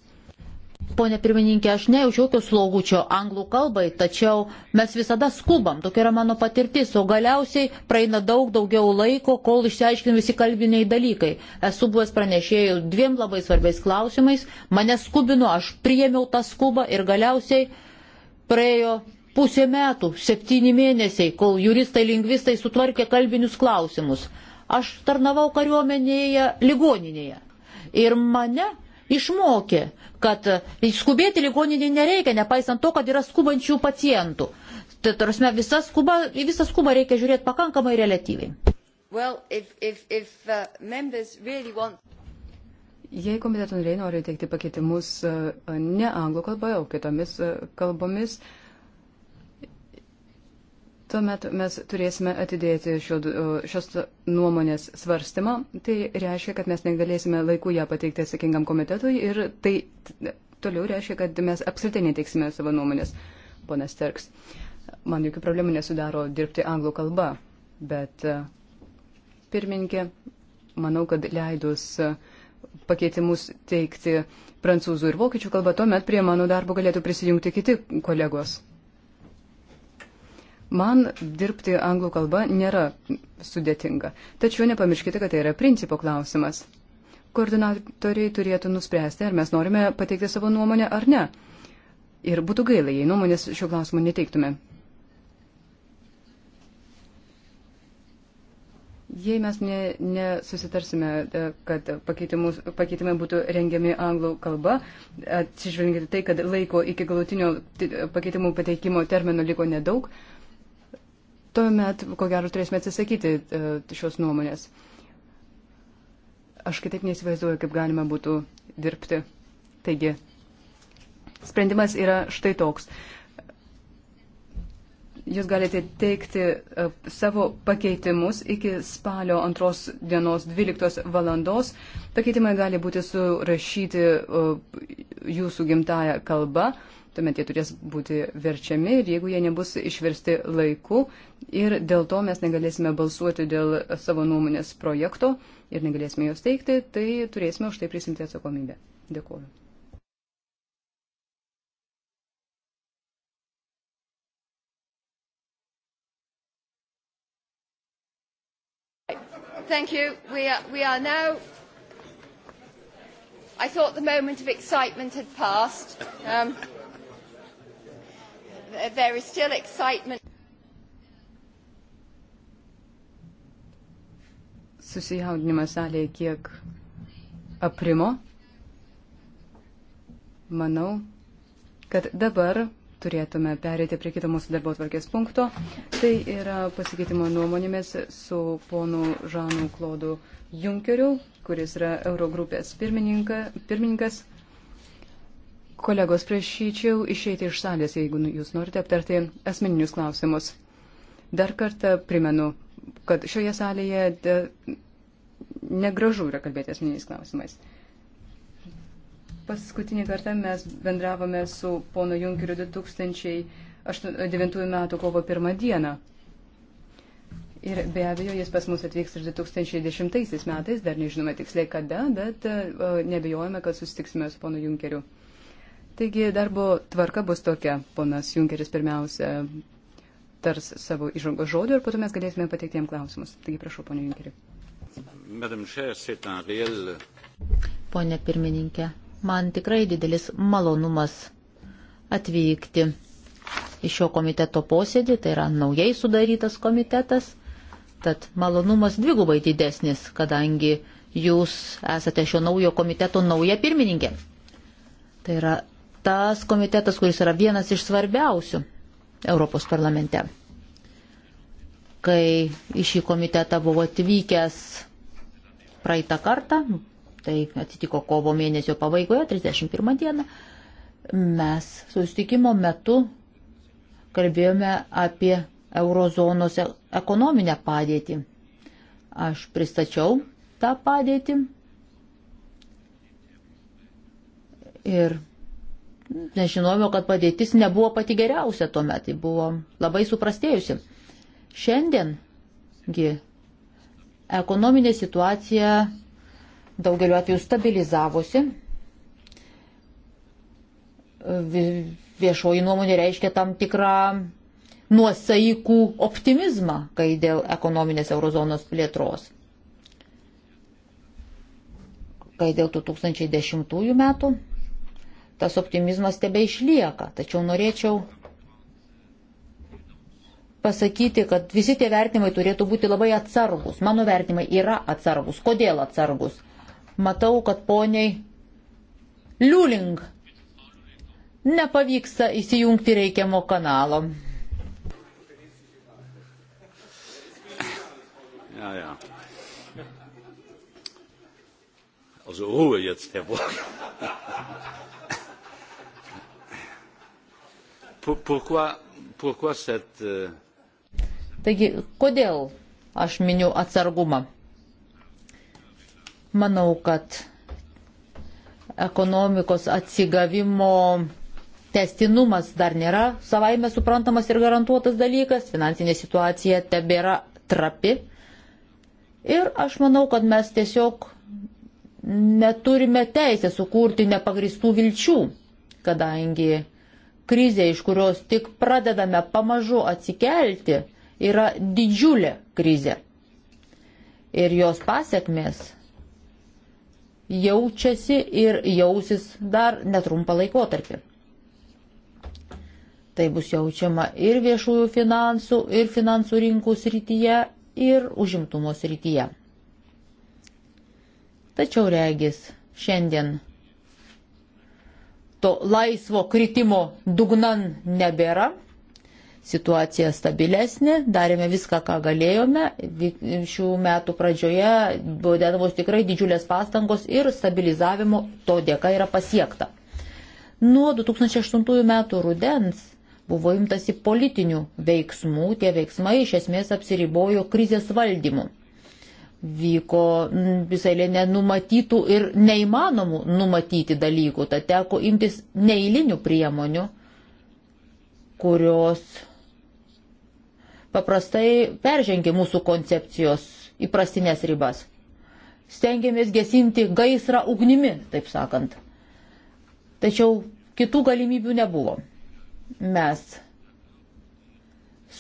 Pone pirmininkė, aš nejaučiu jokio slogučio anglų kalbai, tačiau mes visada skubam, tokia yra mano patirtis, o galiausiai praeina daug daugiau laiko, kol išsiaiškinami visi kalbiniai dalykai. Esu buvęs pranešėjų dviem labai svarbiais klausimais, mane skubino, aš priėmiau tą skubą ir galiausiai praėjo pusė metų, septyni mėnesiai, kol juristai, lingvistai sutvarkė kalbinius klausimus. Aš tarnavau kariuomenėje, ligoninėje. Ir mane išmokė, kad skubėti ligoninį nereikia, nepaisant to, kad yra skubančių pacientų. Tai tarsi visą skubą, visą skubą reikia žiūrėti pakankamai relatyviai. Well, if, if, if, uh, really want... Jei komiteto nariai nori teikti pakeitimus uh, ne anglų kalba, o kitomis uh, kalbomis, uh, tuomet mes turėsime atidėti šio, šios nuomonės svarstymą. Tai reiškia, kad mes negalėsime laiku ją pateikti atsakingam komitetui ir tai toliau reiškia, kad mes apskritai neteiksime savo nuomonės, ponas Terks. Man jokių problemų nesudaro dirbti anglų kalba, bet e, pirmininkė, manau, kad leidus e, pakeitimus teikti prancūzų ir vokiečių kalbą, tuomet prie mano darbo galėtų prisijungti kiti kolegos. Man dirbti anglų kalba nėra sudėtinga. Tačiau nepamirškite, kad tai yra principo klausimas. Koordinatoriai turėtų nuspręsti, ar mes norime pateikti savo nuomonę ar ne. Ir būtų gaila, jei nuomonės šiuo klausimu neteiktume. Jei mes nesusitarsime, ne kad pakeitimai būtų rengiami anglų kalba, atsižvelgiant tai, kad laiko iki galutinio pakeitimų pateikimo termino liko nedaug, tuomet, ko gero, turėsime atsisakyti e, šios nuomonės. Aš kitaip nesivaizduoju, kaip galima būtų dirbti. Taigi, sprendimas yra štai toks. Jūs galite teikti e, savo pakeitimus iki spalio antros dienos 12 valandos. Pakeitimai gali būti surašyti e, jūsų gimtają kalbą tuomet jie turės būti verčiami ir jeigu jie nebus išversti laiku ir dėl to mes negalėsime balsuoti dėl savo nuomonės projekto ir negalėsime jos teikti, tai turėsime už tai prisimti atsakomybę. Dėkuoju. Thank you. We are, we are now i thought the moment of excitement had passed. Um, there is still excitement. Susijaudinimas salėje kiek aprimo. Manau, kad dabar turėtume perėti prie kito mūsų darbo tvarkės punkto. Tai yra pasikeitimo nuomonėmis su ponu Žanu Klodu Junkeriu, kuris yra Eurogrupės pirmininkas. Kolegos, prašyčiau išeiti iš salės, jeigu nu- jūs norite aptarti asmeninius klausimus. Dar kartą primenu, kad šioje salėje negražu yra kalbėti asmeniniais klausimais. Paskutinį kartą mes bendravome su pono Junkeriu 2009 m. kovo 1 dieną. Ir be abejo, jis pas mus atvyks ir 2010 metais, dar nežinome tiksliai kada, bet e, nebejojame, kad susitiksime su ponu Junkeriu. Taigi darbo tvarka bus tokia. Ponas Junkeris pirmiausia tars savo įžangos žodį ir po to mes galėsime pateikti jam klausimus. Taigi prašau, ponė Junkeri. Pone pirmininkė, man tikrai didelis malonumas atvykti į šio komiteto posėdį, tai yra naujai sudarytas komitetas, tad malonumas dvigubai didesnis, kadangi jūs esate šio naujo komiteto nauja pirmininkė. Tai yra tas komitetas, kuris yra vienas iš svarbiausių Europos parlamente. Kai į šį komitetą buvo atvykęs praeitą kartą, tai atsitiko kovo mėnesio pabaigoje, 31 dieną, mes susitikimo metu kalbėjome apie eurozonos e- ekonominę padėtį. Aš pristačiau tą padėtį ir nežinojome, kad padėtis nebuvo pati geriausia tuo metu, buvo labai suprastėjusi. Šiandiengi ekonominė situacija daugeliu atveju stabilizavosi. Viešoji nuomonė reiškia tam tikrą nuosaikų optimizmą, kai dėl ekonominės eurozonos plėtros. Kai dėl 2010 metų tas optimizmas tebe išlieka. Tačiau norėčiau pasakyti, kad visi tie vertimai turėtų būti labai atsargus. Mano vertimai yra atsargus. Kodėl atsargus? Matau, kad poniai Liuling nepavyksta įsijungti reikiamo kanalo. Ja, ja. Also Ruhe jetzt, Herr Burg. Pourquoi, pourquoi cette... Euh, Taigi, kodėl aš miniu atsargumą? Manau, kad ekonomikos atsigavimo testinumas dar nėra savaime suprantamas ir garantuotas dalykas, finansinė situacija tebėra trapi. Ir aš manau, kad mes tiesiog neturime teisę sukurti nepagristų vilčių, kadangi krizė, iš kurios tik pradedame pamažu atsikelti, yra didžiulė krizė. Ir jos pasiekmes jaučiasi ir jausis dar netrumpą laikotarpį. Tai bus jaučiama ir viešųjų finansų, ir finansų rinkų srityje, ir užimtumo srityje. Tačiau regis šiandien to laisvo kritimo dugnan nebėra. Situacija stabilesnė, darėme viską, ką galėjome. Šių metų pradžioje buvo dedamos tikrai didžiulės pastangos ir stabilizavimo to dėka yra pasiekta. Nuo 2008 metų rudens buvo imtasi politinių veiksmų, tie veiksmai iš esmės apsiribojo krizės valdymu vyko visai nenumatytų ir neįmanomų numatyti dalykų, tad teko imtis neįlinių priemonių, kurios paprastai peržengia mūsų koncepcijos įprastinės ribas. Stengiamės gesinti gaisrą ugnimi, taip sakant. Tačiau kitų galimybių nebuvo. Mes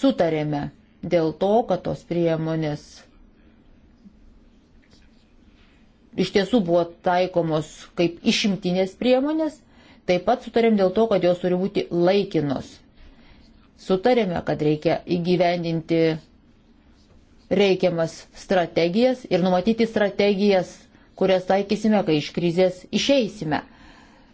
sutarėme dėl to, kad tos priemonės iš tiesų buvo taikomos kaip išimtinės priemonės, taip pat sutarėm dėl to, kad jos turi būti laikinos. Sutarėme, kad reikia įgyvendinti reikiamas strategijas ir numatyti strategijas, kurias taikysime, kai iš krizės išeisime.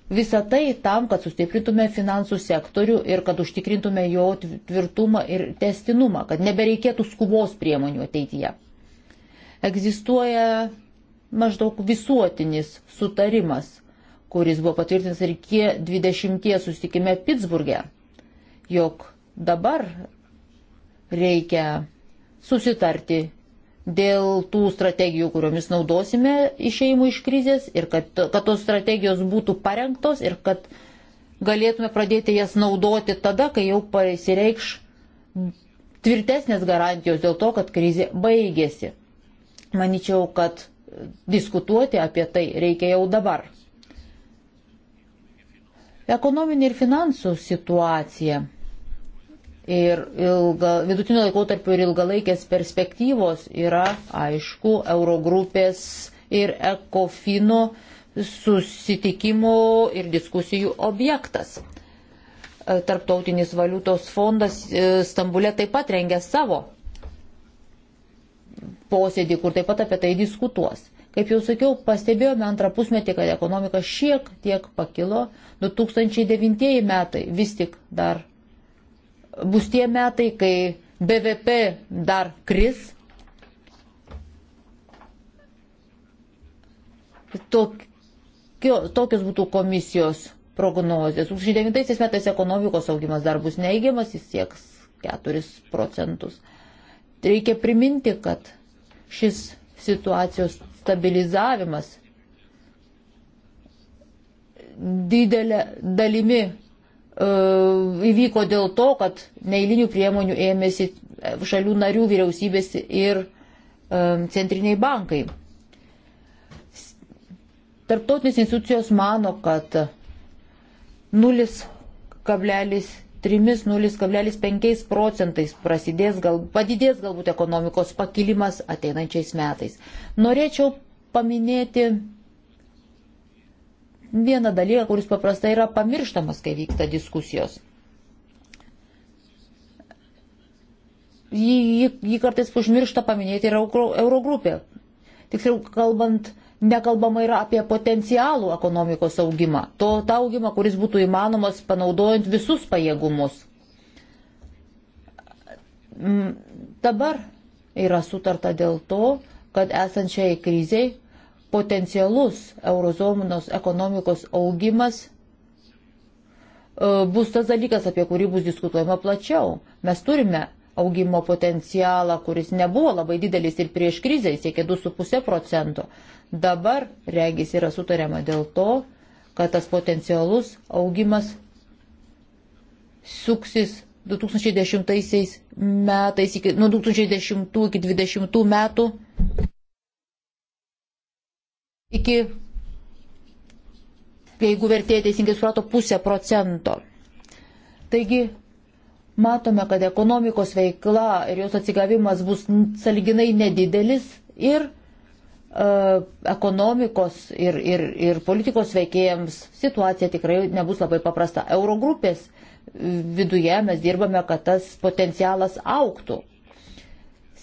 Visą tai tam, kad sustiprintume finansų sektorių ir kad užtikrintume jo tvirtumą ir testinumą, kad nebereikėtų skubos priemonių ateityje. Egzistuoja maždaug visuotinis sutarimas, kuris buvo patvirtintas ir G20 susitikime Pittsburgė, jog dabar reikia susitarti dėl tų strategijų, kuriomis naudosime išeimų iš krizės ir kad, kad tos strategijos būtų parengtos ir kad galėtume pradėti jas naudoti tada, kai jau pasireikš tvirtesnės garantijos dėl to, kad krizė baigėsi. Maničiau, kad diskutuoti apie tai reikia jau dabar. Ekonominė ir finansų situacija ir ilga, vidutinio laikotarpio ir ilgalaikės perspektyvos yra, aišku, Eurogrupės ir Ekofino susitikimų ir diskusijų objektas. Tarptautinis valiutos fondas e, Stambulė taip pat rengia savo posėdį, kur taip pat apie tai diskutuos. Kaip jau sakiau, pastebėjome antrą pusmetį, kad ekonomika šiek tiek pakilo. 2009 metai vis tik dar bus tie metai, kai BVP dar kris. Tokio, tokios būtų komisijos prognozės. 2009 metais ekonomikos augimas dar bus neigiamas, jis sieks 4 procentus. Reikia priminti, kad šis situacijos stabilizavimas didelė dalimi e, įvyko dėl to, kad neįlinių priemonių ėmėsi šalių narių vyriausybės ir e, centriniai bankai. Tarptautinės institucijos mano, kad 0,3 3,0,5 procentais prasidės, gal, padidės galbūt ekonomikos pakilimas ateinančiais metais. Norėčiau paminėti vieną dalyką, kuris paprastai yra pamirštamas, kai vyksta diskusijos. Jį, jį, jį kartais užmiršta paminėti ir Eurogrupė. Tiksliau kalbant, Nekalbama yra apie potencialų ekonomikos augimą, to tą augimą, kuris būtų įmanomas panaudojant visus pajėgumus. Mm, dabar yra sutarta dėl to, kad esančiai kriziai potencialus eurozominos ekonomikos augimas e, bus tas dalykas, apie kurį bus diskutuojama plačiau. Mes turime augimo potencialą, kuris nebuvo labai didelis ir prieš krizę siekė 2,5 procento. Dabar, regis, yra sutariama dėl to, kad tas potencialus augimas suksis 2010 metais, iki, nuo 2010 iki 2020 metų iki, jeigu vertė teisingai suprato, pusę procento. Taigi, matome, kad ekonomikos veikla ir jos atsigavimas bus saliginai nedidelis ir E, ekonomikos ir, ir, ir politikos veikėjams situacija tikrai nebus labai paprasta. Eurogrupės viduje mes dirbame, kad tas potencialas auktų.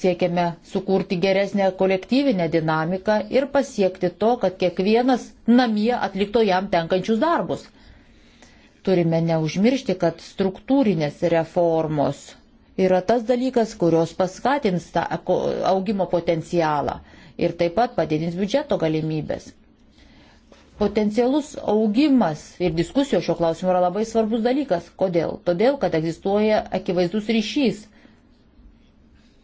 Siekiame sukurti geresnę kolektyvinę dinamiką ir pasiekti to, kad kiekvienas namie atlikto jam tenkančius darbus. Turime neužmiršti, kad struktūrinės reformos yra tas dalykas, kurios paskatins tą augimo potencialą ir taip pat padidins biudžeto galimybės. Potencialus augimas ir diskusijos šio klausimo yra labai svarbus dalykas. Kodėl? Todėl, kad egzistuoja akivaizdus ryšys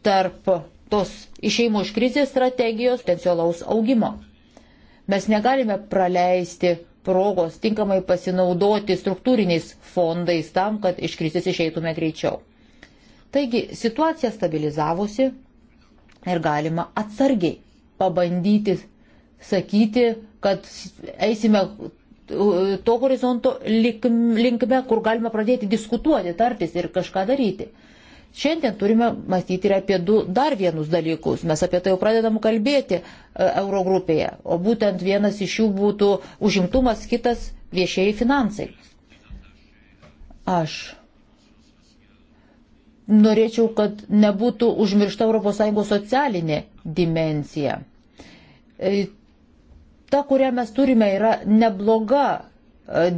tarp tos išeimo iš krizės strategijos potencialaus augimo. Mes negalime praleisti progos tinkamai pasinaudoti struktūriniais fondais tam, kad iš krizės išeitume greičiau. Taigi situacija stabilizavosi ir galima atsargiai pabandyti sakyti, kad eisime to horizonto linkme, kur galima pradėti diskutuoti, tartis ir kažką daryti. Šiandien turime mąstyti ir apie du dar vienus dalykus. Mes apie tai jau pradedam kalbėti e, Eurogrupėje, o būtent vienas iš jų būtų užimtumas, kitas viešieji finansai. Aš norėčiau, kad nebūtų užmiršta ES socialinė dimencija. E, ta, kurią mes turime, yra nebloga, e,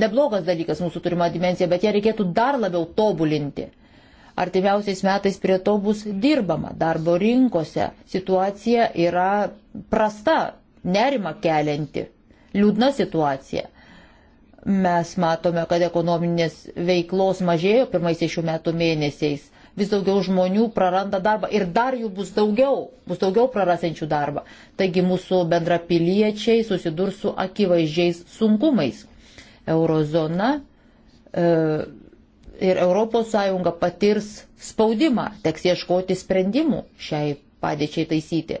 neblogas dalykas mūsų turima dimensija, bet ją reikėtų dar labiau tobulinti. Artimiausiais metais prie to bus dirbama. Darbo rinkose situacija yra prasta, nerima kelianti, liūdna situacija mes matome, kad ekonominės veiklos mažėjo pirmaisiais šių metų mėnesiais vis daugiau žmonių praranda darbą ir dar jų bus daugiau, bus daugiau prarasančių darbą. Taigi mūsų bendrapiliečiai susidurs su akivaizdžiais sunkumais. Eurozona e, ir ES patirs spaudimą, teks ieškoti sprendimų šiai padėčiai taisyti.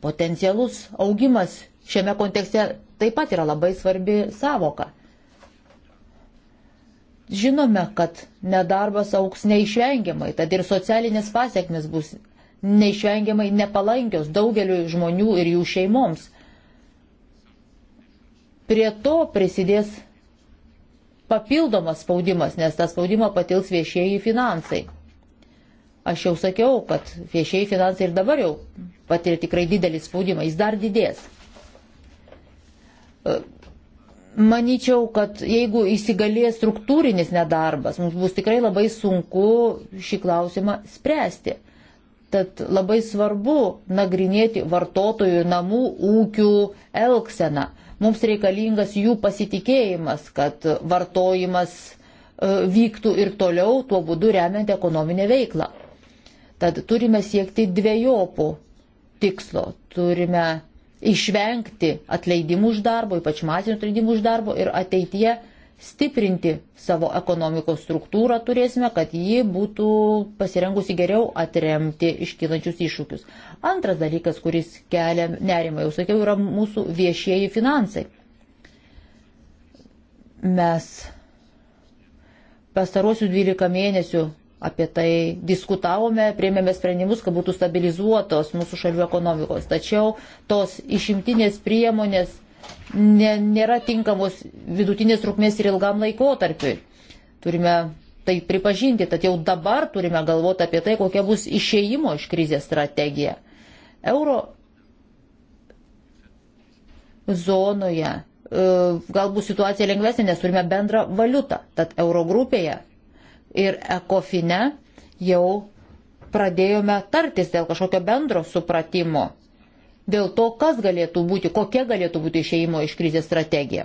Potencialus augimas šiame kontekste taip pat yra labai svarbi savoka Žinome, kad nedarbas auks neišvengiamai, tad ir socialinės pasiekmes bus neišvengiamai nepalankios daugeliu žmonių ir jų šeimoms. Prie to prisidės papildomas spaudimas, nes tą spaudimą patils viešieji finansai. Aš jau sakiau, kad viešieji finansai ir dabar jau patiria tikrai didelį spaudimą, jis dar didės Maničiau, kad jeigu įsigalės struktūrinis nedarbas, mums bus tikrai labai sunku šį klausimą spręsti. Tad labai svarbu nagrinėti vartotojų namų ūkių elkseną. Mums reikalingas jų pasitikėjimas, kad vartojimas e, vyktų ir toliau, tuo būdu remiant ekonominę veiklą. Tad turime siekti dviejopų tikslo. Turime išvengti atleidimų iš darbo, ypač masinių atleidimų iš darbo ir ateityje stiprinti savo ekonomikos struktūrą turėsime, kad ji būtų pasirengusi geriau atremti iškylančius iššūkius. Antras dalykas, kuris kelia nerimą, jau sakiau, yra mūsų viešieji finansai. Mes pastaruosius 12 mėnesių apie tai diskutavome, priemėme sprendimus, kad būtų stabilizuotos mūsų šalių ekonomikos. Tačiau tos išimtinės priemonės ne, nėra tinkamos vidutinės trukmės ir ilgam laikotarpiui. Turime tai pripažinti, tad jau dabar turime galvoti apie tai, kokia bus išėjimo iš krizės strategija. Euro zonoje e, galbūt situacija lengvesnė, nes turime bendrą valiutą. Tad Eurogrupėje ir ekofine jau pradėjome tartis dėl kažkokio bendro supratimo, dėl to, kas galėtų būti, kokia galėtų būti išeimo iš krizės strategija.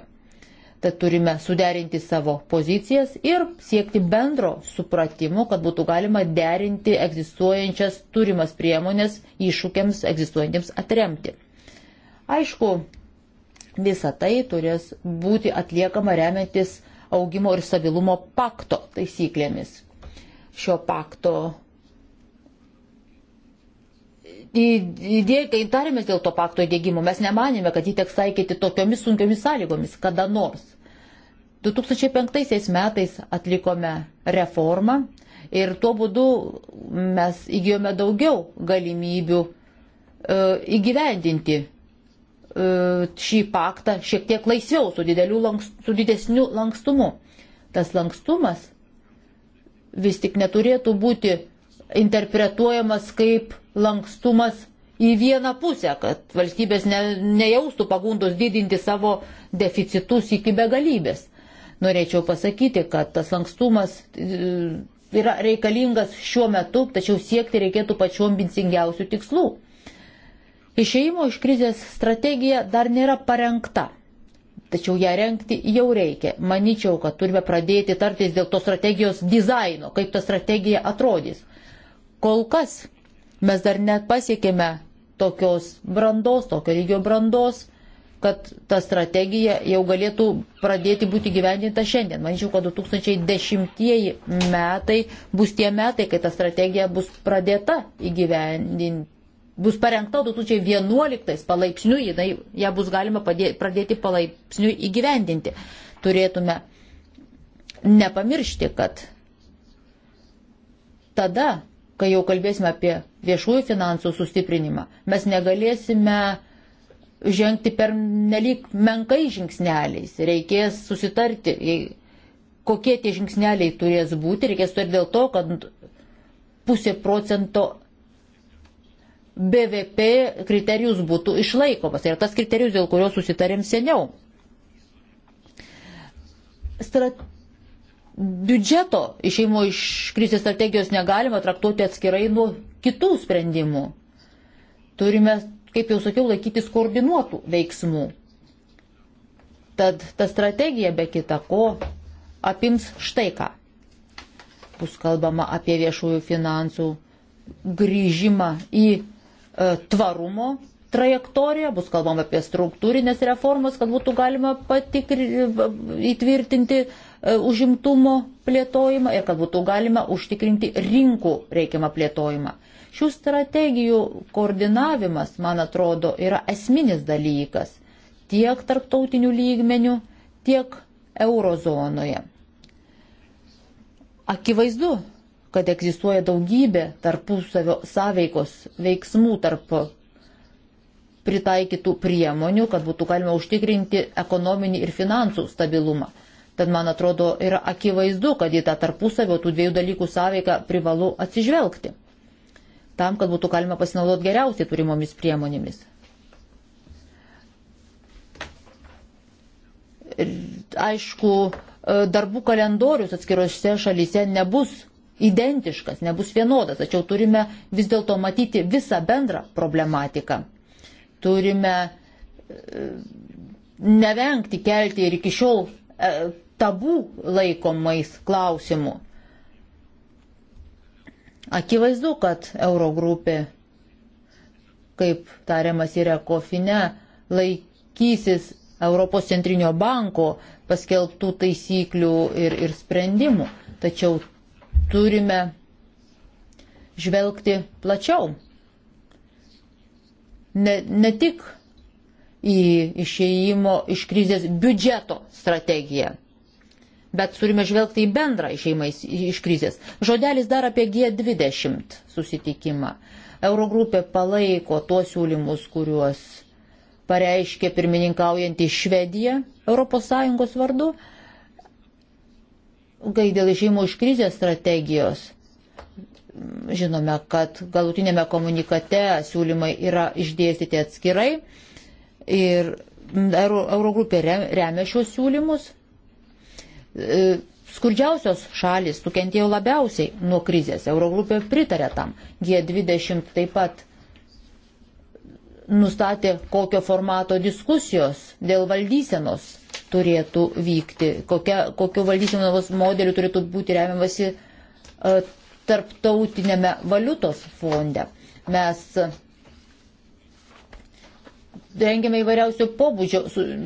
Tad turime suderinti savo pozicijas ir siekti bendro supratimo, kad būtų galima derinti egzistuojančias turimas priemonės iššūkiams egzistuojantiems atremti. Aišku, visa tai turės būti atliekama remiantis augimo ir stabilumo pakto taisyklėmis. Šio pakto idėja, kai tarėmės dėl to pakto įdėgymo, mes nemanėme, kad jį teks taikyti tokiomis sunkiomis sąlygomis, kada nors. 2005 metais atlikome reformą ir tuo būdu mes įgyjome daugiau galimybių e, įgyvendinti E, šį paktą šiek tiek laisviau, su, lanks, su didesniu lankstumu. Tas lankstumas vis tik neturėtų būti interpretuojamas kaip lankstumas į vieną pusę, kad valstybės ne, nejaustų pagundos didinti savo deficitus iki begalybės. Norėčiau pasakyti, kad tas lankstumas e, yra reikalingas šiuo metu, tačiau siekti reikėtų pačiu ambicingiausių tikslų. Išėjimo iš krizės strategija dar nėra parengta, tačiau ją renkti jau reikia. Maničiau, kad turime pradėti tartis dėl tos strategijos dizaino, kaip ta strategija atrodys. Kol kas mes dar net pasiekėme tokios brandos, tokio lygio brandos, kad ta strategija jau galėtų pradėti būti gyvendinta šiandien. Manyčiau, kad 2010 metai bus tie metai, kai ta strategija bus pradėta įgyvendinti bus parengta 2011 palaipsniui, jinai, ją bus galima padė, pradėti palaipsniui įgyvendinti. Turėtume nepamiršti, kad tada, kai jau kalbėsime apie viešųjų finansų sustiprinimą, mes negalėsime žengti per nelik menkai žingsneliais. Reikės susitarti, kokie tie žingsneliai turės būti. Reikės sutarti dėl to, kad pusė procento BVP kriterijus būtų išlaikomas. Tai yra tas kriterijus, dėl kurio susitarėm seniau. Strat... Biudžeto išeimo iš krizės strategijos negalima traktuoti atskirai nuo kitų sprendimų. Turime, kaip jau sakiau, laikytis koordinuotų veiksmų. Tad ta strategija be kita ko apims štai ką. Bus kalbama apie viešųjų finansų grįžimą į E, tvarumo trajektoriją, bus kalbama apie struktūrinės reformas, kad būtų galima patikri, e, įtvirtinti e, užimtumo plėtojimą ir kad būtų galima užtikrinti rinkų reikiamą plėtojimą. Šių strategijų koordinavimas, man atrodo, yra esminis dalykas tiek tarptautinių lygmenių, tiek eurozonoje. Akivaizdu, kad egzistuoja daugybė tarpusavio sąveikos veiksmų tarp pritaikytų priemonių, kad būtų galima užtikrinti ekonominį ir finansų stabilumą. Tad man atrodo yra akivaizdu, kad į tą tarpusavio tų dviejų dalykų sąveiką privalu atsižvelgti, tam, kad būtų galima pasinaudoti geriausiai turimomis priemonėmis. Ir, aišku, darbų kalendorius atskirose šalyse nebus identiškas, nebus vienodas, tačiau turime vis dėlto matyti visą bendrą problematiką. Turime e, nevengti kelti ir iki šiol e, tabų laikomais klausimų. Akivaizdu, kad Eurogrupė, kaip tariamas yra kofine, laikysis Europos centrinio banko paskelbtų taisyklių ir, ir sprendimų. Tačiau turime žvelgti plačiau. Ne, ne tik į išeimo iš krizės biudžeto strategiją, bet turime žvelgti į bendrą išeimą iš krizės. Žodelis dar apie G20 susitikimą. Eurogrupė palaiko tuos siūlymus, kuriuos pareiškė pirmininkaujantį Švediją ES vardu kai dėl išėjimo iš krizės strategijos, žinome, kad galutinėme komunikate siūlymai yra išdėstyti atskirai ir Eurogrupė remia šios siūlymus. E, skurdžiausios šalis nukentėjo labiausiai nuo krizės. Eurogrupė pritarė tam. G20 taip pat nustatė, kokio formato diskusijos dėl valdysenos turėtų vykti, kokia, kokiu valdysenos modeliu turėtų būti remiamasi e, tarptautinėme valiutos fonde. Mes e, rengiame įvairiausių pobūdžio,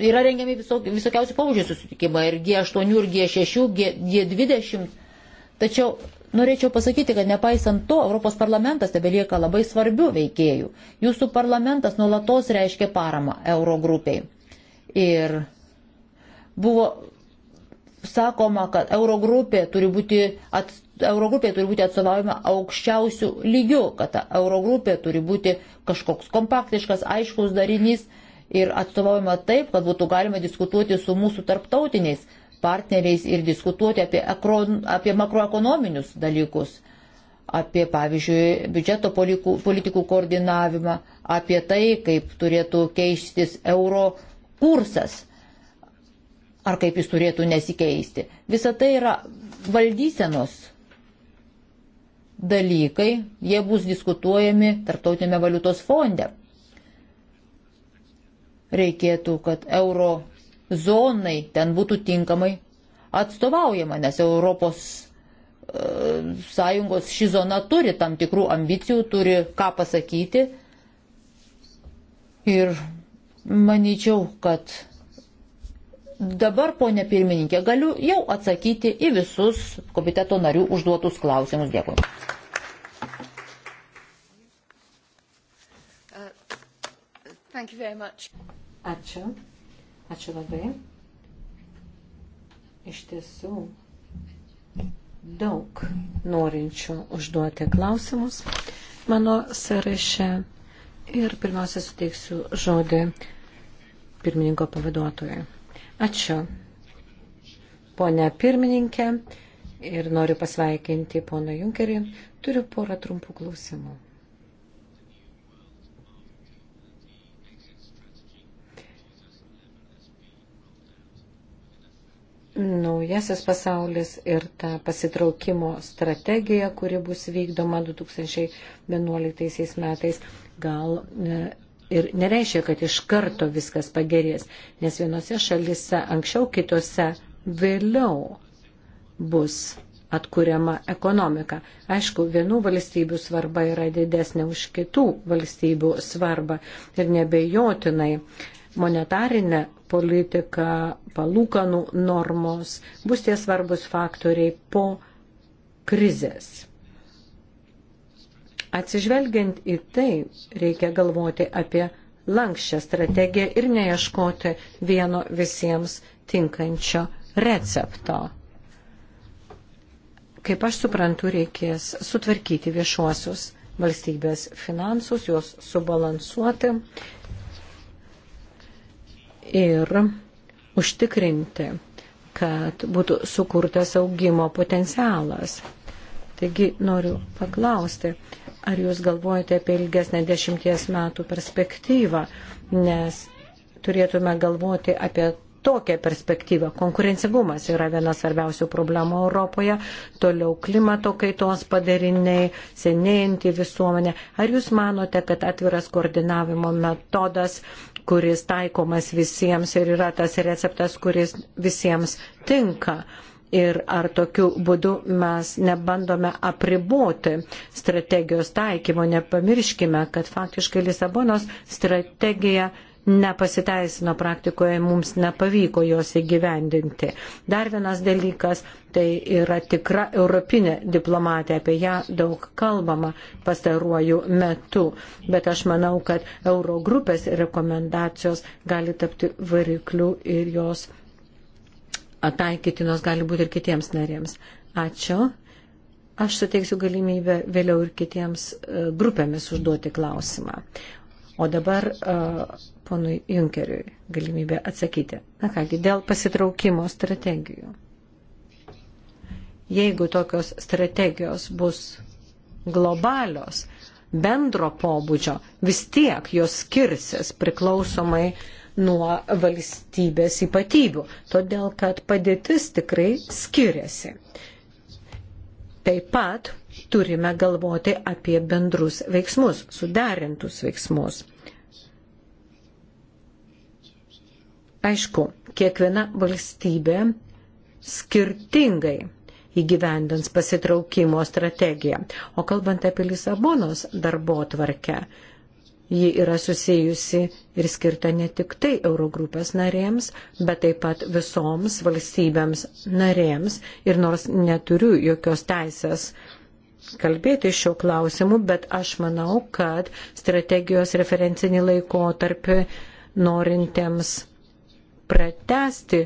yra rengiami visokiausių pobūdžio susitikimai ir G8, ir G6, G20. Tačiau norėčiau pasakyti, kad nepaisant to, Europos parlamentas tebelieka labai svarbių veikėjų. Jūsų parlamentas nuolatos reiškia paramą Eurogrupiai. Ir buvo sakoma, kad Eurogrupė turi būti, at, Eurogrupė turi būti atstovaujama aukščiausių lygių, kad ta Eurogrupė turi būti kažkoks kompaktiškas, aiškus darinys ir atstovaujama taip, kad būtų galima diskutuoti su mūsų tarptautiniais partneriais ir diskutuoti apie, ekron, apie makroekonominius dalykus, apie, pavyzdžiui, biudžeto politikų, politikų koordinavimą, apie tai, kaip turėtų keistis euro kursas ar kaip jis turėtų nesikeisti. Visa tai yra valdysenos dalykai, jie bus diskutuojami Tartautinėme valiutos fonde. Reikėtų, kad euro zonai ten būtų tinkamai atstovaujama, nes Europos e, Sąjungos ši zona turi tam tikrų ambicijų, turi ką pasakyti. Ir manyčiau, kad dabar, ponė pirmininkė, galiu jau atsakyti į visus komiteto narių užduotus klausimus. Dėkui. Ačiū. Ačiū labai. Iš tiesų, daug norinčių užduoti klausimus mano sąraše. Ir pirmiausia, suteiksiu žodį pirmininko pavaduotojai. Ačiū, ponia pirmininkė, ir noriu pasveikinti poną Junkerį. Turiu porą trumpų klausimų. Naujasis pasaulis ir ta pasitraukimo strategija, kuri bus vykdoma 2011 metais, gal e, ir nereiškia, kad iš karto viskas pagerės, nes vienose šalise anksčiau, kitose vėliau bus atkuriama ekonomika. Aišku, vienų valstybių svarba yra didesnė už kitų valstybių svarbą ir nebejotinai monetarinė politika, palūkanų normos bus tie svarbus faktoriai po krizės. Atsižvelgiant į tai, reikia galvoti apie lankščią strategiją ir neieškoti vieno visiems tinkančio recepto. Kaip aš suprantu, reikės sutvarkyti viešuosius valstybės finansus, juos subalansuoti ir užtikrinti, kad būtų sukurtas augimo potencialas Taigi noriu paklausti, ar jūs galvojate apie ilgesnę dešimties metų perspektyvą, nes turėtume galvoti apie tokią perspektyvą. Konkurencingumas yra viena svarbiausių problemų Europoje, toliau klimato kaitos padariniai, senėjantį visuomenę. Ar jūs manote, kad atviras koordinavimo metodas, kuris taikomas visiems ir yra tas receptas, kuris visiems tinka? ir ar tokiu būdu mes nebandome apriboti strategijos taikymo. Nepamirškime, kad faktiškai Lisabonos strategija nepasiteisino praktikoje, mums nepavyko jos įgyvendinti. Dar vienas dalykas - tai yra tikra europinė diplomatija, apie ją daug kalbama pastaruoju metu, bet aš manau, kad Eurogrupės rekomendacijos gali tapti varikliu ir jos taikytinos gali būti ir kitiems narėms. Ačiū. Aš suteiksiu galimybę vėliau ir kitiems e, grupėmis užduoti klausimą. O dabar uh, ponui Junkeriui galimybė atsakyti. Na kągi, dėl pasitraukimo strategijų. Jeigu tokios strategijos bus globalios, bendro pobūdžio, vis tiek jos skirsis priklausomai uh, nuo valstybės ypatybių, todėl kad padėtis tikrai skiriasi. Taip pat turime galvoti apie bendrus veiksmus, suderintus veiksmus. Aišku, kiekviena valstybė skirtingai įgyvendins pasitraukimo strategiją. O kalbant apie Lisabonos darbo tvarkę, Ji yra susijusi ir skirta ne tik tai Eurogrupės narėms, bet taip pat visoms valstybėms narėms. Ir nors neturiu jokios teisės kalbėti šiuo klausimu, bet aš manau, kad strategijos referencinį laikotarpį norintiems pratesti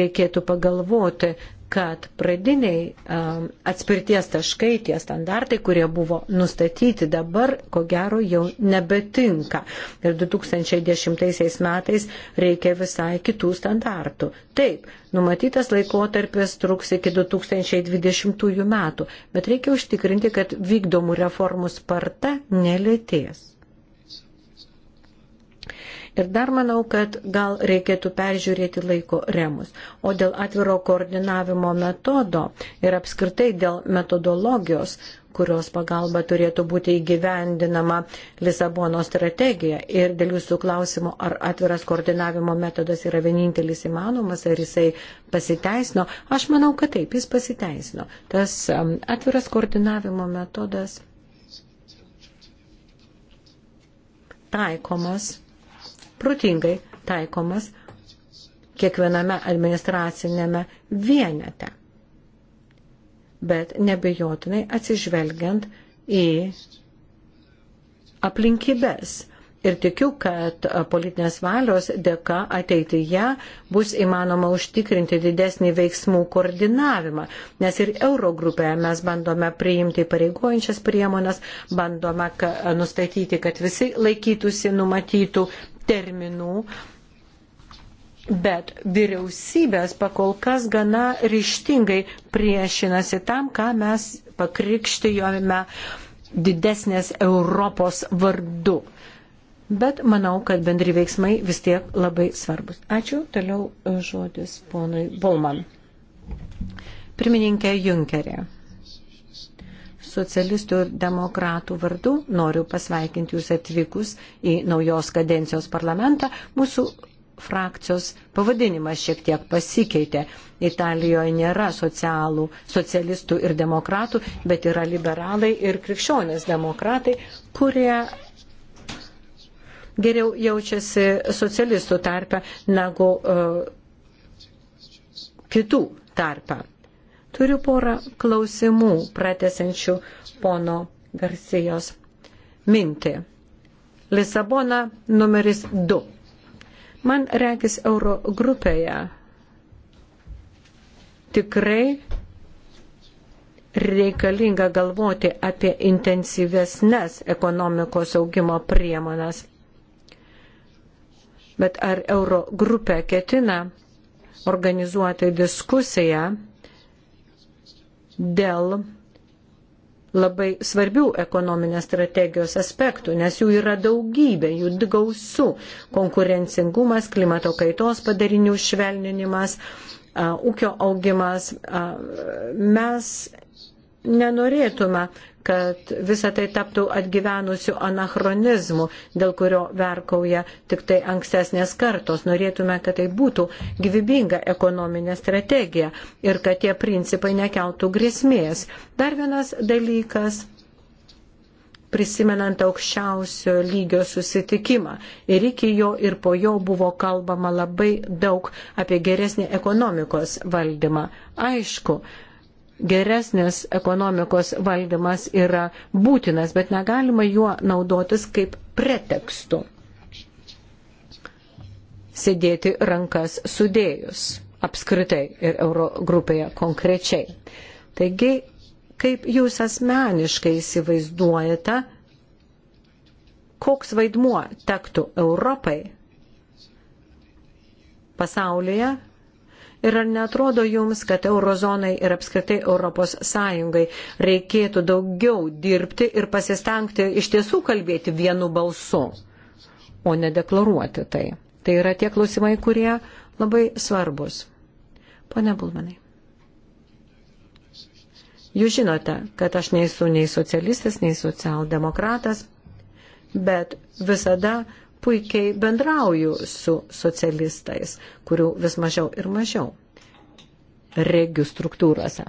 reikėtų pagalvoti, kad pradiniai um, atspirties taškai, tie standartai, kurie buvo nustatyti dabar, ko gero jau nebetinka. Ir 2010 metais reikia visai kitų standartų. Taip, numatytas laikotarpis truks iki 2020 metų, bet reikia užtikrinti, kad vykdomų reformų sparta nelėtės. Ir dar manau, kad gal reikėtų peržiūrėti laiko remus. O dėl atviro koordinavimo metodo ir apskritai dėl metodologijos kurios pagalba turėtų būti įgyvendinama Lisabono strategija. Ir dėl jūsų klausimo, ar atviras koordinavimo metodas yra vienintelis įmanomas, ar jisai pasiteisino, aš manau, kad taip, jis pasiteisino. Tas um, atviras koordinavimo metodas taikomas protingai taikomas kiekviename administracinėme vienete. Bet nebejotinai atsižvelgiant į aplinkybės. Ir tikiu, kad politinės valios dėka ateityje bus įmanoma užtikrinti didesnį veiksmų koordinavimą, nes ir Eurogrupėje mes bandome priimti pareigojančias priemonės, bandome nustatyti, kad visi laikytųsi numatytų terminų, Bet vyriausybės pakol kas gana ryštingai priešinasi tam, ką mes pakrikštijome didesnės Europos vardu. Bet manau, kad bendri veiksmai vis tiek labai svarbus. Ačiū. Toliau žodis ponui Bolman. Pirmininkė Junkerė socialistų ir demokratų vardu noriu pasveikinti Jūs atvykus į naujos kadencijos parlamentą. Mūsų frakcijos pavadinimas šiek tiek pasikeitė. Italijoje nėra socialų, socialistų ir demokratų, bet yra liberalai ir krikščionės demokratai, kurie geriau jaučiasi socialistų tarpe negu uh, kitų tarpe. Turiu porą klausimų pratesančių pono Garcijos mintį. Lisabona numeris 2. Man reikis euro grupėje tikrai reikalinga galvoti apie intensyvesnes ekonomikos augimo priemonas. Bet ar euro grupė ketina organizuoti diskusiją dėl labai svarbių ekonominės strategijos aspektų, nes jų yra daugybė, jų gausų - konkurencingumas, klimato kaitos padarinių švelninimas, ūkio augimas. Mes nenorėtume, kad visa tai taptų atgyvenusių anachronizmų, dėl kurio verkauja tik tai ankstesnės kartos. Norėtume, kad tai būtų gyvybinga ekonominė strategija ir kad tie principai nekeltų grėsmės. Dar vienas dalykas prisimenant aukščiausio lygio susitikimą. Ir iki jo ir po jo buvo kalbama labai daug apie geresnį ekonomikos valdymą. Aišku, geresnis ekonomikos valdymas yra būtinas, bet negalima juo naudotis kaip pretekstu sėdėti rankas sudėjus apskritai ir Eurogrupėje konkrečiai. Taigi, kaip jūs asmeniškai įsivaizduojate, koks vaidmuo tektų Europai pasaulyje Ir ar netrodo jums, kad eurozonai ir apskritai Europos Sąjungai reikėtų daugiau dirbti ir pasistengti iš tiesų kalbėti vienu balsu, o nedeklaruoti tai? Tai yra tie klausimai, kurie labai svarbus. Pone Bulmanai. Jūs žinote, kad aš nesu nei socialistas, nei socialdemokratas, bet visada puikiai bendrauju su socialistais, kurių vis mažiau ir mažiau regių struktūrose.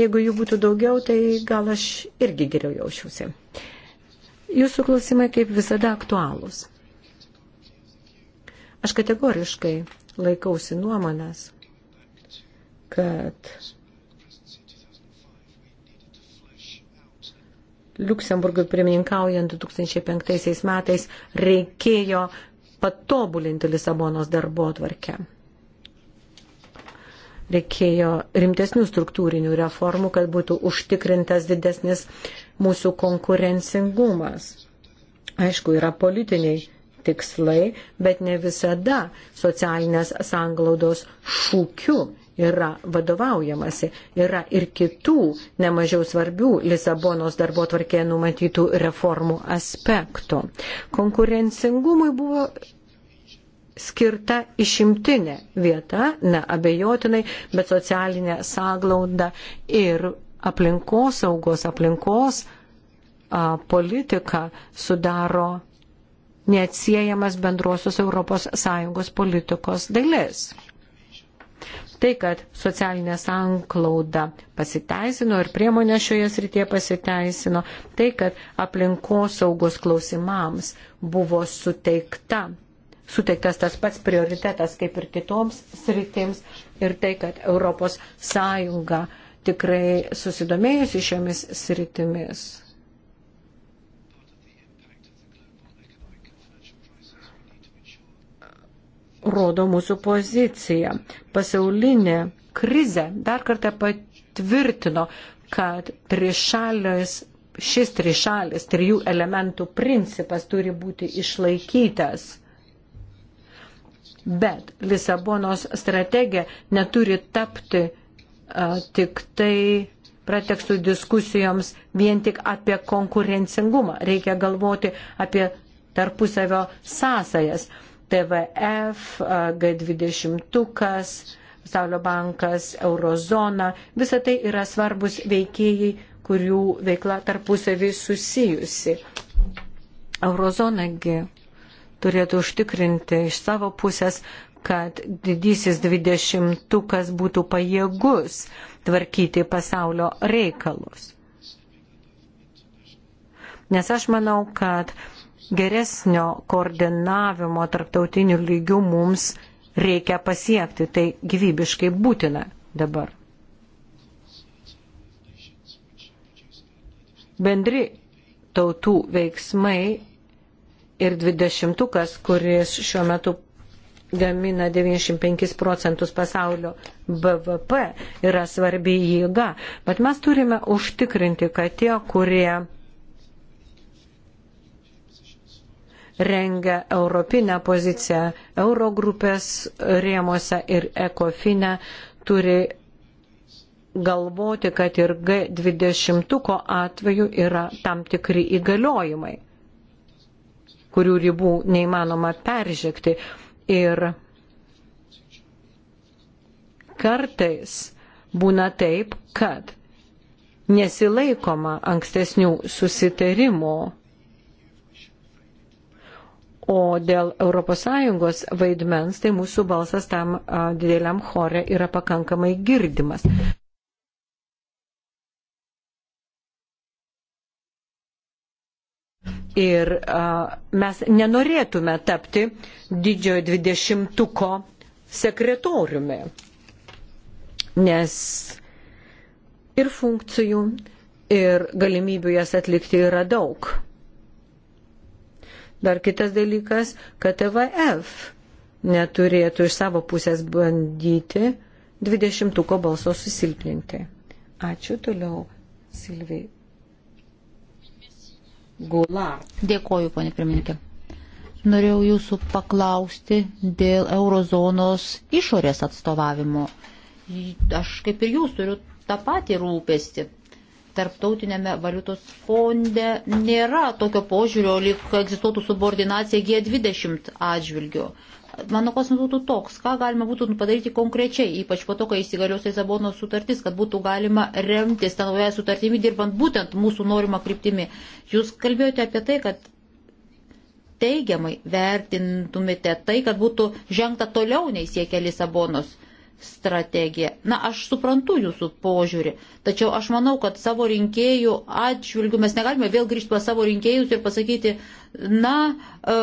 Jeigu jų būtų daugiau, tai gal aš irgi geriau jaučiuosi. Jūsų klausimai kaip visada aktualūs. Aš kategoriškai laikausi nuomonės, kad Luksemburgui pirmininkaujant 2005 metais reikėjo patobulinti Lisabonos darbo atvarkę. Reikėjo rimtesnių struktūrinių reformų, kad būtų užtikrintas didesnis mūsų konkurencingumas. Aišku, yra politiniai tikslai, bet ne visada socialinės sanglaudos šūkiu yra vadovaujamasi. Yra ir kitų, nemažiau svarbių Lisabonos darbo tvarkėje numatytų reformų aspektų. Konkurencingumui buvo skirta išimtinė vieta, neabejotinai, bet socialinė saglauda ir aplinkos saugos, aplinkos a, politika sudaro neatsiejamas bendrosios ES politikos dalis. Tai, kad socialinė sanklauda pasiteisino ir priemonė šioje srityje pasiteisino, tai, kad aplinkosaugos klausimams buvo suteikta suteiktas tas pats prioritetas kaip ir kitoms sritims ir tai, kad ES tikrai susidomėjusi šiomis sritimis rodo mūsų pozicija. Pasaulinė krizė dar kartą patvirtino, kad trišalės, šis trišalės trijų elementų principas turi būti išlaikytas. Bet Lisabonos strategija neturi tapti a, tik tai pretekstų diskusijoms vien tik apie konkurencingumą. Reikia galvoti apie tarpusavio sąsajas. TVF, G20, Pasaulio bankas, Eurozona. Visa tai yra svarbus veikėjai, kurių veikla tarpusavį susijusi. Eurozonagi turėtų užtikrinti iš savo pusės, kad didysis dvidešimtukas būtų pajėgus tvarkyti pasaulio reikalus. Nes aš manau, kad geresnio koordinavimo tarptautinių lygių mums reikia pasiekti. Tai gyvybiškai būtina dabar. Bendri tautų veiksmai ir dvidešimtukas, kuris šiuo metu gamina 95 procentus pasaulio BVP, yra svarbi jėga. Bet mes turime užtikrinti, kad tie, kurie rengia europinę poziciją Eurogrupės rėmose ir ekofinę, turi galvoti, kad ir G20 atveju yra tam tikri įgaliojimai, kurių ribų neįmanoma peržekti. Ir kartais būna taip, kad nesilaikoma ankstesnių susitarimų O dėl ES vaidmens, tai mūsų balsas tam dideliam chore yra pakankamai girdimas. Ir a, mes nenorėtume tapti didžiojo dvidešimtuko sekretoriumi, nes ir funkcijų, ir galimybių jas atlikti yra daug. Dar kitas dalykas, kad TVF neturėtų iš savo pusės bandyti dvidešimtuko balso susilpninti. Ačiū toliau, Silvijai. Gula. Dėkoju, ponė pirmininkė. Norėjau jūsų paklausti dėl eurozonos išorės atstovavimo. Aš kaip ir jūs turiu tą patį rūpestį tarptautinėme valiutos fonde nėra tokio požiūrio, lyg egzistuotų subordinacija G20 atžvilgiu. Mano klausimas būtų toks, ką galima būtų padaryti konkrečiai, ypač po to, kai įsigalios Lisabonos sutartis, kad būtų galima remtis tą naują sutartimį, dirbant būtent mūsų norimą kryptimį. Jūs kalbėjote apie tai, kad teigiamai vertintumėte tai, kad būtų žengta toliau nei siekia Lisabonos strategiją. Na, aš suprantu jūsų požiūrį, tačiau aš manau, kad savo rinkėjų atžvilgių mes negalime vėl grįžti pas savo rinkėjus ir pasakyti, na, e,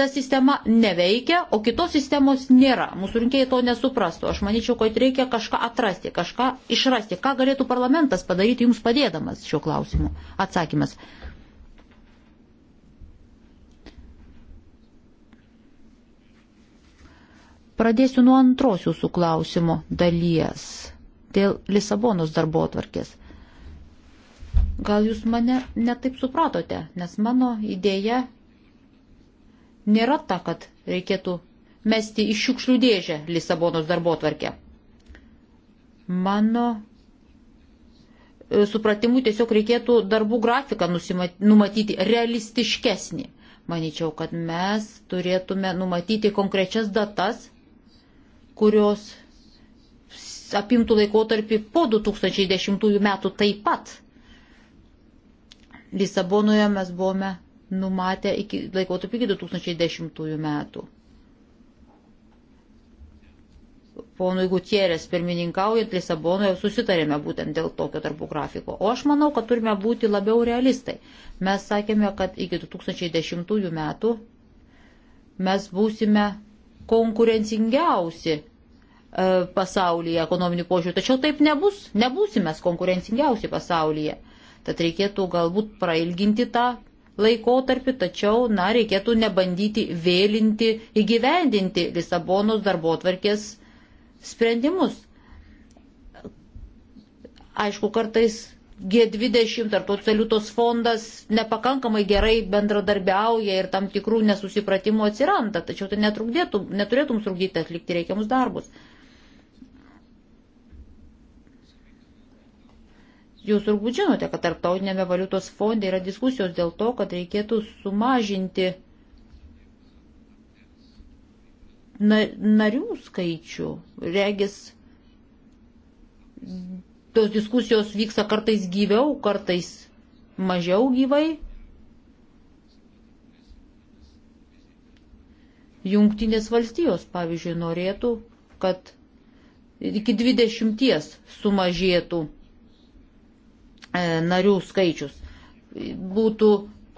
ta sistema neveikia, o kitos sistemos nėra. Mūsų rinkėjai to nesuprastų. Aš manyčiau, kad reikia kažką atrasti, kažką išrasti. Ką galėtų parlamentas padaryti jums padėdamas šiuo klausimu? Atsakymas. Pradėsiu nuo antros jūsų klausimo dalies dėl Lisabonos darbo atvarkės. Gal jūs mane netaip supratote, nes mano idėja nėra ta, kad reikėtų mesti iš šiukšlių dėžę Lisabonos darbo atvarkę. Mano e, supratimu tiesiog reikėtų darbų grafiką numatyti realistiškesnį. Maničiau, kad mes turėtume numatyti konkrečias datas, kurios apimtų laikotarpį po 2010 metų taip pat. Lisabonoje mes buvome numatę iki, laikotarpį iki 2010 metų. Ponui Gutierės pirmininkaujant Lisabonoje susitarėme būtent dėl tokio darbų grafiko. O aš manau, kad turime būti labiau realistai. Mes sakėme, kad iki 2010 metų mes būsime konkurencingiausi e, pasaulyje ekonominių požiūrių, tačiau taip nebus, nebūsime konkurencingiausi pasaulyje. Tad reikėtų galbūt prailginti tą laikotarpį, tačiau, na, reikėtų nebandyti vėlinti įgyvendinti Lisabonos darbo tvarkės sprendimus. Aišku, kartais G20 ar tos valiutos fondas nepakankamai gerai bendradarbiauja ir tam tikrų nesusipratimų atsiranda, tačiau tai neturėtų mums trukdyti atlikti reikiamus darbus. Jūs turbūt žinote, kad tarptautinėme valiutos fonde yra diskusijos dėl to, kad reikėtų sumažinti narių skaičių. Regis tos diskusijos vyksta kartais gyviau, kartais mažiau gyvai. Jungtinės valstijos, pavyzdžiui, norėtų, kad iki 20 sumažėtų e, narių skaičius. Būtų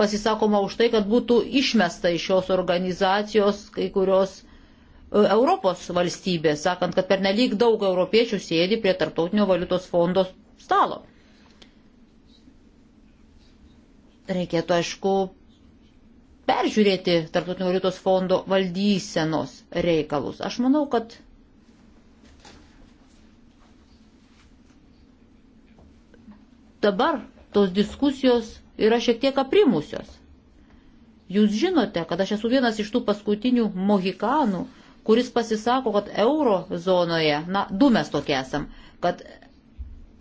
pasisakoma už tai, kad būtų išmesta iš šios organizacijos kai kurios Europos valstybės, sakant, kad pernelyg daug europiečių sėdi prie Tartautinio valiutos fondo stalo. Reikėtų, aišku, peržiūrėti Tartautinio valiutos fondo valdysenos reikalus. Aš manau, kad dabar tos diskusijos yra šiek tiek aprimusios. Jūs žinote, kad aš esu vienas iš tų paskutinių mohikanų, kuris pasisako, kad euro zonoje, na, du mes tokie esam, kad,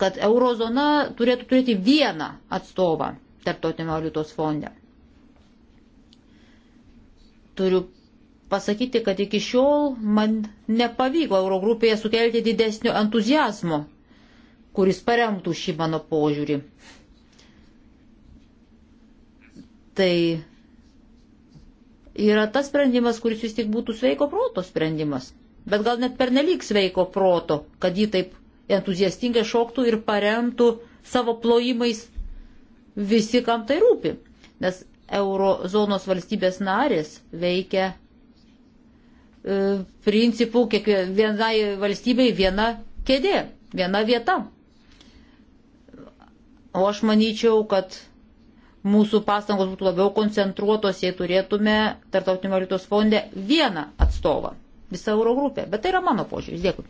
kad euro zona turėtų turėti vieną atstovą tarptautinio valiutos fonde. Turiu pasakyti, kad iki šiol man nepavyko Eurogrupėje sukelti didesnio entuzijazmo, kuris paremtų šį mano požiūrį. Tai yra tas sprendimas, kuris vis tik būtų sveiko proto sprendimas. Bet gal net pernelyg sveiko proto, kad jį taip entuziastingai šoktų ir paremtų savo plojimais visi, kam tai rūpi. Nes eurozonos valstybės narės veikia e, principų kiekvienai valstybei viena kėdė, viena vieta. O aš manyčiau, kad mūsų pastangos būtų labiau koncentruotos, jei turėtume Tartautinio valiutos fonde vieną atstovą, visą euro grupę. Bet tai yra mano požiūris. Dėkui.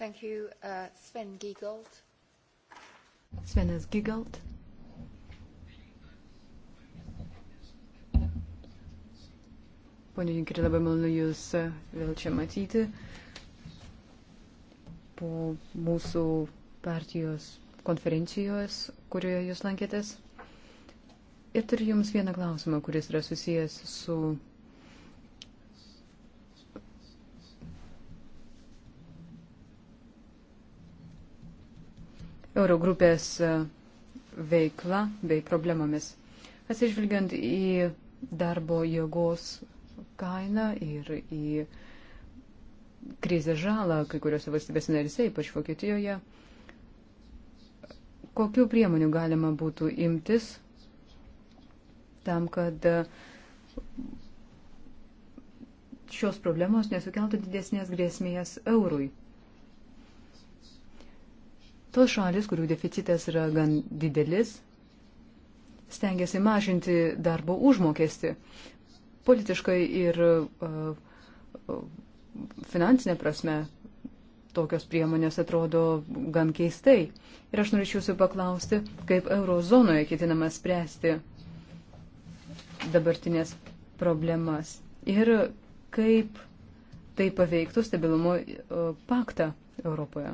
Thank you, uh, Sven Giegold. Svenas Giegold. Pone Junkeri, labai malonu Jūs uh, vėl čia matyti. Po mūsų partijos konferencijos, kurioje jūs lankėtės. Ir turiu Jums vieną klausimą, kuris yra susijęs su Eurogrupės e, veikla bei problemomis. Atsižvelgiant į darbo jėgos kainą ir į krizę žalą kai kuriuose valstybės narise, ypač Vokietijoje, kokiu priemoniu galima būtų imtis tam, kad e, šios problemos nesukeltų didesnės grėsmės eurui. Tos šalis, kurių deficitas yra gan didelis, stengiasi mažinti darbo užmokestį. Politiškai ir uh, finansinė prasme tokios priemonės atrodo gan keistai. Ir aš norėčiau jūsų paklausti, kaip eurozonoje ketinama spręsti dabartinės problemas ir kaip tai paveiktų stabilumo e, paktą Europoje.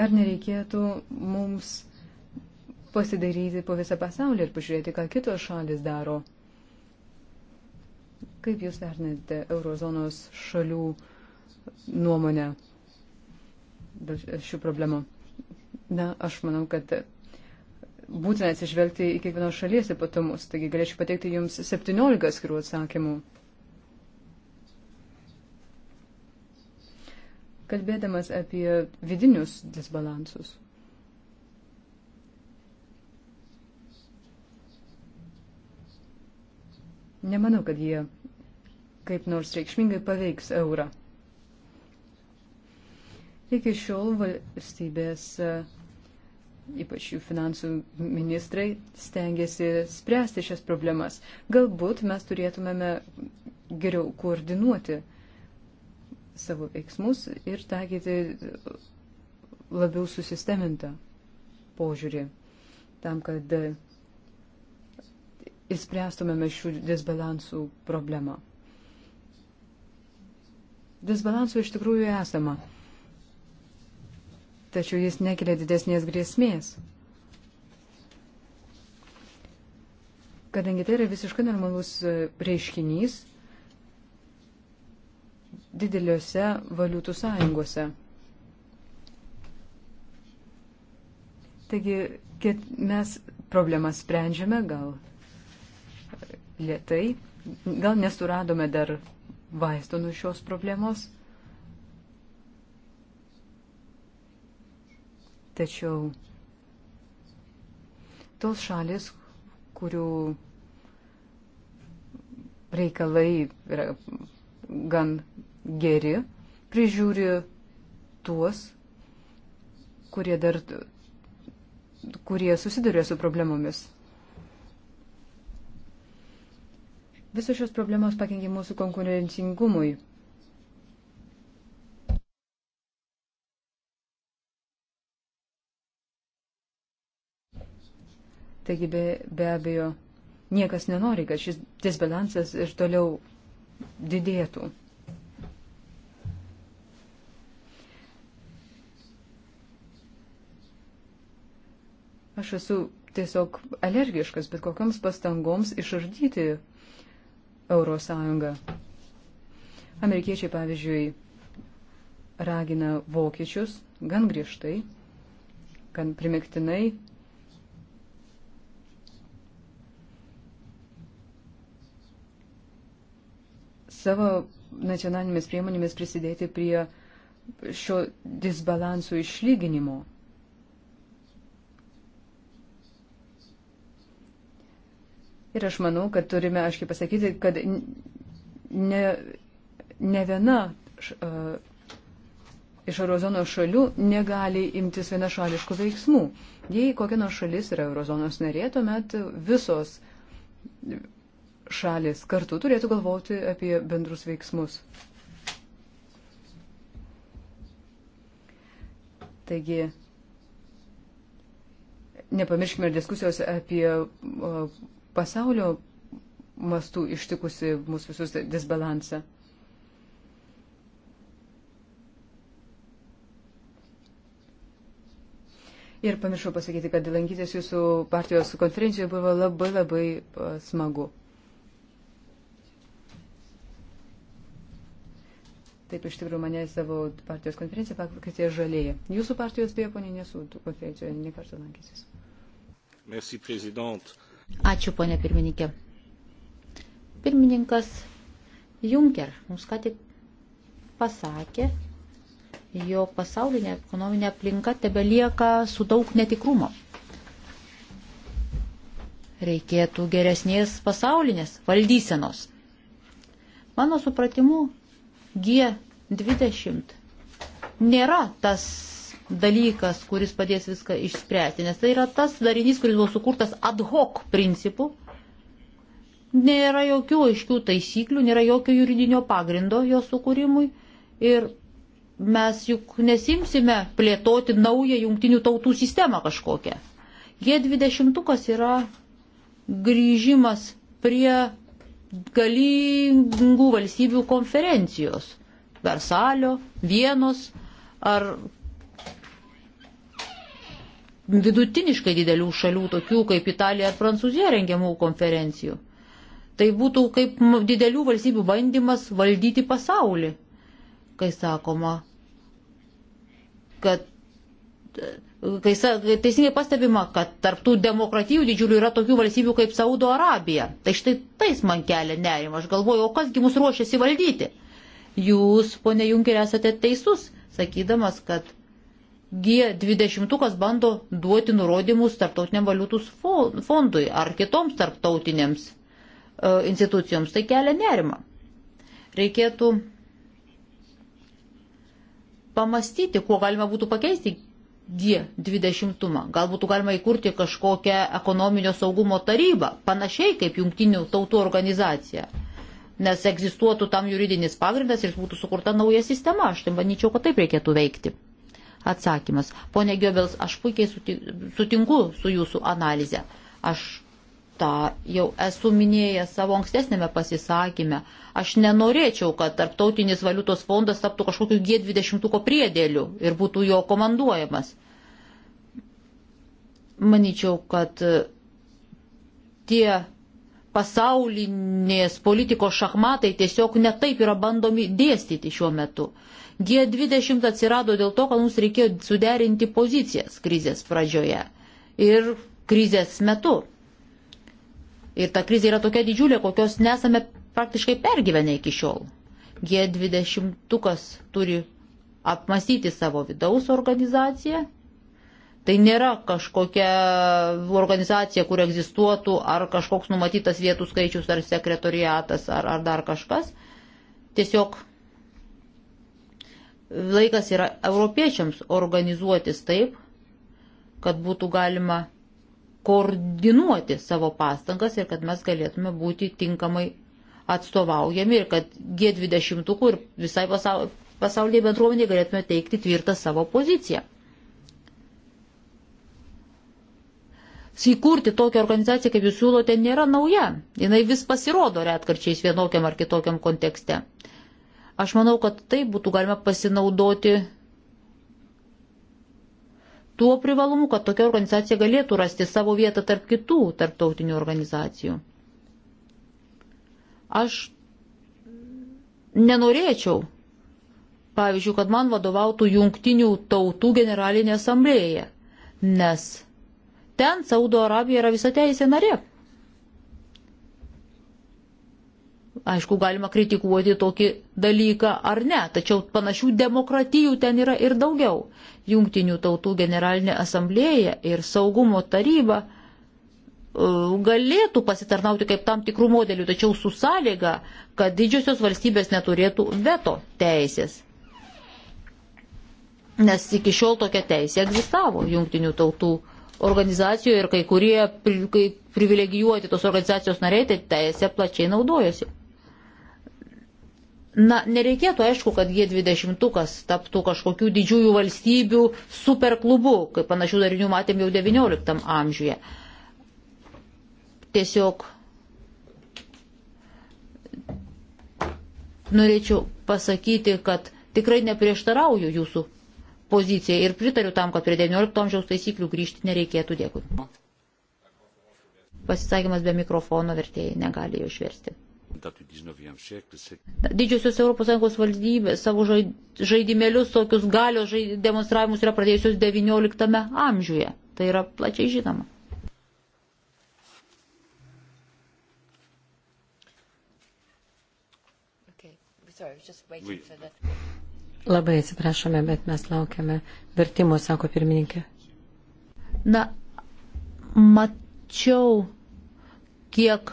Ar nereikėtų mums pasidaryti po visą pasaulį ir pažiūrėti, ką kitos šalis daro? Kaip Jūs vertinate eurozonos šalių nuomonę dėl šių problemų? Na, aš manau, kad būtina atsižvelgti į kiekvienos šalies ypatumus, taigi galėčiau pateikti Jums 17 skirų atsakymų. Kalbėdamas apie vidinius disbalansus. Nemanau, kad jie kaip nors reikšmingai paveiks eurą. Iki šiol valstybės, e, ypač jų finansų ministrai, stengiasi spręsti šias problemas. Galbūt mes turėtumėme geriau koordinuoti savo veiksmus ir taikyti labiau susistemintą požiūrį tam, kad įspręstumėme e, šių disbalansų problemą disbalansų iš tikrųjų esama. Tačiau jis nekelia didesnės grėsmės. Kadangi tai yra visiškai normalus e, reiškinys dideliuose valiutų sąjungose. Taigi mes problemą sprendžiame gal lietai, gal nesuradome dar vaistų nuo šios problemos. Tačiau tos šalis, kurių reikalai yra gan geri, prižiūri tuos, kurie dar kurie susiduria su problemomis. Visos šios problemos pakenkė mūsų konkurencingumui. Taigi be, be abejo, niekas nenori, kad šis disbalansas ir toliau didėtų. Aš esu tiesiog alergiškas bet kokiams pastangoms išardyti Euro sąjungą. Amerikiečiai, pavyzdžiui, ragina vokiečius gan griežtai, gan primiktinai savo nacionalinėmis priemonėmis prisidėti prie šio disbalansų išlyginimo. Ir aš manau, kad turime aiškiai pasakyti, kad ne, ne viena š, uh, iš eurozonos šalių negali imtis vienašališkų veiksmų. Jei kokia nors šalis yra eurozonos narė, tuomet visos šalis kartu turėtų galvoti apie bendrus veiksmus. Taigi, nepamirškime ir diskusijos apie uh, pasaulio mastų ištikusi mūsų visus disbalansą. Ir pamiršau pasakyti, kad lankytis jūsų partijos konferencijoje buvo labai labai e, smagu. Taip, iš tikrųjų, mane savo partijos konferenciją pakvietė žalėje. Jūsų partijos, beje, ponė, nesu konferencijoje, nekartą lankysis. Merci, prezident. Ačiū, ponė pirmininkė. Pirmininkas Junker mums ką tik pasakė, jo pasaulinė ekonominė aplinka tebelieka su daug netikrumo. Reikėtų geresnės pasaulinės valdysenos. Mano supratimu, G20 nėra tas dalykas, kuris padės viską išspręsti, nes tai yra tas darinys, kuris buvo sukurtas ad hoc principu. Nėra jokių aiškių taisyklių, nėra jokio juridinio pagrindo jo sukūrimui ir mes juk nesimsime plėtoti naują jungtinių tautų sistemą kažkokią. G20 yra grįžimas prie galingų valstybių konferencijos - Versalio, Vienos ar vidutiniškai didelių šalių, tokių kaip Italija ar Prancūzija rengiamų konferencijų. Tai būtų kaip didelių valstybių bandymas valdyti pasaulį, kai sakoma, kad kai teisingai pastebima, kad tarptų demokratijų didžiulių yra tokių valstybių kaip Saudo Arabija. Tai štai tais man kelia nerima. Aš galvoju, o kasgi mus ruošiasi valdyti? Jūs, ponė Junker, esate teisus, sakydamas, kad G20 bando duoti nurodymus tarptautiniam valiutus fondui ar kitoms tarptautinėms e, institucijoms. Tai kelia nerima. Reikėtų pamastyti, kuo galima būtų pakeisti G20. -tumą. Gal būtų galima įkurti kažkokią ekonominio saugumo tarybą, panašiai kaip jungtinių tautų organizacija. Nes egzistuotų tam juridinis pagrindas ir būtų sukurta nauja sistema. Aš tai manyčiau, kad taip reikėtų veikti atsakymas. Pone Giobels, aš puikiai sutinku su jūsų analize. Aš tą jau esu minėjęs savo ankstesnėme pasisakyme. Aš nenorėčiau, kad Tarptautinis valiutos fondas taptų kažkokiu G20 priedėliu ir būtų jo komanduojamas. Maničiau, kad tie pasaulinės politikos šachmatai tiesiog netaip yra bandomi dėstyti šiuo metu. G20 atsirado dėl to, kad mums reikėjo suderinti pozicijas krizės pradžioje ir krizės metu. Ir ta krizė yra tokia didžiulė, kokios nesame praktiškai pergyvenę iki šiol. G20 turi apmastyti savo vidaus organizaciją Tai nėra kažkokia organizacija, kur egzistuotų ar kažkoks numatytas vietų skaičius ar sekretoriatas ar, ar dar kažkas. Tiesiog laikas yra europiečiams organizuotis taip, kad būtų galima koordinuoti savo pastangas ir kad mes galėtume būti tinkamai atstovaujami ir kad G20 ir visai pasaulyje bendruomenėje galėtume teikti tvirtą savo poziciją. Įkurti tokią organizaciją, kaip jūs siūlote, nėra nauja. Jis vis pasirodo retkarčiais vienokiam ar kitokiam kontekste. Aš manau, kad tai būtų galima pasinaudoti tuo privalumu, kad tokia organizacija galėtų rasti savo vietą tarp kitų tarptautinių organizacijų. Aš nenorėčiau, pavyzdžiui, kad man vadovautų jungtinių tautų generalinė asamblėja, nes ten Saudo Arabija yra visa teisė narė. Aišku, galima kritikuoti tokį dalyką ar ne, tačiau panašių demokratijų ten yra ir daugiau. Jungtinių tautų generalinė asamblėja ir saugumo taryba e, galėtų pasitarnauti kaip tam tikrų modelių, tačiau su sąlyga, kad didžiosios valstybės neturėtų veto teisės. Nes iki šiol tokia teisė egzistavo jungtinių tautų organizacijų ir kai kurie pri, kai privilegijuoti tos organizacijos nariai, tai teisė plačiai naudojasi. Na, nereikėtų aišku, kad G20 taptų kažkokių didžiųjų valstybių superklubu, kaip panašių darinių matėm jau XIX amžiuje. Tiesiog norėčiau pasakyti, kad tikrai neprieštarauju jūsų pozicijai ir pritariu tam, kad prie XIX amžiaus taisyklių grįžti nereikėtų. Dėkui. Pasisakymas be mikrofono vertėjai negali jo išversti. Didžiosios ES valstybės savo žaidimėlius, tokius galio demonstravimus yra pradėjusios XIX amžiuje. Tai yra plačiai žinoma. Okay. Sorry, Labai atsiprašome, bet mes laukiame vertimo, sako pirmininkė. Na, mačiau, kiek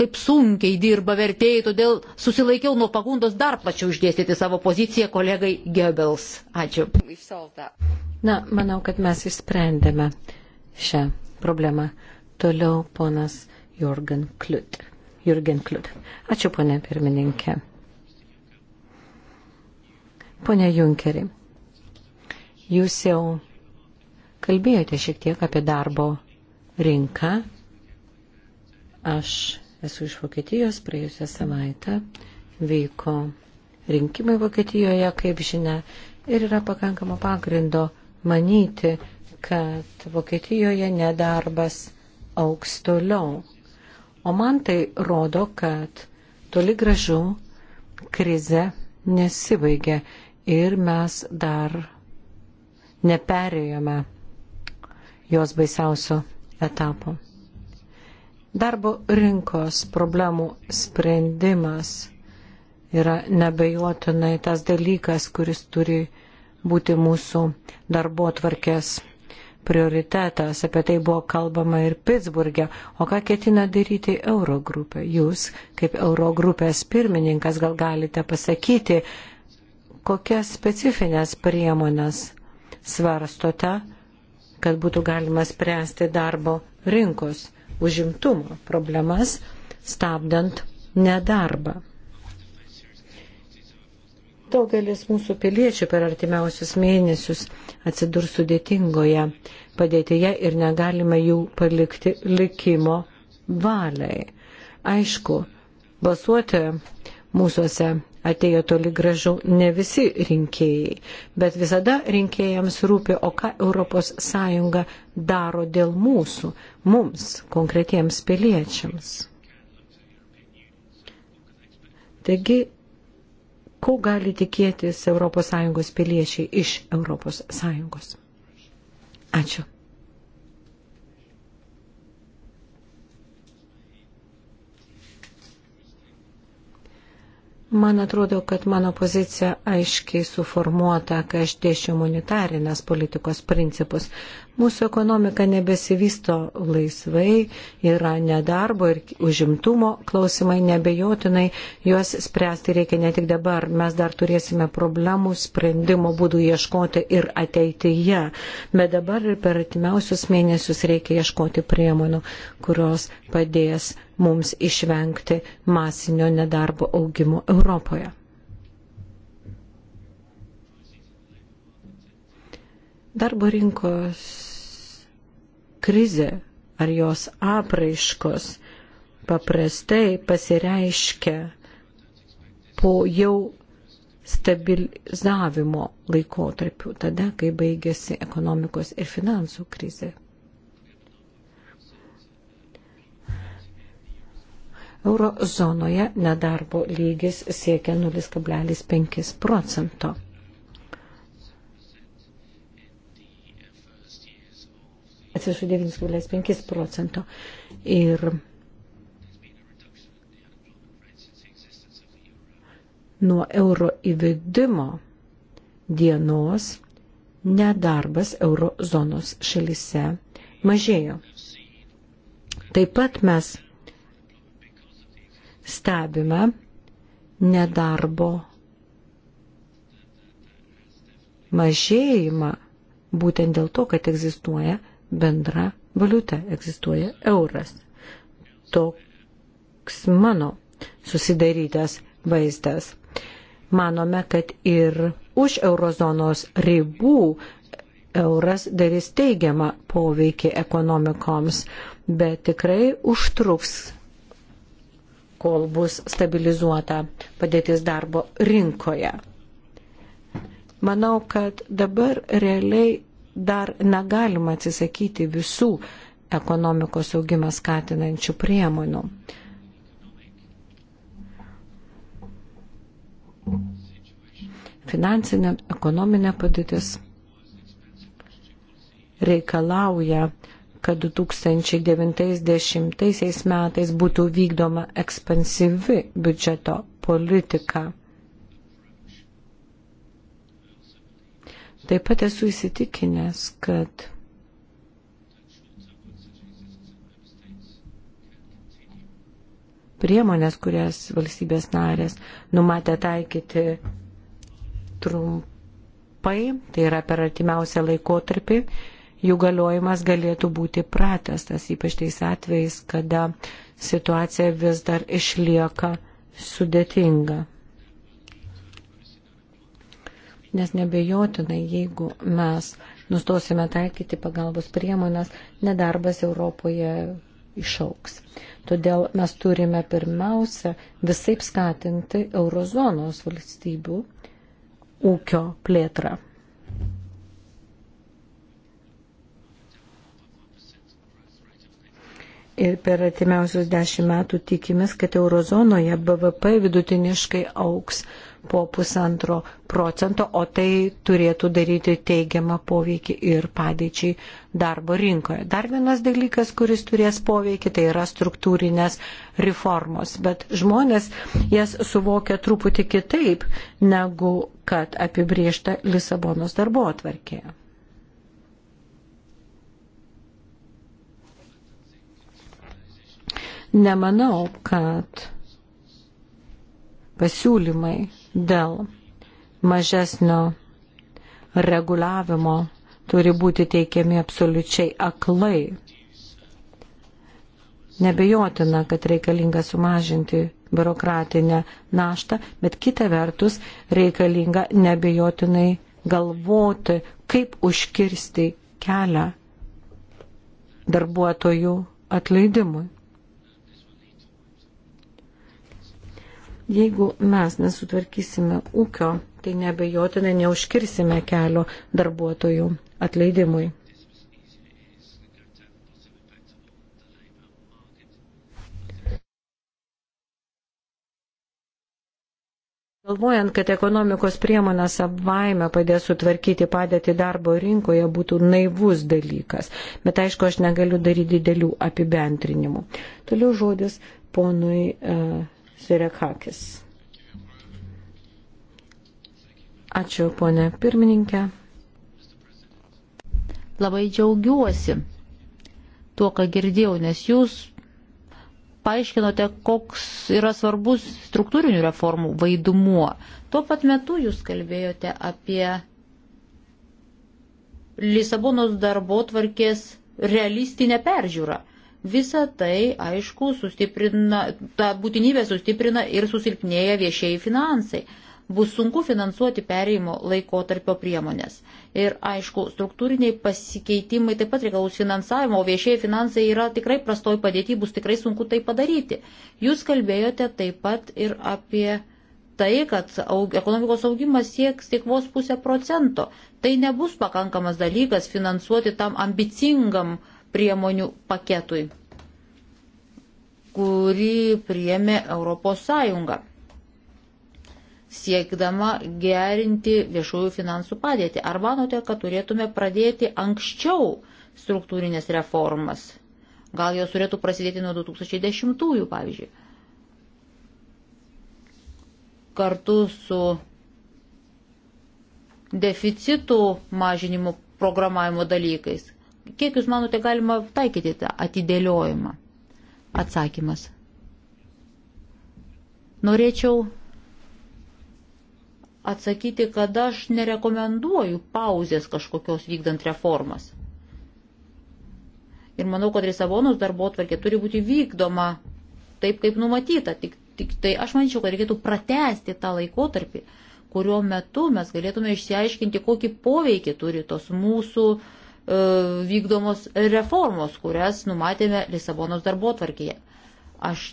kaip sunkiai dirba vertėjai, todėl susilaikiau nuo pagundos dar plačiau išdėstyti savo poziciją kolegai Goebbels. Ačiū. Na, manau, kad mes išsprendėme šią problemą. Toliau ponas Jurgen Kliut. Jurgen Kliut. Ačiū, ponė pirmininkė. Pone Junkeri, jūs jau kalbėjote šiek tiek apie darbo rinką. Aš esu iš Vokietijos, praėjusią savaitę vyko rinkimai Vokietijoje, kaip žinia, ir yra pakankamo pagrindo manyti, kad Vokietijoje nedarbas auks toliau. O man tai rodo, kad toli gražu krize nesibaigia ir mes dar neperėjome jos baisiausio etapo. Darbo rinkos problemų sprendimas yra nebejotinai tas dalykas, kuris turi būti mūsų darbo tvarkės prioritetas. Apie tai buvo kalbama ir Pittsburgė. O ką ketina daryti Eurogrupė? Jūs, kaip Eurogrupės pirmininkas, gal galite pasakyti, kokias specifines priemonės svarstote, kad būtų galima spręsti darbo rinkos užimtumo problemas, stabdant nedarbą. Daugelis mūsų piliečių per artimiausius mėnesius atsidurs sudėtingoje padėtyje ir negalime jų palikti likimo valiai. Aišku, balsuoti mūsųse atėjo toli gražu ne visi rinkėjai, bet visada rinkėjams rūpi, o ką ES daro dėl mūsų, mums, konkretiems piliečiams. Taigi, ko gali tikėtis ES piliečiai iš ES? Ačiū. Man atrodo, kad mano pozicija aiškiai suformuota, kai aš dėšiu humanitarinės politikos principus. Mūsų ekonomika nebesivysto laisvai, yra nedarbo ir užimtumo klausimai, nebejotinai juos spręsti reikia ne tik dabar, mes dar turėsime problemų sprendimo būdų ieškoti ir ateityje, bet dabar ir per atimiausius mėnesius reikia ieškoti priemonių, kurios padės mums išvengti masinio nedarbo augimo Europoje. Darbo rinkos krizė ar jos apraiškos paprastai pasireiškia po jau stabilizavimo laikotarpių, tada, kai baigėsi ekonomikos ir finansų krizė. Eurozonoje nedarbo lygis siekia 0,5 procento. atsiprašau, 9,5 procento. Ir nuo euro įvedimo dienos nedarbas euro zonos šalise mažėjo. Taip pat mes stebime nedarbo mažėjimą būtent dėl to, kad egzistuoja bendra valiuta, egzistuoja euras. Toks mano susidarytas vaizdas. Manome, kad ir už eurozonos ribų euras darys teigiamą poveikį ekonomikoms, bet tikrai užtruks kol bus stabilizuota padėtis darbo rinkoje. Manau, kad dabar realiai dar negalima atsisakyti visų ekonomikos augimą skatinančių priemonių. Finansinė, ekonominė padėtis reikalauja, kad 2090 metais būtų vykdoma ekspansyvi biudžeto politika Taip pat esu įsitikinęs, kad priemonės, kurias valstybės narės numatė taikyti trumpai, tai yra per artimiausią laikotarpį, jų galiojimas galėtų būti pratestas, ypač tais atvejais, kada situacija vis dar išlieka sudėtinga nes nebejotinai, jeigu mes nustosime taikyti pagalbos priemonės, nedarbas Europoje išauks. Todėl mes turime pirmiausia visaip skatinti eurozonos valstybių ūkio plėtrą. ir per atimiausius dešimt metų tikimės, kad eurozonoje BVP vidutiniškai auks po pusantro procento, o tai turėtų daryti teigiamą poveikį ir padėčiai darbo rinkoje. Dar vienas dalykas, kuris turės poveikį, tai yra struktūrinės reformos, bet žmonės jas suvokia truputį kitaip, negu kad apibriešta Lisabonos darbo atvarkėje. Nemanau, kad pasiūlymai dėl mažesnio reguliavimo turi būti teikiami absoliučiai aklai. Nebejotina, kad reikalinga sumažinti biurokratinę naštą, bet kita vertus reikalinga nebejotinai galvoti, kaip užkirsti kelią darbuotojų atleidimui. Jeigu mes nesutvarkysime ūkio, tai nebejotinai neužkirsime kelio darbuotojų atleidimui. Galvojant, kad ekonomikos priemonės apvaime padės sutvarkyti padėtį darbo rinkoje, būtų naivus dalykas. Bet aišku, aš negaliu daryti didelių apibendrinimų. Toliau žodis ponui. Uh, Sirekakis. Ačiū, ponė pirmininkė. Labai džiaugiuosi tuo, ką girdėjau, nes jūs paaiškinote, koks yra svarbus struktūrinių reformų vaidumuo. Tuo pat metu jūs kalbėjote apie Lisabonos darbo tvarkės realistinę peržiūrą. Visa tai, aišku, sustiprina, ta būtinybė sustiprina ir susilpnėja viešieji finansai. Bus sunku finansuoti pereimo laikotarpio priemonės. Ir aišku, struktūriniai pasikeitimai taip pat reikalaus finansavimo, o viešieji finansai yra tikrai prastoj padėti, bus tikrai sunku tai padaryti. Jūs kalbėjote taip pat ir apie tai, kad aug, ekonomikos augimas sieks tik vos pusę procento. Tai nebus pakankamas dalykas finansuoti tam ambicingam uh, priemonių paketui, kurį priemė Europos Sąjunga, siekdama gerinti viešųjų finansų padėtį. Ar manote, kad turėtume pradėti anksčiau struktūrinės reformas? Gal jos turėtų prasidėti nuo 2010-ųjų, pavyzdžiui. Kartu su deficitų mažinimo programavimo dalykais. Kiek Jūs manote galima taikyti tą atidėliojimą? Atsakymas. Norėčiau atsakyti, kad aš nerekomenduoju pauzės kažkokios vykdant reformas. Ir manau, kad Lisabonos darbo atvarkė turi būti vykdoma taip, kaip numatyta. Tik, tik tai aš manyčiau, kad reikėtų pratesti tą laikotarpį, kurio metu mes galėtume išsiaiškinti, kokį poveikį turi tos mūsų uh, E, vykdomos reformos, kurias numatėme Lisabonos darbo tvarkėje. Aš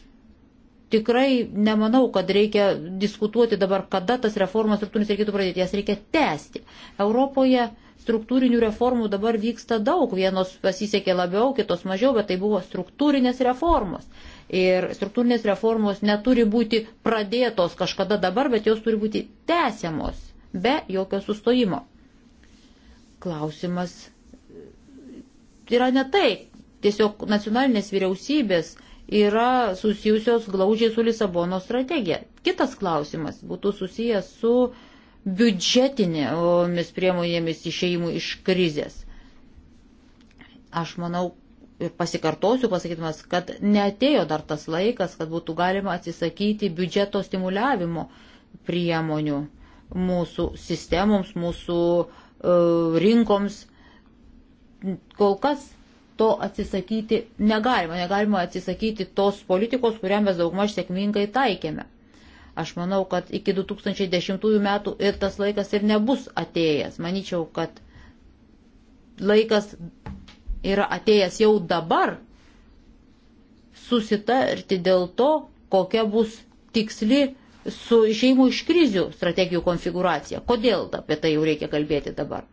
tikrai nemanau, kad reikia diskutuoti dabar, kada tas reformas struktūrinis reikėtų pradėti, jas reikia tęsti. Europoje struktūrinių reformų dabar vyksta daug, vienos pasisekė labiau, kitos mažiau, bet tai buvo struktūrinės reformos. Ir struktūrinės reformos neturi būti pradėtos kažkada dabar, bet jos turi būti tęsiamos be jokio sustojimo. Klausimas yra ne tai. Tiesiog nacionalinės vyriausybės yra susijusios glaudžiai su Lisabono strategija. Kitas klausimas būtų susijęs su biudžetinėmis priemonėmis išeimų iš krizės. Aš manau ir pasikartosiu pasakytumas, kad neatėjo dar tas laikas, kad būtų galima atsisakyti biudžeto stimuliavimo priemonių mūsų sistemoms, mūsų uh, rinkoms, kol kas to atsisakyti negalima, negalima atsisakyti tos politikos, kurią mes daugmaž sėkmingai taikėme. Aš manau, kad iki 2010 metų ir tas laikas ir nebus atėjęs. Manyčiau, kad laikas yra atėjęs jau dabar susitarti dėl to, kokia bus tiksli su išeimu iš krizių strategijų konfiguracija. Kodėl apie tai jau reikia kalbėti dabar?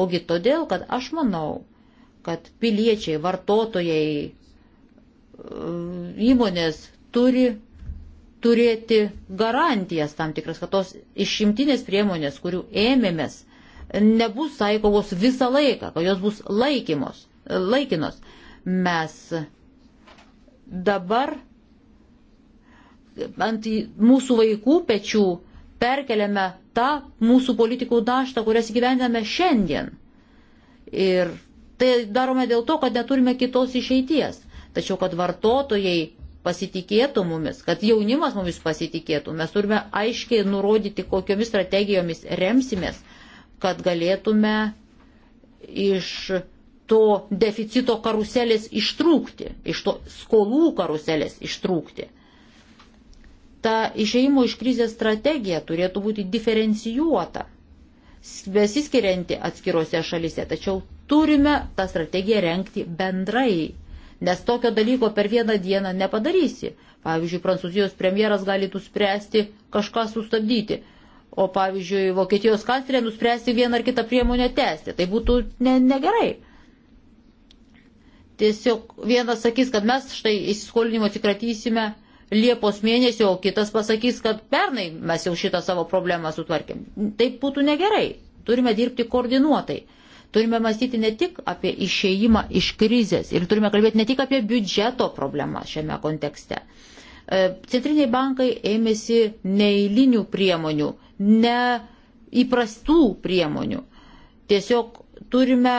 Ogi todėl, kad aš manau, kad piliečiai, vartotojai, e, įmonės turi turėti garantijas tam tikras, kad tos išimtinės priemonės, kurių ėmėmės, nebus taikomos visą laiką, kad jos bus laikymos, e, laikinos. Mes dabar ant mūsų vaikų pečių perkeliame tą mūsų politikų naštą, kurias gyvename šiandien. Ir Tai darome dėl to, kad neturime kitos išeities. Tačiau, kad vartotojai pasitikėtų mumis, kad jaunimas mumis pasitikėtų, mes turime aiškiai nurodyti, kokiomis strategijomis remsimės, kad galėtume iš to deficito karuselės ištrūkti, iš to skolų karuselės ištrūkti. Ta išeimo iš krizės strategija turėtų būti diferencijuota besiskirianti atskiruose šalise, tačiau turime tą strategiją renkti bendrai, nes tokio dalyko per vieną dieną nepadarysi. Pavyzdžiui, Prancūzijos premjeras gali nuspręsti kažką sustabdyti, o pavyzdžiui, Vokietijos kanclerė nuspręsti vieną ar kitą priemonę tęsti. Tai būtų ne, negerai. Tiesiog vienas sakys, kad mes štai įsiskolinimo atsikratysime Liepos mėnesį, o kitas pasakys, kad pernai mes jau šitą savo problemą sutvarkėm. Tai būtų negerai. Turime dirbti koordinuotai. Turime mąstyti ne tik apie išeimą iš krizės ir turime kalbėti ne tik apie biudžeto problemą šiame kontekste. E, centriniai bankai ėmėsi neįlinių priemonių, neįprastų priemonių. Tiesiog turime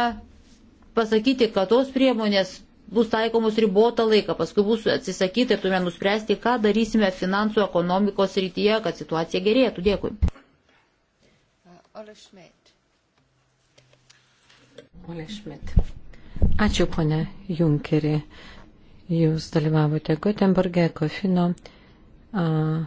pasakyti, kad tos priemonės bus taikomos ribotą laiką, paskui bus atsisakyta ir turime nuspręsti, ką darysime finansų ekonomikos rytyje, kad situacija gerėtų. Dėkui. Uh, Ole Schmidt. Ole Schmidt. Ačiū, ponė Junkerį. Jūs dalyvavote Gotemburgė, Kofino. Uh,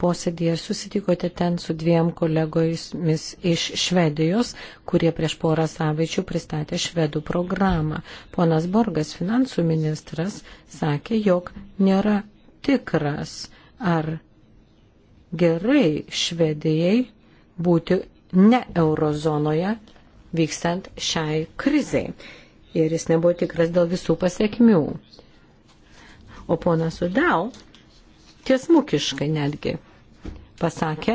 posėdėje susitikote ten su dviem kolegojomis iš Švedijos, kurie prieš porą savaičių pristatė švedų programą. Ponas Borgas, finansų ministras, sakė, jog nėra tikras, ar gerai Švedijai būti ne eurozonoje vykstant šiai krizai. Ir jis nebuvo tikras dėl visų pasiekmių. O ponas Udau tiesmukiškai netgi pasakė,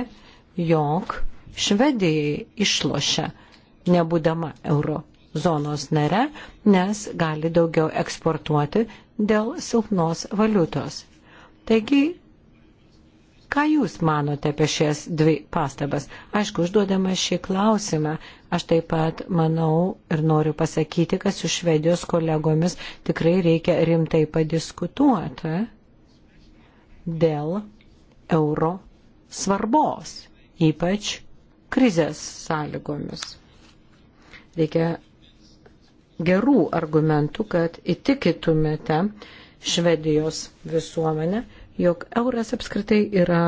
jog Švedijai išlošia nebūdama euro zonos nare, nes gali daugiau eksportuoti dėl silpnos valiutos. Taigi, ką Jūs manote apie šias dvi pastabas? Aišku, užduodama šį klausimą, aš taip pat manau ir noriu pasakyti, kad su švedijos kolegomis tikrai reikia rimtai padiskutuoti dėl euro svarbos, ypač krizės sąlygomis. Reikia gerų argumentų, kad įtikitumėte Švedijos visuomenę, jog euras apskritai yra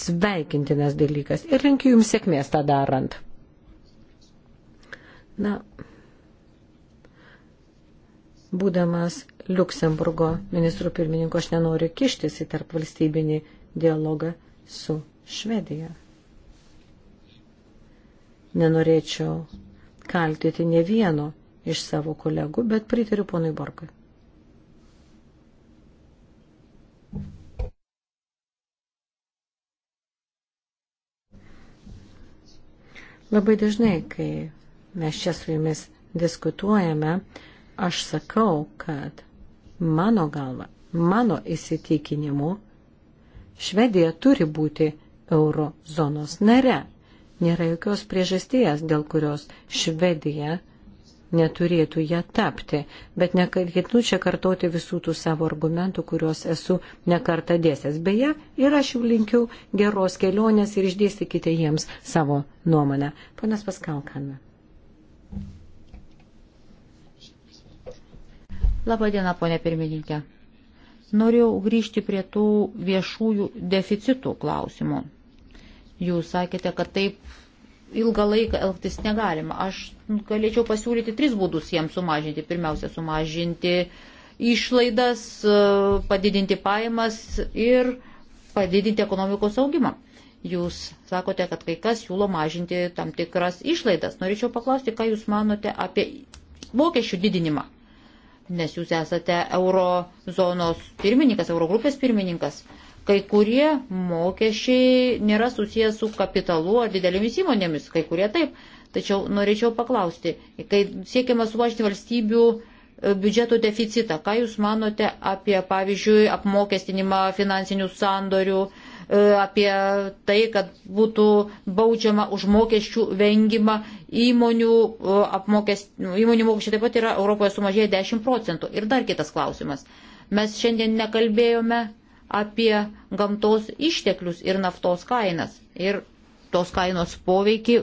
sveikintinas dalykas. Ir linkiu Jums sėkmės tą darant. Na, būdamas Luksemburgo ministrų pirmininko, aš nenoriu kištis į tarp valstybinį dialogą su Švedija. Nenorėčiau kaltyti ne vieno iš savo kolegų, bet pritariu ponui Borgui. Labai dažnai, kai mes čia su jumis diskutuojame, aš sakau, kad mano galva, mano įsitikinimu, Švedija turi būti euro zonos nare. Nėra jokios priežasties, dėl kurios Švedija neturėtų ją tapti, bet neketinu čia kartoti visų tų savo argumentų, kuriuos esu nekarta dėsęs. Beje, ir aš jau linkiu geros kelionės ir išdėstykite jiems savo nuomonę. Ponas Paskalkana. Labadiena, ponė pirmininkė. Norėjau grįžti prie tų viešųjų deficitų klausimų. Jūs sakėte, kad taip ilgą laiką elgtis negalima. Aš galėčiau pasiūlyti tris būdus jiems sumažinti. Pirmiausia, sumažinti išlaidas, padidinti pajamas ir padidinti ekonomikos augimą. Jūs sakote, kad kai kas siūlo mažinti tam tikras išlaidas. Norėčiau paklausti, ką Jūs manote apie mokesčių didinimą nes jūs esate eurozonos pirmininkas, eurogrupės pirmininkas. Kai kurie mokesčiai nėra susijęs su kapitalu ar didelėmis įmonėmis, kai kurie taip. Tačiau norėčiau paklausti, kai siekiama sumažinti valstybių e, biudžeto deficitą, ką Jūs manote apie, pavyzdžiui, apmokestinimą finansinių sandorių, uh, E, apie tai, kad būtų baudžiama už mokesčių vengimą įmonių, e, apmokes, nu, įmonių mokesčiai taip pat yra Europoje sumažėję 10 procentų. Ir dar kitas klausimas. Mes šiandien nekalbėjome apie gamtos išteklius ir naftos kainas ir tos kainos poveikį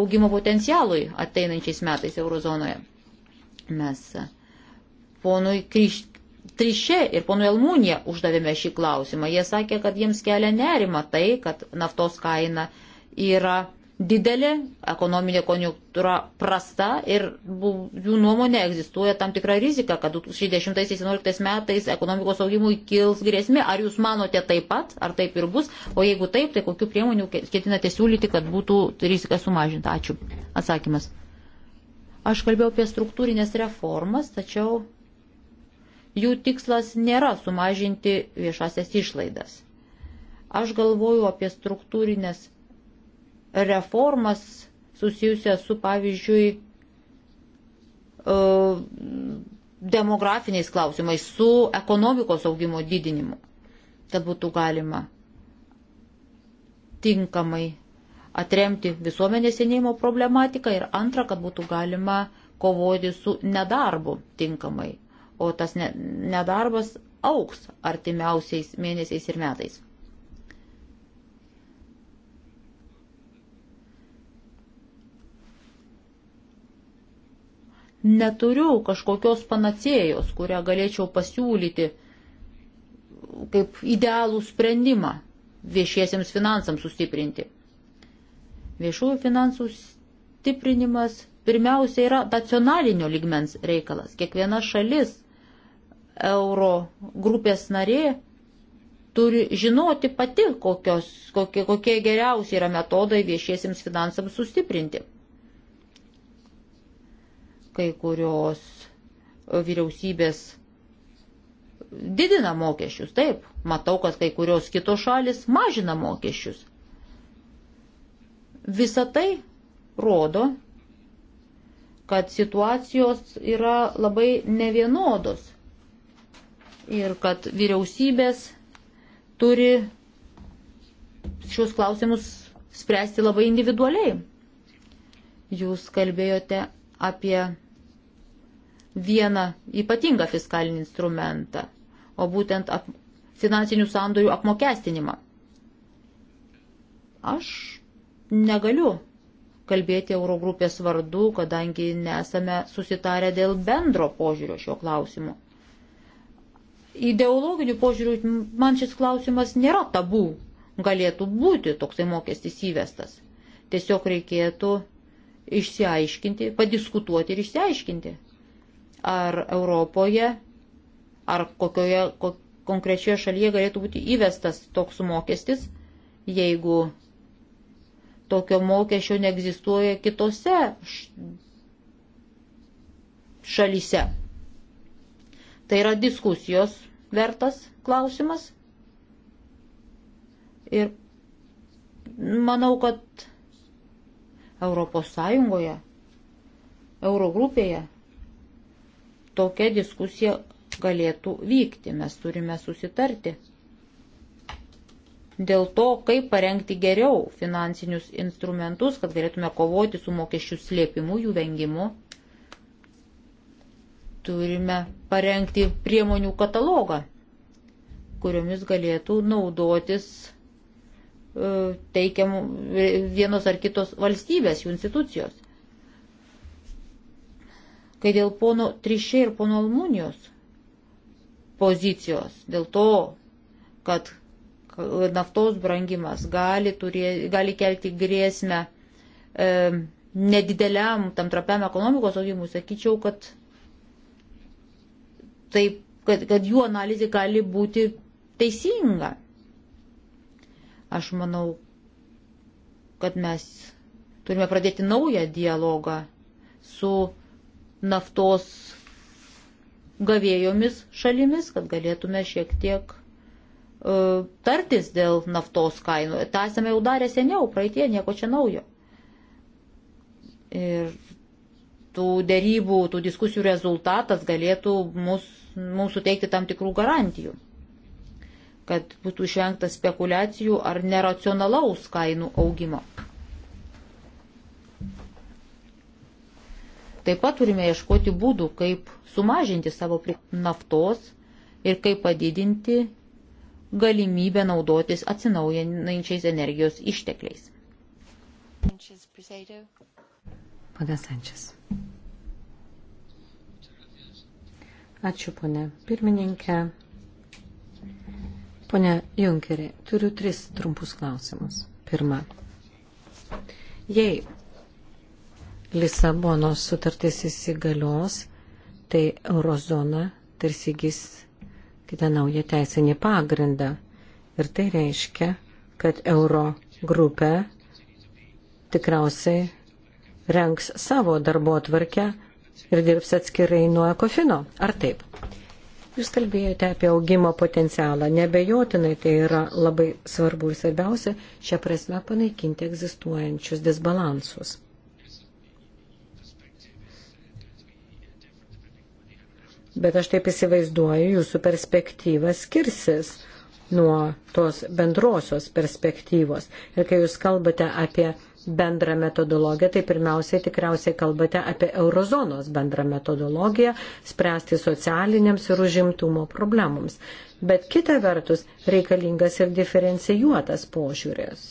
augimo potencialui ateinančiais metais eurozonoje. Mes ponui Kryš, Trišė ir ponui Almūnė uždavėme šį klausimą. Jie sakė, kad jiems kelia nerima tai, kad naftos kaina yra didelė, ekonominė konjunktūra prasta ir jų nuomonė egzistuoja tam tikra rizika, kad 2010-2011 metais ekonomikos augimui kils grėsmė. Ar jūs manote taip pat, ar taip ir bus? O jeigu taip, tai kokiu priemonių ketinate siūlyti, kad būtų rizika sumažinta? Ačiū. Atsakymas. Aš kalbėjau apie struktūrinės reformas, tačiau Jų tikslas nėra sumažinti viešasias išlaidas. Aš galvoju apie struktūrinės reformas susijusias su, pavyzdžiui, e, demografiniais klausimais, su ekonomikos augimo didinimu, kad būtų galima tinkamai atremti visuomenės senėjimo problematiką ir antra, kad būtų galima kovoti su nedarbu tinkamai o tas nedarbas auks artimiausiais mėnesiais ir metais. Neturiu kažkokios panacėjos, kurią galėčiau pasiūlyti kaip idealų sprendimą viešiesiems finansams sustiprinti. Viešųjų finansų stiprinimas pirmiausia yra nacionalinio ligmens reikalas. Kiekviena šalis euro grupės narė turi žinoti pati, kokios, kokie, kokie geriausi yra metodai viešiesiems finansams sustiprinti. Kai kurios vyriausybės didina mokesčius, taip, matau, kad kai kurios kitos šalis mažina mokesčius. Visa tai rodo, kad situacijos yra labai nevienodos ir kad vyriausybės turi šios klausimus spręsti labai individualiai. Jūs kalbėjote apie vieną ypatingą fiskalinį instrumentą, o būtent ap, finansinių sandorių apmokestinimą. Aš negaliu kalbėti Eurogrupės vardu, kadangi nesame susitarę dėl bendro požiūrio šio klausimu. Ideologinių požiūrių man šis klausimas nėra tabu. Galėtų būti toksai mokestis įvestas. Tiesiog reikėtų išsiaiškinti, padiskutuoti ir išsiaiškinti, ar Europoje, ar kokioje kok, konkrečioje šalyje galėtų būti įvestas toks mokestis, jeigu tokio mokesčio neegzistuoja kitose šalyse. Tai yra diskusijos vertas klausimas. Ir manau, kad Europos Sąjungoje, Eurogrupėje tokia diskusija galėtų vykti. Mes turime susitarti dėl to, kaip parengti geriau finansinius instrumentus, kad galėtume kovoti su mokesčių slėpimu, jų vengimu Turime parengti priemonių katalogą, kuriomis galėtų naudotis e, teikiamų vienos ar kitos valstybės, jų institucijos. Kai dėl pono Trišė ir pono Almunijos pozicijos, dėl to, kad naftos brangimas gali, turė, gali kelti grėsmę e, nedideliam, tam trapiam ekonomikos augimui, sakyčiau, kad taip, kad, kad jų analizė gali būti teisinga. Aš manau, kad mes turime pradėti naują dialogą su naftos gavėjomis šalimis, kad galėtume šiek tiek uh, tartis dėl naftos kainų. Ta esame jau darę seniau, praeitie, nieko čia naujo. Ir tų dėrybų, tų diskusijų rezultatas galėtų mus, mums suteikti tam tikrų garantijų, kad būtų išvengta spekulacijų ar neracionalaus kainų augimo. Taip pat turime ieškoti būdų, kaip sumažinti savo naftos ir kaip padidinti galimybę naudotis atsinaujinančiais energijos ištekliais. Panas Sančias. Ačiū, ponė pirmininkė. Pone Junkeri, turiu tris trumpus klausimus. Pirma. Jei Lisabonos sutartis įsigalios, tai eurozona tarsi įgis kitą naują teisinį pagrindą. Ir tai reiškia, kad euro grupė tikriausiai renks savo darbo atvarkę ir dirbs atskirai nuo ekofino. Ar taip? Jūs kalbėjote apie augimo potencialą. Nebejotinai tai yra labai svarbu ir svarbiausia šią prasme panaikinti egzistuojančius disbalansus. Bet aš taip įsivaizduoju, jūsų perspektyva skirsis nuo tos bendrosios perspektyvos. Ir kai jūs kalbate apie bendrą metodologiją, tai pirmiausiai tikriausiai kalbate apie eurozonos bendrą metodologiją, spręsti socialiniams ir užimtumo problemams. Bet kita vertus reikalingas ir diferencijuotas požiūrės,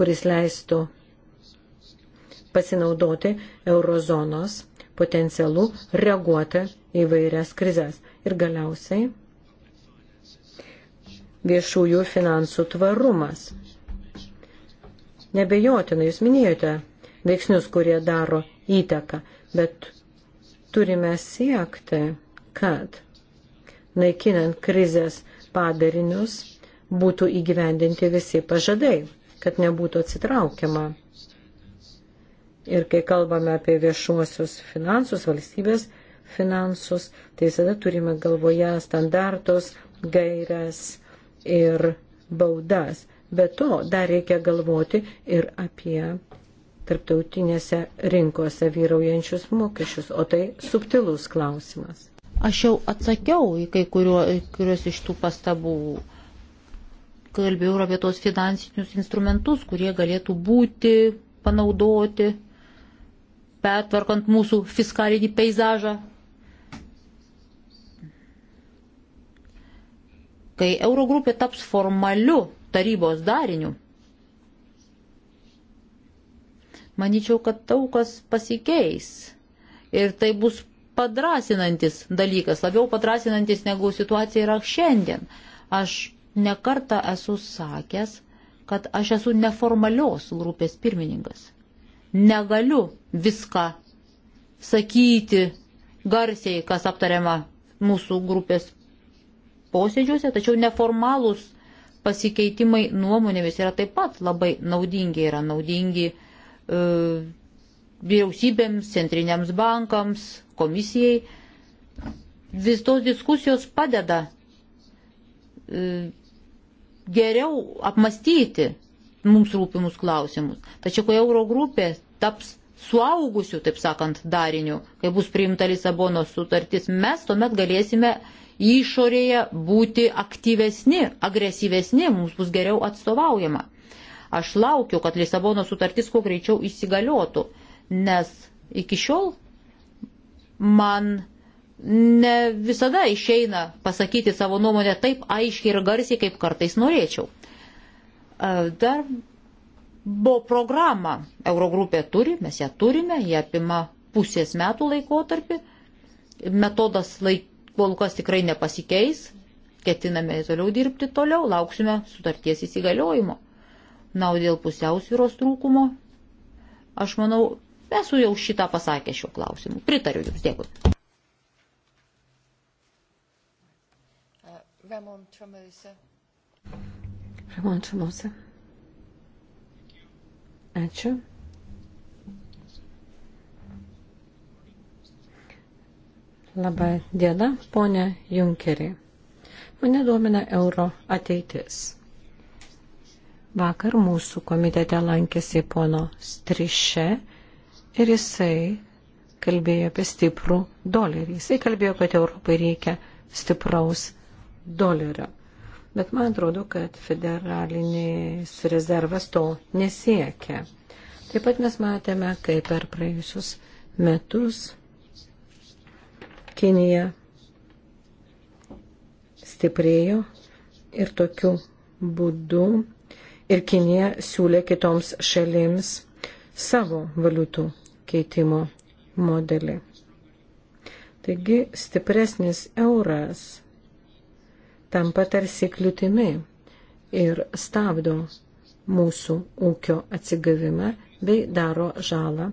kuris leistų pasinaudoti eurozonos potencialu reaguoti į vairias krizės. Ir galiausiai viešųjų finansų tvarumas. Nebejotinai, jūs minėjote veiksnius, kurie daro įtaką, bet turime siekti, kad naikinant krizės padarinius būtų įgyvendinti visi pažadai, kad nebūtų atsitraukiama. Ir kai kalbame apie viešuosius finansus, valstybės finansus, tai visada turime galvoje standartus, gairias, ir baudas. Be to, dar reikia galvoti ir apie tarptautinėse rinkose vyraujančius mokesčius, o tai subtilus klausimas. Aš jau atsakiau į kai kurio, kurios iš tų pastabų. Kalbėjau apie tos finansinius instrumentus, kurie galėtų būti panaudoti, pertvarkant mūsų fiskalinį peizažą, kai Eurogrupė taps formaliu tarybos dariniu, manyčiau, kad daug kas pasikeis. Ir tai bus padrasinantis dalykas, labiau padrasinantis negu situacija yra šiandien. Aš nekartą esu sakęs, kad aš esu neformalios grupės pirmininkas. Negaliu viską sakyti garsiai, kas aptariama mūsų grupės posėdžiuose, tačiau neformalūs pasikeitimai nuomonėmis yra taip pat labai naudingi, yra naudingi e, vyriausybėms, centriniams bankams, komisijai. Vis tos diskusijos padeda e, geriau apmastyti mums rūpimus klausimus. Tačiau, kai euro grupė taps suaugusių, taip sakant, dariniu, kai bus priimta Lisabonos sutartis, mes tuomet galėsime išorėje būti aktyvesni, agresyvesni, mums bus geriau atstovaujama. Aš laukiu, kad Lisabono sutartis kuo greičiau įsigaliotų, nes iki šiol man ne visada išeina pasakyti savo nuomonę taip aiškiai ir garsiai, kaip kartais norėčiau. E, dar buvo programa, Eurogrupė turi, mes ją turime, jie apima pusės metų laikotarpį, metodas laik, Volkas tikrai nepasikeis, ketiname toliau dirbti toliau, lauksime sutarties įsigaliojimo. Na, o dėl pusiausvyros trūkumo, aš manau, esu jau šitą pasakę šiuo klausimu. Pritariu Jums, dėkui. Uh, Ramon Tremosa. Ramon Tremosa. Ačiū. Labą dieną, ponė Junkerį. Mane domina euro ateitis. Vakar mūsų komitete lankėsi pono Striše ir jisai kalbėjo apie stiprų dolerį. Jisai kalbėjo, kad Europai reikia stipraus dolerio. Bet man atrodo, kad federalinis rezervas to nesiekia. Taip pat mes matėme, kaip per praėjusius metus Kinija stiprėjo ir tokiu būdu ir Kinija siūlė kitoms šalims savo valiutų keitimo modelį. Taigi stipresnis euras tampa tarsi kliūtimi ir stabdo mūsų ūkio atsigavimą bei daro žalą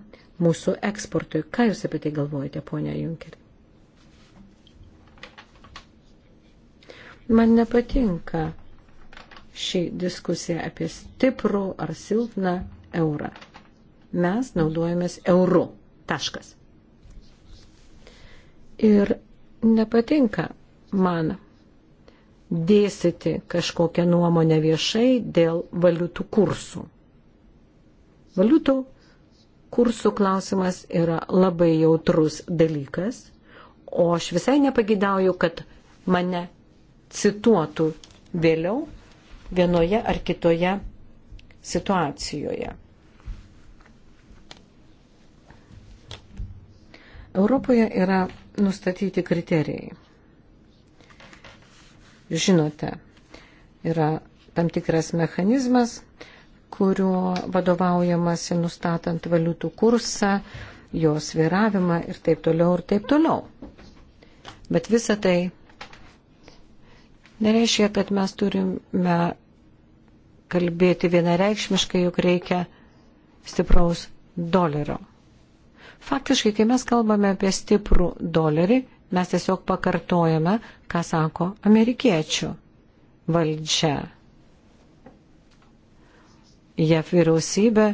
mūsų eksportui. Ką Jūs apie tai galvojate, ponia Junker? Man nepatinka ši diskusija apie stiprų ar silpną eurą. Mes naudojamės euru. Taškas. Ir nepatinka man dėsyti kažkokią nuomonę viešai dėl valiutų kursų. Valiutų kursų klausimas yra labai jautrus dalykas, o aš visai nepagidauju, kad mane cituotų vėliau vienoje ar kitoje situacijoje. Europoje yra nustatyti kriterijai. Žinote, yra tam tikras mechanizmas, kuriuo vadovaujamasi nustatant valiutų kursą, jos viravimą ir taip toliau ir taip toliau. Bet visa tai Nereiškia, kad mes turime kalbėti vienareikšmiškai, juk reikia stipraus dolerio. Faktiškai, kai mes kalbame apie stiprų dolerį, mes tiesiog pakartojame, ką sako amerikiečių valdžia. JAF vyriausybė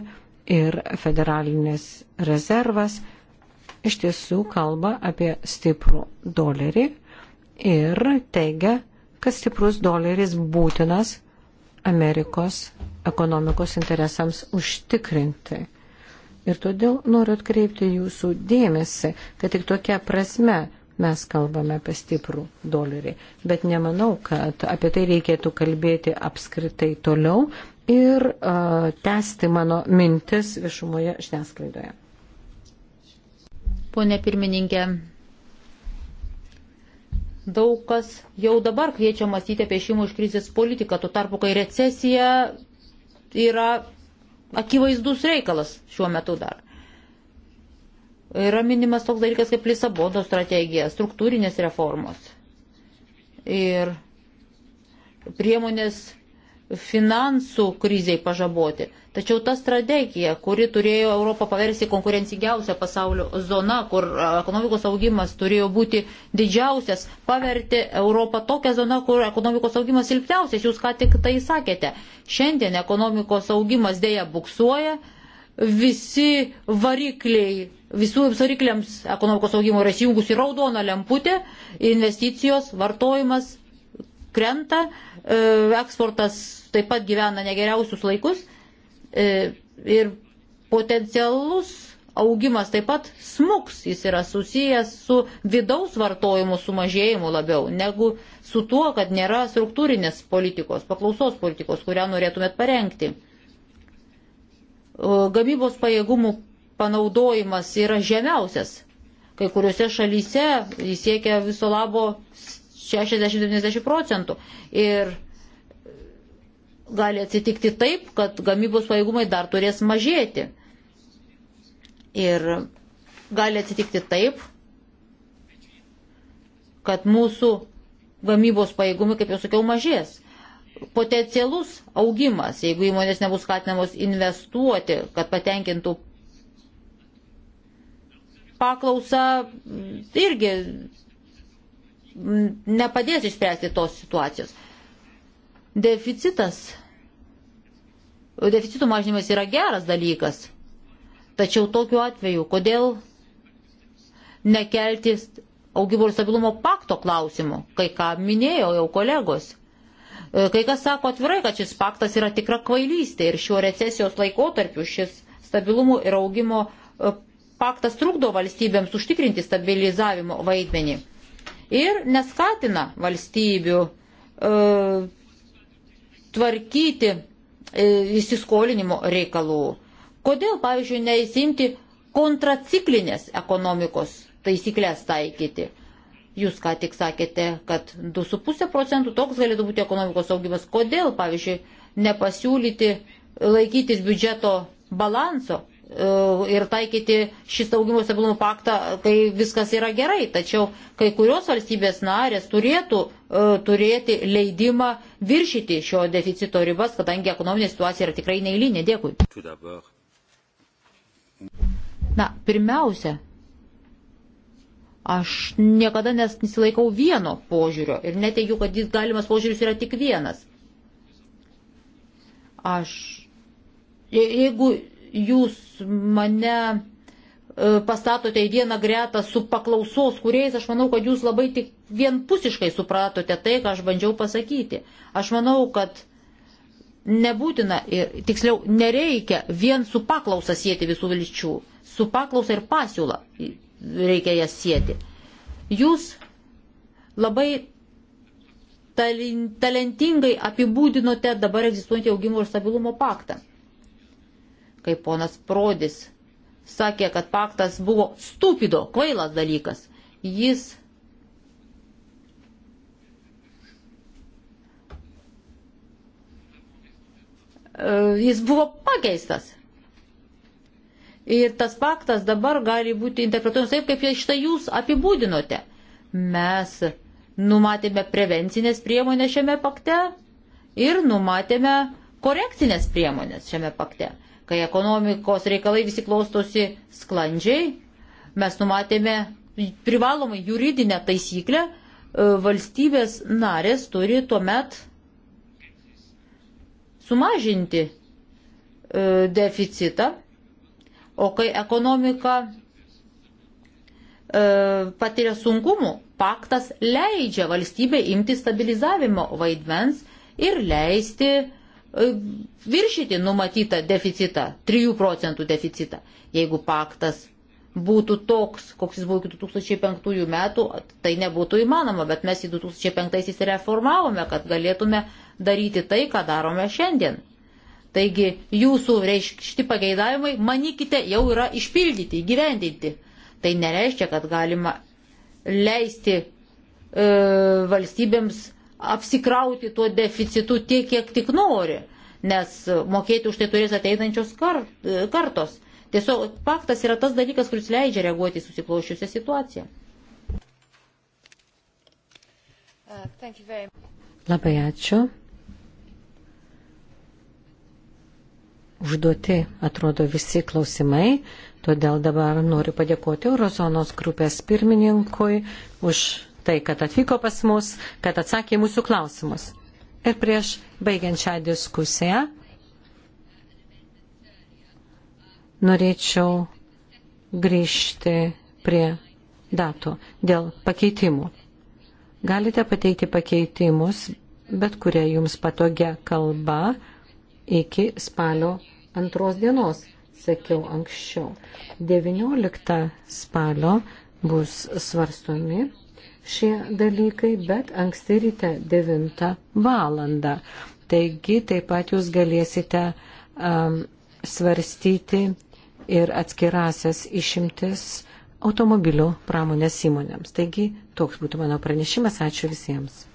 ir federalinis rezervas iš tiesų kalba apie stiprų dolerį ir teigia, kad stiprus doleris būtinas Amerikos ekonomikos interesams užtikrinti. Ir todėl noriu atkreipti jūsų dėmesį, kad tik tokia prasme mes kalbame apie stiprų dolerį. Bet nemanau, kad apie tai reikėtų kalbėti apskritai toliau ir uh, tęsti mano mintis viešumoje žiniasklaidoje. Pone pirmininkė, daug kas jau dabar kviečia mąstyti apie šeimų iš krizės politiką, tuo tarpu, kai recesija yra akivaizdus reikalas šiuo metu dar. Yra minimas toks dalykas kaip Lisabono strategija, struktūrinės reformos ir priemonės finansų kriziai pažaboti. Tačiau ta strategija, kuri turėjo Europą paversti konkurencingiausią pasaulio zoną, kur e, ekonomikos augimas turėjo būti didžiausias, pavertė Europą tokią zoną, kur ekonomikos augimas silpniausias, jūs ką tik tai sakėte. Šiandien ekonomikos augimas dėja buksuoja, visi varikliai, visų varikliams ekonomikos augimo yra įjungusi raudona lemputė, investicijos, vartojimas krenta, e, eksportas taip pat gyvena negeriausius laikus e, ir potencialus augimas taip pat smuks, jis yra susijęs su vidaus vartojimu sumažėjimu labiau negu su tuo, kad nėra struktūrinės politikos, paklausos politikos, kurią norėtumėt parengti. Gamybos pajėgumų panaudojimas yra žemiausias. Kai kuriuose šalyse jis siekia viso labo 60-90 procentų. Ir gali atsitikti taip, kad gamybos pajėgumai dar turės mažėti. Ir gali atsitikti taip, kad mūsų gamybos pajėgumai, kaip jau sakiau, mažės. Potencialus augimas, jeigu įmonės nebus skatinamos investuoti, kad patenkintų paklausą, irgi nepadės išspręsti tos situacijos. Deficitas. Deficito mažinimas yra geras dalykas. Tačiau tokiu atveju, kodėl nekelti augimo ir stabilumo pakto klausimų, kai ką minėjo jau kolegos. E, kai kas sako atvirai, kad šis paktas yra tikra kvailystė ir šiuo recesijos laikotarpiu šis stabilumo ir augimo e, paktas trukdo valstybėms užtikrinti stabilizavimo vaidmenį ir neskatina valstybių e, tvarkyti e, įsiskolinimo reikalų. Kodėl, pavyzdžiui, neįsimti kontraciklinės ekonomikos taisyklės taikyti? Jūs ką tik sakėte, kad 2,5 procentų toks galėtų būti ekonomikos augimas. Kodėl, pavyzdžiui, nepasiūlyti laikytis biudžeto balanso, E, ir taikyti šitą augimo stabilumo paktą, kai viskas yra gerai. Tačiau kai kurios valstybės narės turėtų uh, turėti leidimą viršyti šio deficito ribas, kadangi ekonominė situacija yra tikrai neįlynė. Dėkui. Na, pirmiausia, aš niekada nesilaikau vieno požiūrio ir neteigiu, kad jis galimas požiūris yra tik vienas. Aš, jeigu jūs mane e, pastatote į vieną gretą su paklausos kuriais, aš manau, kad jūs labai tik vienpusiškai supratote tai, ką aš bandžiau pasakyti. Aš manau, kad nebūtina ir tiksliau nereikia vien su paklausa sėti visų vilčių. Su paklausa ir pasiūla reikia jas sėti. Jūs labai talentingai apibūdinote dabar egzistuojantį augimo ir stabilumo paktą kai ponas Prodis sakė, kad paktas buvo stupido, kvailas dalykas. Jis e, Jis buvo pakeistas. Ir tas paktas dabar gali būti interpretuojamas taip, kaip štai jūs apibūdinote. Mes numatėme prevencinės priemonės šiame pakte ir numatėme korekcinės priemonės šiame pakte kai ekonomikos reikalai visi klostosi sklandžiai, mes numatėme privalomą juridinę taisyklę, e, valstybės narės turi tuomet sumažinti e, deficitą, o kai ekonomika e, patiria sunkumų, paktas leidžia valstybė imti stabilizavimo vaidmens ir leisti E, viršyti numatytą deficitą, 3 procentų deficitą. Jeigu paktas būtų toks, koks jis buvo iki 2005 metų, tai nebūtų įmanoma, bet mes į 2005 reformavome, kad galėtume daryti tai, ką darome šiandien. Taigi jūsų reikšti pageidavimai, manykite, jau yra išpildyti, įgyvendinti. Tai nereiškia, kad galima leisti e, valstybėms apsikrauti tuo deficitu tiek, kiek tik nori, nes mokėti už tai turės ateinančios kartos. Tiesiog paktas yra tas dalykas, kuris leidžia reaguoti į susiklošiusią situaciją. Uh, Labai ačiū. Užduoti atrodo visi klausimai, todėl dabar noriu padėkoti Eurozonos grupės pirmininkui už tai, kad atvyko pas mus, kad atsakė mūsų klausimus. Ir prieš baigiant šią diskusiją norėčiau grįžti prie datų dėl pakeitimų. Galite pateikti pakeitimus bet kuria jums patogia kalba iki spalio antros dienos, sakiau anksčiau. 19 spalio bus svarstomi šie dalykai, bet anksti ryte 9 valandą. Taigi taip pat jūs galėsite um, svarstyti ir atskirasias išimtis automobilių pramonės įmonėms. Taigi toks būtų mano pranešimas. Ačiū visiems.